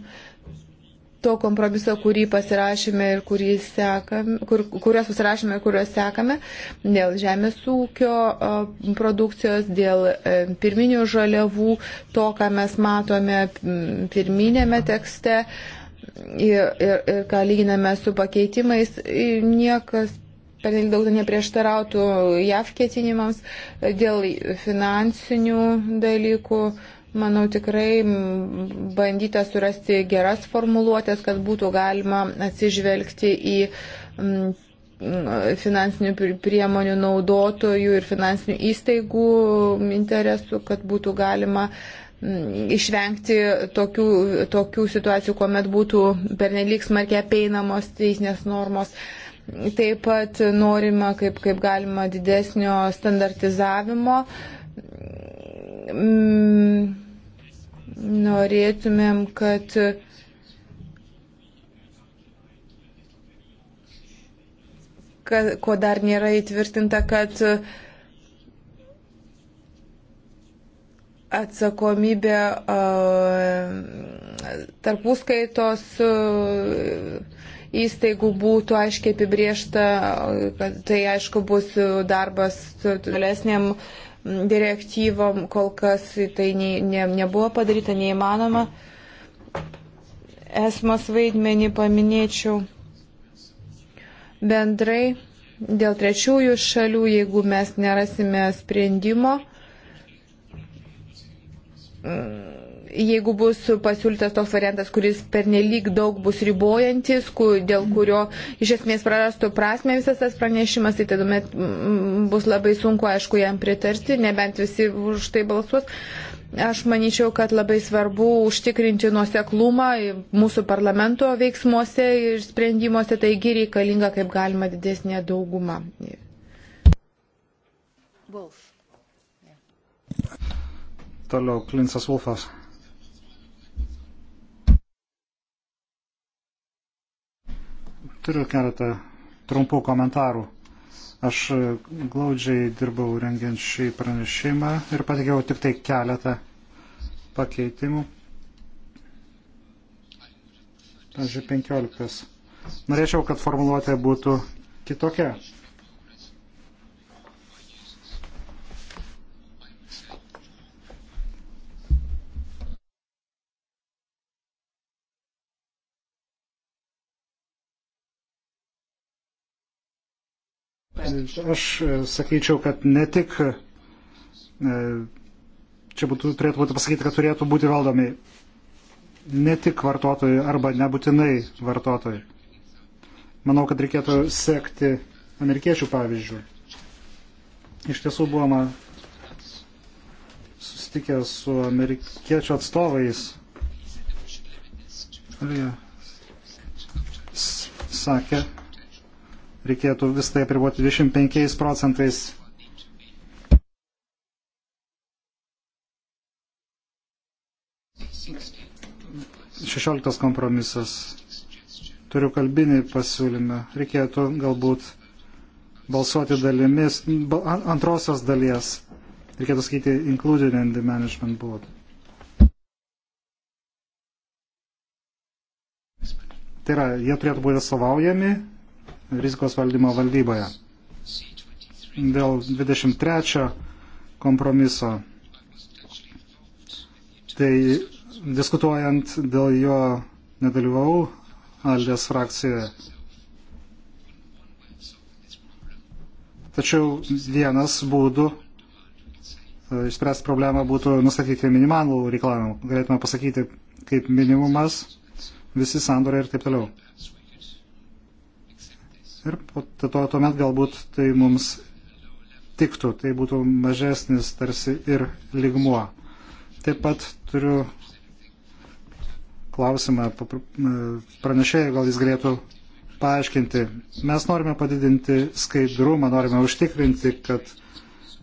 to kompromiso, kurį pasirašėme ir kurį sekame, kur, kurios pasirašėme ir kurios sekame, dėl žemės ūkio produkcijos, dėl e, pirminių žaliavų, to, ką mes matome pirminėme tekste ir, ir, ir ką lyginame su pakeitimais, niekas pernelyg daug neprieštarautų JAV ketinimams dėl finansinių dalykų Manau, tikrai bandyta surasti geras formuluotės, kad būtų galima atsižvelgti į finansinių priemonių naudotojų ir finansinių įstaigų interesų, kad būtų galima išvengti tokių, tokių situacijų, kuomet būtų pernelyg smarkiai apeinamos teisinės normos. Taip pat norima kaip, kaip galima didesnio standartizavimo. Mm norėtumėm, kad kad, ko dar nėra įtvirtinta, kad atsakomybė tarpuskaitos įstaigų būtų aiškiai apibriešta, kad tai aišku bus darbas tolesniam direktyvom, kol kas tai ne, ne, nebuvo padaryta neįmanoma. Esmos vaidmenį paminėčiau bendrai dėl trečiųjų šalių, jeigu mes nerasime sprendimo. Mm jeigu bus pasiūlytas toks variantas, kuris pernelyg daug bus ribojantis, ku, dėl kurio iš esmės prarastų prasme visas tas pranešimas, tai tada bus labai sunku, aišku, jam pritarti, nebent visi už tai balsuos. Aš manyčiau, kad labai svarbu užtikrinti nuoseklumą mūsų parlamento veiksmuose ir sprendimuose, taigi reikalinga kaip galima didesnė dauguma. Wolf. Toliau Klinsas Wolfas. Turiu keletą trumpų komentarų. Aš e, glaudžiai dirbau rengiant šį pranešimą ir patikėjau tik tai keletą pakeitimų. Pavyzdžiui, 15. Norėčiau, kad formuluotė būtų kitokia. Aš e, sakyčiau, kad ne tik e, čia būtų, turėtų būti pasakyti, kad turėtų būti valdomi ne tik vartotojai arba nebūtinai vartotojai. Manau, kad reikėtų sekti amerikiečių pavyzdžių. Iš tiesų buvome susitikę su amerikiečių atstovais. Sakė, reikėtų vis tai apriboti 25 procentais. Šešioliktas kompromisas. Turiu kalbinį pasiūlymą. Reikėtų galbūt balsuoti dalimis, antrosios dalies. Reikėtų skaityti Included in the Management Board. Tai yra, jie turėtų būti atstovaujami rizikos valdymo valdyboje. Dėl 23 kompromiso. Tai diskutuojant dėl jo nedalyvau Aldės frakcijoje. Tačiau vienas būdų e, išspręsti problemą būtų nustatyti minimalų reikalavimą. Galėtume pasakyti, kaip minimumas visi sandoriai ir taip toliau ir to, tuomet galbūt tai mums tiktų, tai būtų mažesnis tarsi ir ligmuo. Taip pat turiu klausimą pranešėjai, gal jis galėtų paaiškinti. Mes norime padidinti skaidrumą, norime užtikrinti, kad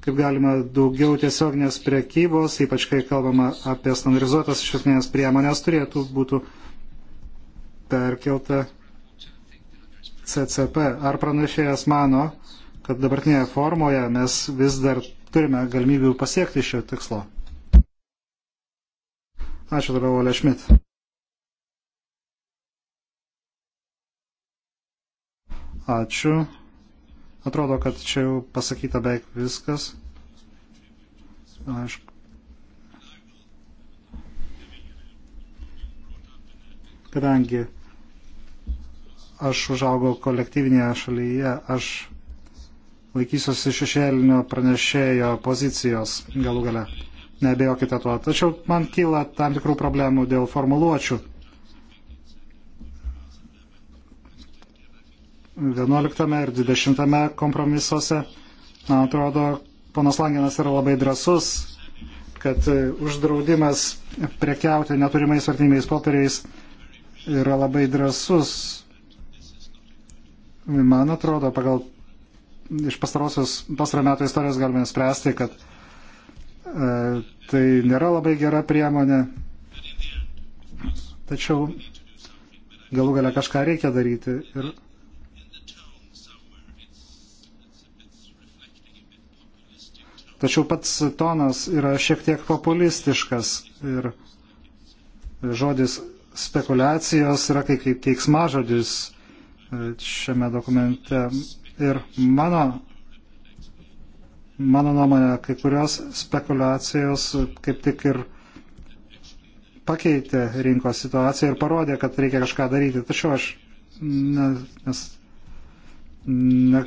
kaip galima daugiau tiesioginės priekybos, ypač kai kalbama apie standarizuotas iš esmės priemonės, turėtų būtų perkelta CCP. Ar pranešėjas mano, kad dabartinėje formoje mes vis dar turime galimybių pasiekti šio tikslo? Ačiū toliau, Ole Šmit. Ačiū. Atrodo, kad čia jau pasakyta beveik viskas. Aišku. Kadangi aš užaugau kolektyvinėje šalyje, aš laikysiuosi šešėlinio pranešėjo pozicijos galų gale. Nebejokite tuo. Tačiau man kyla tam tikrų problemų dėl formuluočių. 11 ir 20 kompromisuose, man atrodo, ponas Langenas yra labai drasus, kad uždraudimas prekiauti neturimais vertimiais popieriais yra labai drasus Man atrodo, pagal iš pastarosios pastarą metų istorijos galime spręsti, kad e, tai nėra labai gera priemonė. Tačiau galų gale kažką reikia daryti. Ir Tačiau pats tonas yra šiek tiek populistiškas ir žodis spekulacijos yra kaip keiksmažodis. Kai šiame dokumente. Ir mano, mano nuomonė, kai kurios spekulacijos kaip tik ir pakeitė rinkos situaciją ir parodė, kad reikia kažką daryti. Tačiau aš ne, nes, ne,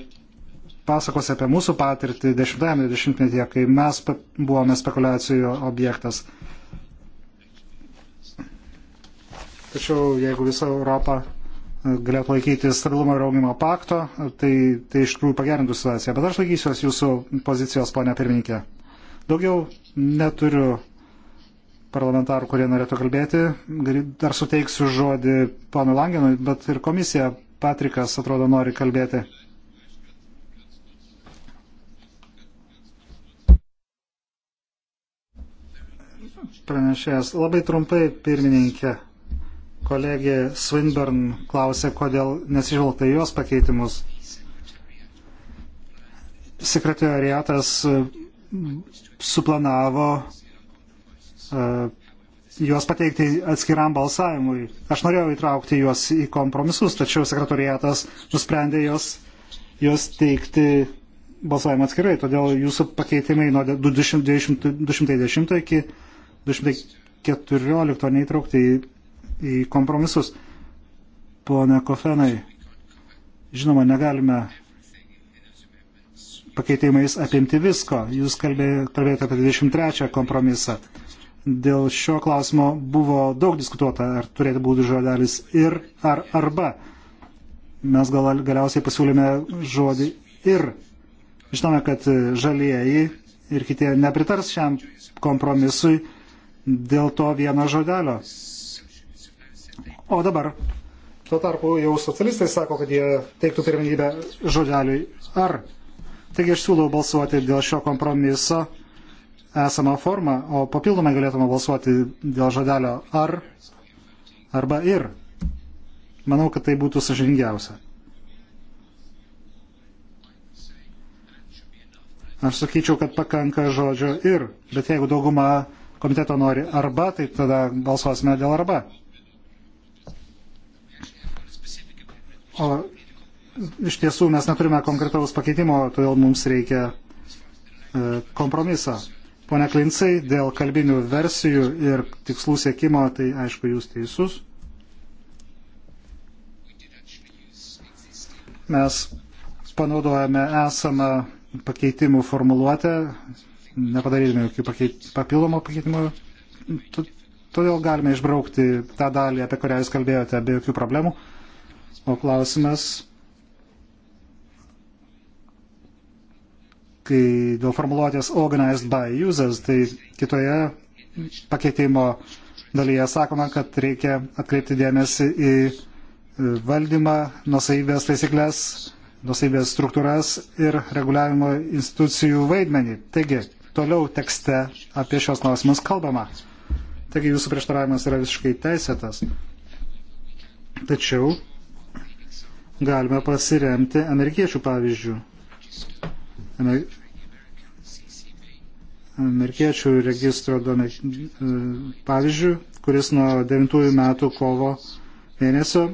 pasakos apie mūsų patirtį 10-20-metyje, kai mes buvome spekulacijų objektas. Tačiau jeigu visa Europa galėtų laikyti stabilumo ir augimo pakto, tai, tai iš tikrųjų pagerintų situaciją. Bet aš laikysiuos jūsų pozicijos, ponia pirmininkė. Daugiau neturiu parlamentarų, kurie norėtų kalbėti. Dar suteiksiu žodį ponui Langenui, bet ir komisija Patrikas, atrodo, nori kalbėti. Pranešėjas. Labai trumpai, pirmininkė. Kolegė Swinburne klausė, kodėl nesižvelgta į jos pakeitimus. Sekretariatas e, suplanavo uh, juos pateikti atskiram balsavimui. Aš norėjau įtraukti juos į kompromisus, tačiau sekretariatas nusprendė juos, juos teikti balsavimą atskirai, todėl jūsų pakeitimai nuo 210 iki 214 neįtraukti į į kompromisus. Pone Kofenai, žinoma, negalime pakeitimais apimti visko. Jūs kalbėjote apie 23 kompromisą. Dėl šio klausimo buvo daug diskutuota, ar turėtų būti žodelis ir ar arba. Mes gal, galiausiai pasiūlėme žodį ir. Žinome, kad žalieji ir kiti nepritars šiam kompromisui dėl to vieno žodelio. O dabar, tuo tarpu jau socialistai sako, kad jie teiktų pirmenybę žodeliui ar. Taigi aš siūlau balsuoti dėl šio kompromiso esamą formą, o papildomai galėtume balsuoti dėl žodelio ar arba ir. Manau, kad tai būtų sažiningiausia. Aš sakyčiau, kad pakanka žodžio ir, bet jeigu dauguma komiteto nori arba, tai tada balsuosime dėl arba. O iš tiesų mes neturime konkretaus pakeitimo, todėl mums reikia e, kompromisą. Pone Klincai, dėl kalbinių versijų ir tikslų sėkimo, tai aišku, jūs teisus. Mes panaudojame esamą pakeitimų formuluotę, nepadarydami jokių pakeit, papildomų pakeitimų. Todėl galime išbraukti tą dalį, apie kurią jūs kalbėjote, be jokių problemų. O klausimas, kai dėl formuluotės organized by users, tai kitoje pakeitimo dalyje sakoma, kad reikia atkreipti dėmesį į e, valdymą, nusaibės taisyklės, nusaibės struktūras ir reguliavimo institucijų vaidmenį. Taigi, toliau tekste apie šios klausimus kalbama. Taigi, jūsų prieštaravimas yra visiškai teisėtas. Tačiau galime pasiremti amerikiečių pavyzdžių. Amerikiečių registro pavyzdžių, kuris nuo 9 metų kovo mėnesio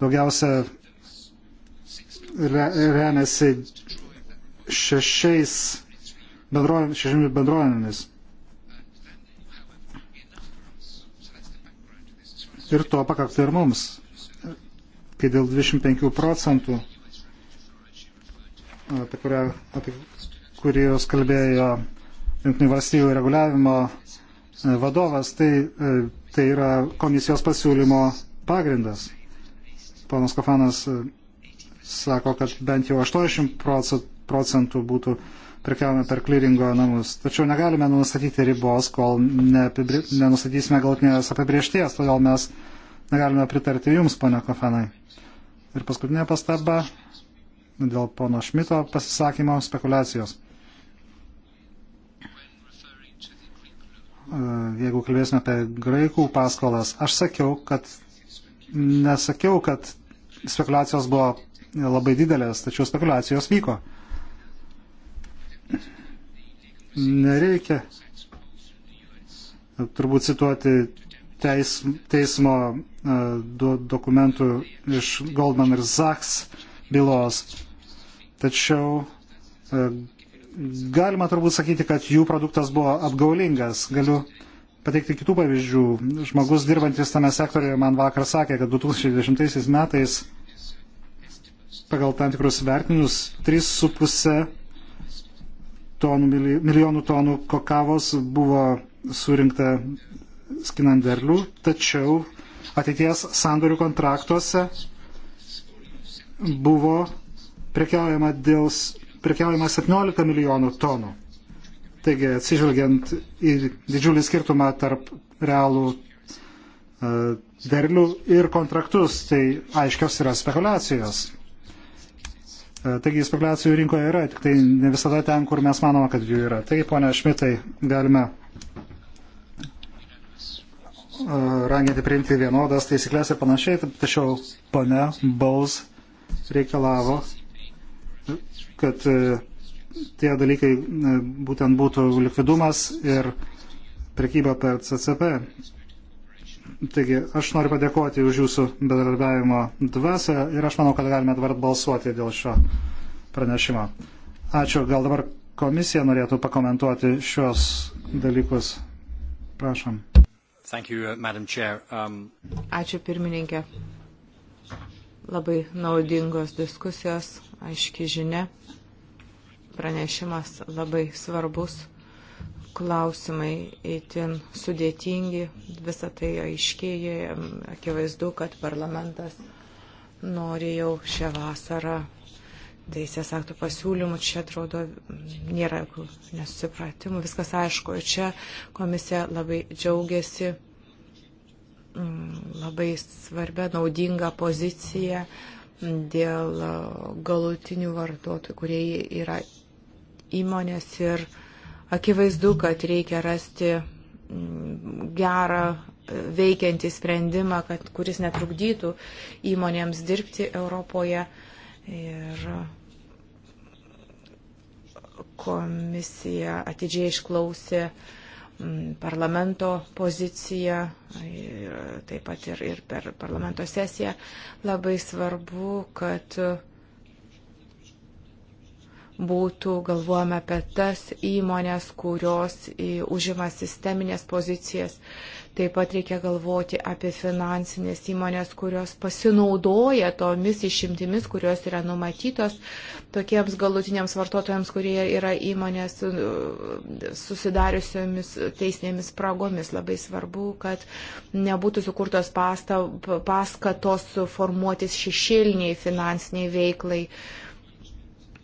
daugiausia remiasi šešiais bendrovėmis, šešiamis bendrovėmis. Ir to pakaktų ir mums kai dėl 25 procentų, apie, kurią, apie kurį jūs kalbėjo Junktinių valstybių reguliavimo vadovas, tai, tai yra komisijos pasiūlymo pagrindas. Ponas Kofanas sako, kad bent jau 80 procentų būtų prekiavame per klyringo namus. Tačiau negalime nustatyti ribos, kol nenustatysime galtinės apibriešties, todėl mes Negalime pritarti Jums, pane Kofenai. Ir paskutinė pastaba dėl pono Šmito pasisakymo spekulacijos. E, jeigu kalbėsime apie graikų paskolas, aš sakiau, kad nesakiau, kad spekulacijos buvo labai didelės, tačiau spekulacijos vyko. Nereikia turbūt cituoti teis, teismo e, do, dokumentų iš Goldman ir Zaks bylos. Tačiau e, galima turbūt sakyti, kad jų produktas buvo apgaulingas. Galiu pateikti kitų pavyzdžių. Žmogus dirbantis tame sektoriuje man vakar sakė, kad 2020 metais pagal tam tikrus vertinius 3,5 tonų, milijonų tonų kokavos buvo surinkta skinant derlių, tačiau ateities sandorių kontraktuose buvo prekiaujama, dėl, prekiaujama 17 milijonų tonų. Taigi, atsižvelgiant į didžiulį skirtumą tarp realų e, derlių ir kontraktus, tai aiškios yra spekulacijos. E, taigi spekulacijų rinkoje yra, tik tai ne visada ten, kur mes manome, kad jų yra. Taigi, ponia Šmitai, galime raginti priimti vienodas taisyklės ir panašiai, tačiau pane Baus reikalavo, kad e, tie dalykai e, būtent būtų likvidumas ir prekyba per CCP. Taigi, aš noriu padėkoti už jūsų bendradarbiavimo dvasę ir aš manau, kad galime dabar balsuoti dėl šio pranešimo. Ačiū. Gal dabar komisija norėtų pakomentuoti šios dalykus. Prašom. You, uh, um... Ačiū pirmininkė. Labai naudingos diskusijos, aiški žinia. Pranešimas labai svarbus. Klausimai įtin sudėtingi. Visą tai aiškėja. Akivaizdu, kad parlamentas nori jau šią vasarą teisės aktų pasiūlymų, čia atrodo mm, nėra nesusipratimų, viskas aišku. Ir čia komisija labai džiaugiasi mm, labai svarbia, naudinga pozicija mm, dėl e, galutinių vartotojų, kurie yra įmonės ir akivaizdu, kad reikia rasti gerą e, veikiantį sprendimą, kad, kuris netrukdytų įmonėms dirbti Europoje. Ir Komisija atidžiai išklausė mm, parlamento poziciją, taip pat ir, ir per parlamento sesiją. Labai svarbu, kad būtų galvojama apie tas įmonės, kurios užima sisteminės pozicijas. Uh, Taip pat reikia galvoti apie finansinės įmonės, kurios pasinaudoja tomis išimtimis, kurios yra numatytos tokiems galutiniams vartotojams, kurie yra įmonės e, susidariusiomis teisinėmis spragomis. Labai svarbu, kad nebūtų sukurtos pasta, paskatos formuotis šešilniai finansiniai veiklai.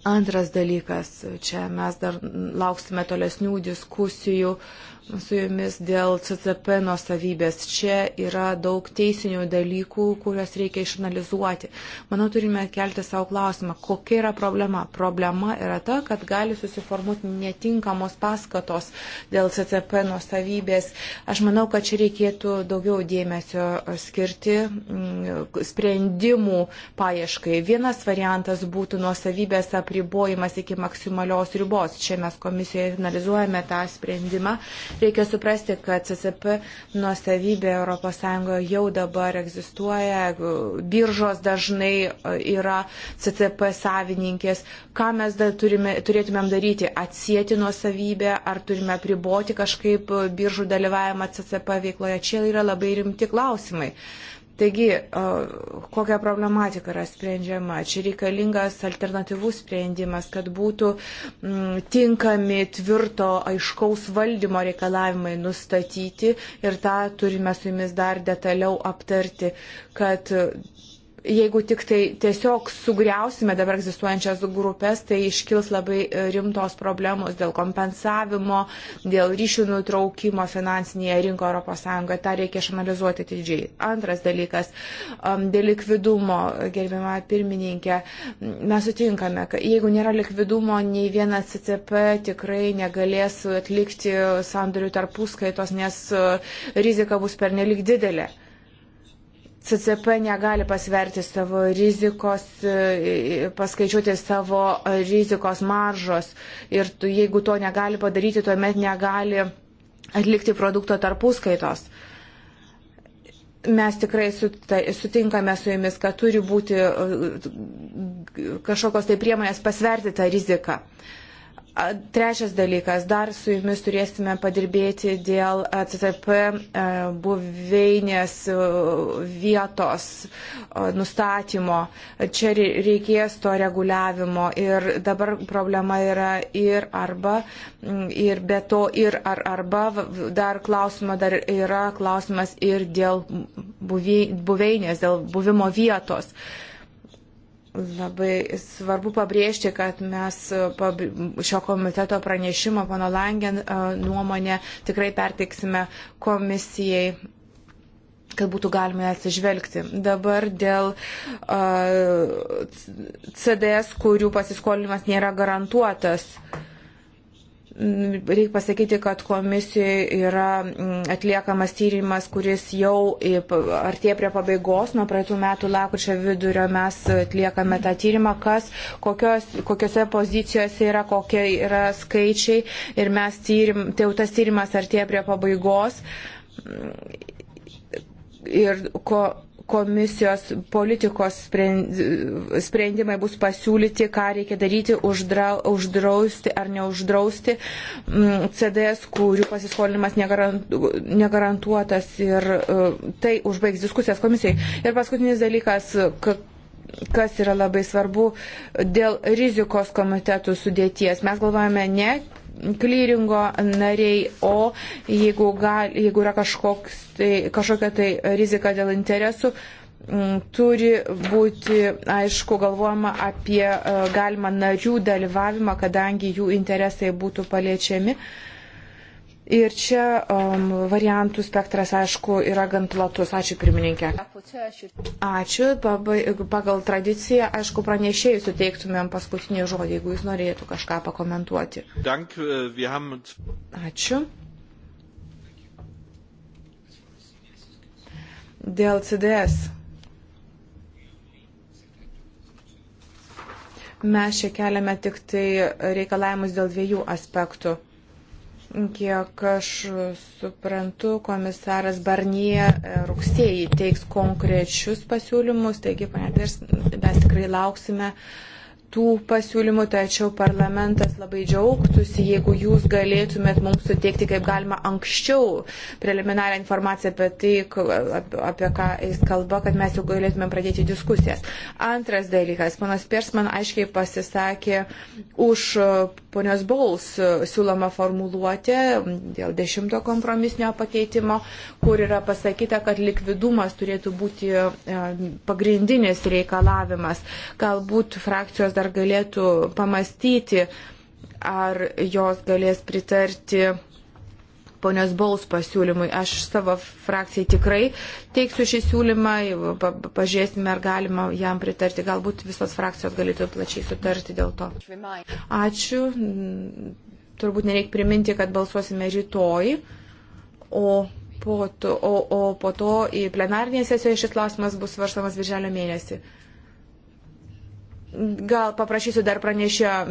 Antras dalykas, čia mes dar lauksime tolesnių diskusijų. Uh, su jumis dėl CCP nuosavybės. Čia yra daug teisinių dalykų, kuriuos reikia išanalizuoti. Manau, turime kelti savo klausimą, kokia yra problema. Problema yra ta, kad gali susiformuoti netinkamos paskatos dėl CCP nuosavybės. Aš manau, kad čia reikėtų daugiau dėmesio skirti mm, sprendimų paieškai. Vienas variantas būtų nuosavybės apribojimas iki maksimalios ribos. Čia mes komisijoje analizuojame tą sprendimą Reikia suprasti, kad CCP nuosavybė ES jau dabar egzistuoja, biržos dažnai e, yra CCP savininkės. Ką mes da turime, turėtumėm daryti? Atsėti nuosavybę ar turime priboti kažkaip biržų dalyvavimą CCP veikloje? Čia yra labai rimti klausimai. Taigi, kokia problematika yra sprendžiama? Čia reikalingas alternatyvus sprendimas, kad būtų mm, tinkami tvirto aiškaus valdymo reikalavimai nustatyti ir tą turime su jumis dar detaliau aptarti, kad jeigu tik tai tiesiog sugriausime dabar egzistuojančias grupės, tai iškils labai e, rimtos problemos dėl kompensavimo, dėl ryšių nutraukimo finansinėje rinkoje ES. Ta reikia išanalizuoti didžiai. Antras dalykas - dėl likvidumo, gerbiama pirmininkė. Mes sutinkame, kad jeigu nėra likvidumo, nei vienas CCP tikrai negalės atlikti sandorių tarpuskaitos, nes e, rizika bus pernelik didelė. CCP negali pasverti savo rizikos, e, paskaičiuoti savo rizikos maržos ir tu, jeigu to negali padaryti, tuomet negali atlikti produkto tarpuskaitos. Mes tikrai sutinkame su jumis, kad turi būti e, kažkokios tai priemonės pasverti tą riziką. Uh, Trečias dalykas, dar su jumis turėsime padirbėti dėl CCP e, buveinės e, vietos e, nustatymo. Čia reikės to reguliavimo ir dabar problema yra ir arba, ir be to ir ar arba. Dar klausimas dar yra klausimas ir dėl buveinės, dėl buvimo vietos. Uh, Labai svarbu pabrėžti, kad mes šio komiteto pranešimo, pano Langen e, nuomonę, tikrai perteiksime komisijai kad būtų galima atsižvelgti. Dabar dėl uh, e, CDS, kurių pasiskolinimas nėra garantuotas. Uh, Reikia pasakyti, kad komisijoje yra mm, atliekamas tyrimas, kuris jau artėja prie pabaigos. Nuo praeitų metų lakučio vidurio mes atliekame tą tyrimą, kas, kokios, kokiose pozicijose yra, kokie yra skaičiai. Ir mes tyrim, tai jau tas tyrimas artėja prie pabaigos. Ir ko, komisijos politikos sprendimai bus pasiūlyti, ką reikia daryti, uždra, uždrausti ar neuždrausti mm, CDS, kurių pasiskolinimas negarantuotas ir e, tai užbaigs diskusijas komisijai. Ir paskutinis dalykas, kas yra labai svarbu dėl rizikos komitetų sudėties. Mes galvojame ne klyringo nariai, o jeigu, gal, jeigu yra kažkoks, tai, kažkokia tai rizika dėl interesų, turi būti, aišku, galvojama apie e, galimą narių dalyvavimą, kadangi jų interesai būtų paliečiami. Uh, Ir čia um, variantų spektras, aišku, yra gan platus. Ačiū pirmininkė. Ačiū. Pagal tradiciją, aišku, pranešėjai suteiktumėm paskutinį žodį, jeigu jis norėtų kažką pakomentuoti. Äh, Ačiū. Dėl CDS. Mes čia keliame tik tai reikalavimus dėl dviejų aspektų. Kiek aš suprantu, komisaras Barnie e, rugsėjai teiks konkrečius pasiūlymus, taigi, panė, mes tikrai lauksime uh, kitų pasiūlymų, tačiau parlamentas labai džiaugtųsi, jeigu jūs galėtumėt mums suteikti kaip galima anksčiau preliminarią informaciją apie tai, apie ką jis kalba, kad mes jau galėtumėm pradėti diskusijas. Antras dalykas, panas Persman aiškiai pasisakė už e, ponios Bols e, siūlomą formuluotę dėl dešimto kompromisinio pakeitimo, kur yra pasakyta, kad likvidumas turėtų būti e, pagrindinis reikalavimas. Galbūt frakcijos dar dar galėtų pamastyti, ar jos galės pritarti ponios Bols pasiūlymui. Aš savo frakcijai tikrai teiksiu šį siūlymą, pažiūrėsime, ar galima jam pritarti. Galbūt visos frakcijos galėtų plačiai sutarti dėl to. Ačiū. Turbūt nereik priminti, kad balsuosime rytoj, o po to, o, o po to į plenarnėje sesijoje šis klausimas bus svarstamas virželio mėnesį. Gal paprašysiu dar pranešio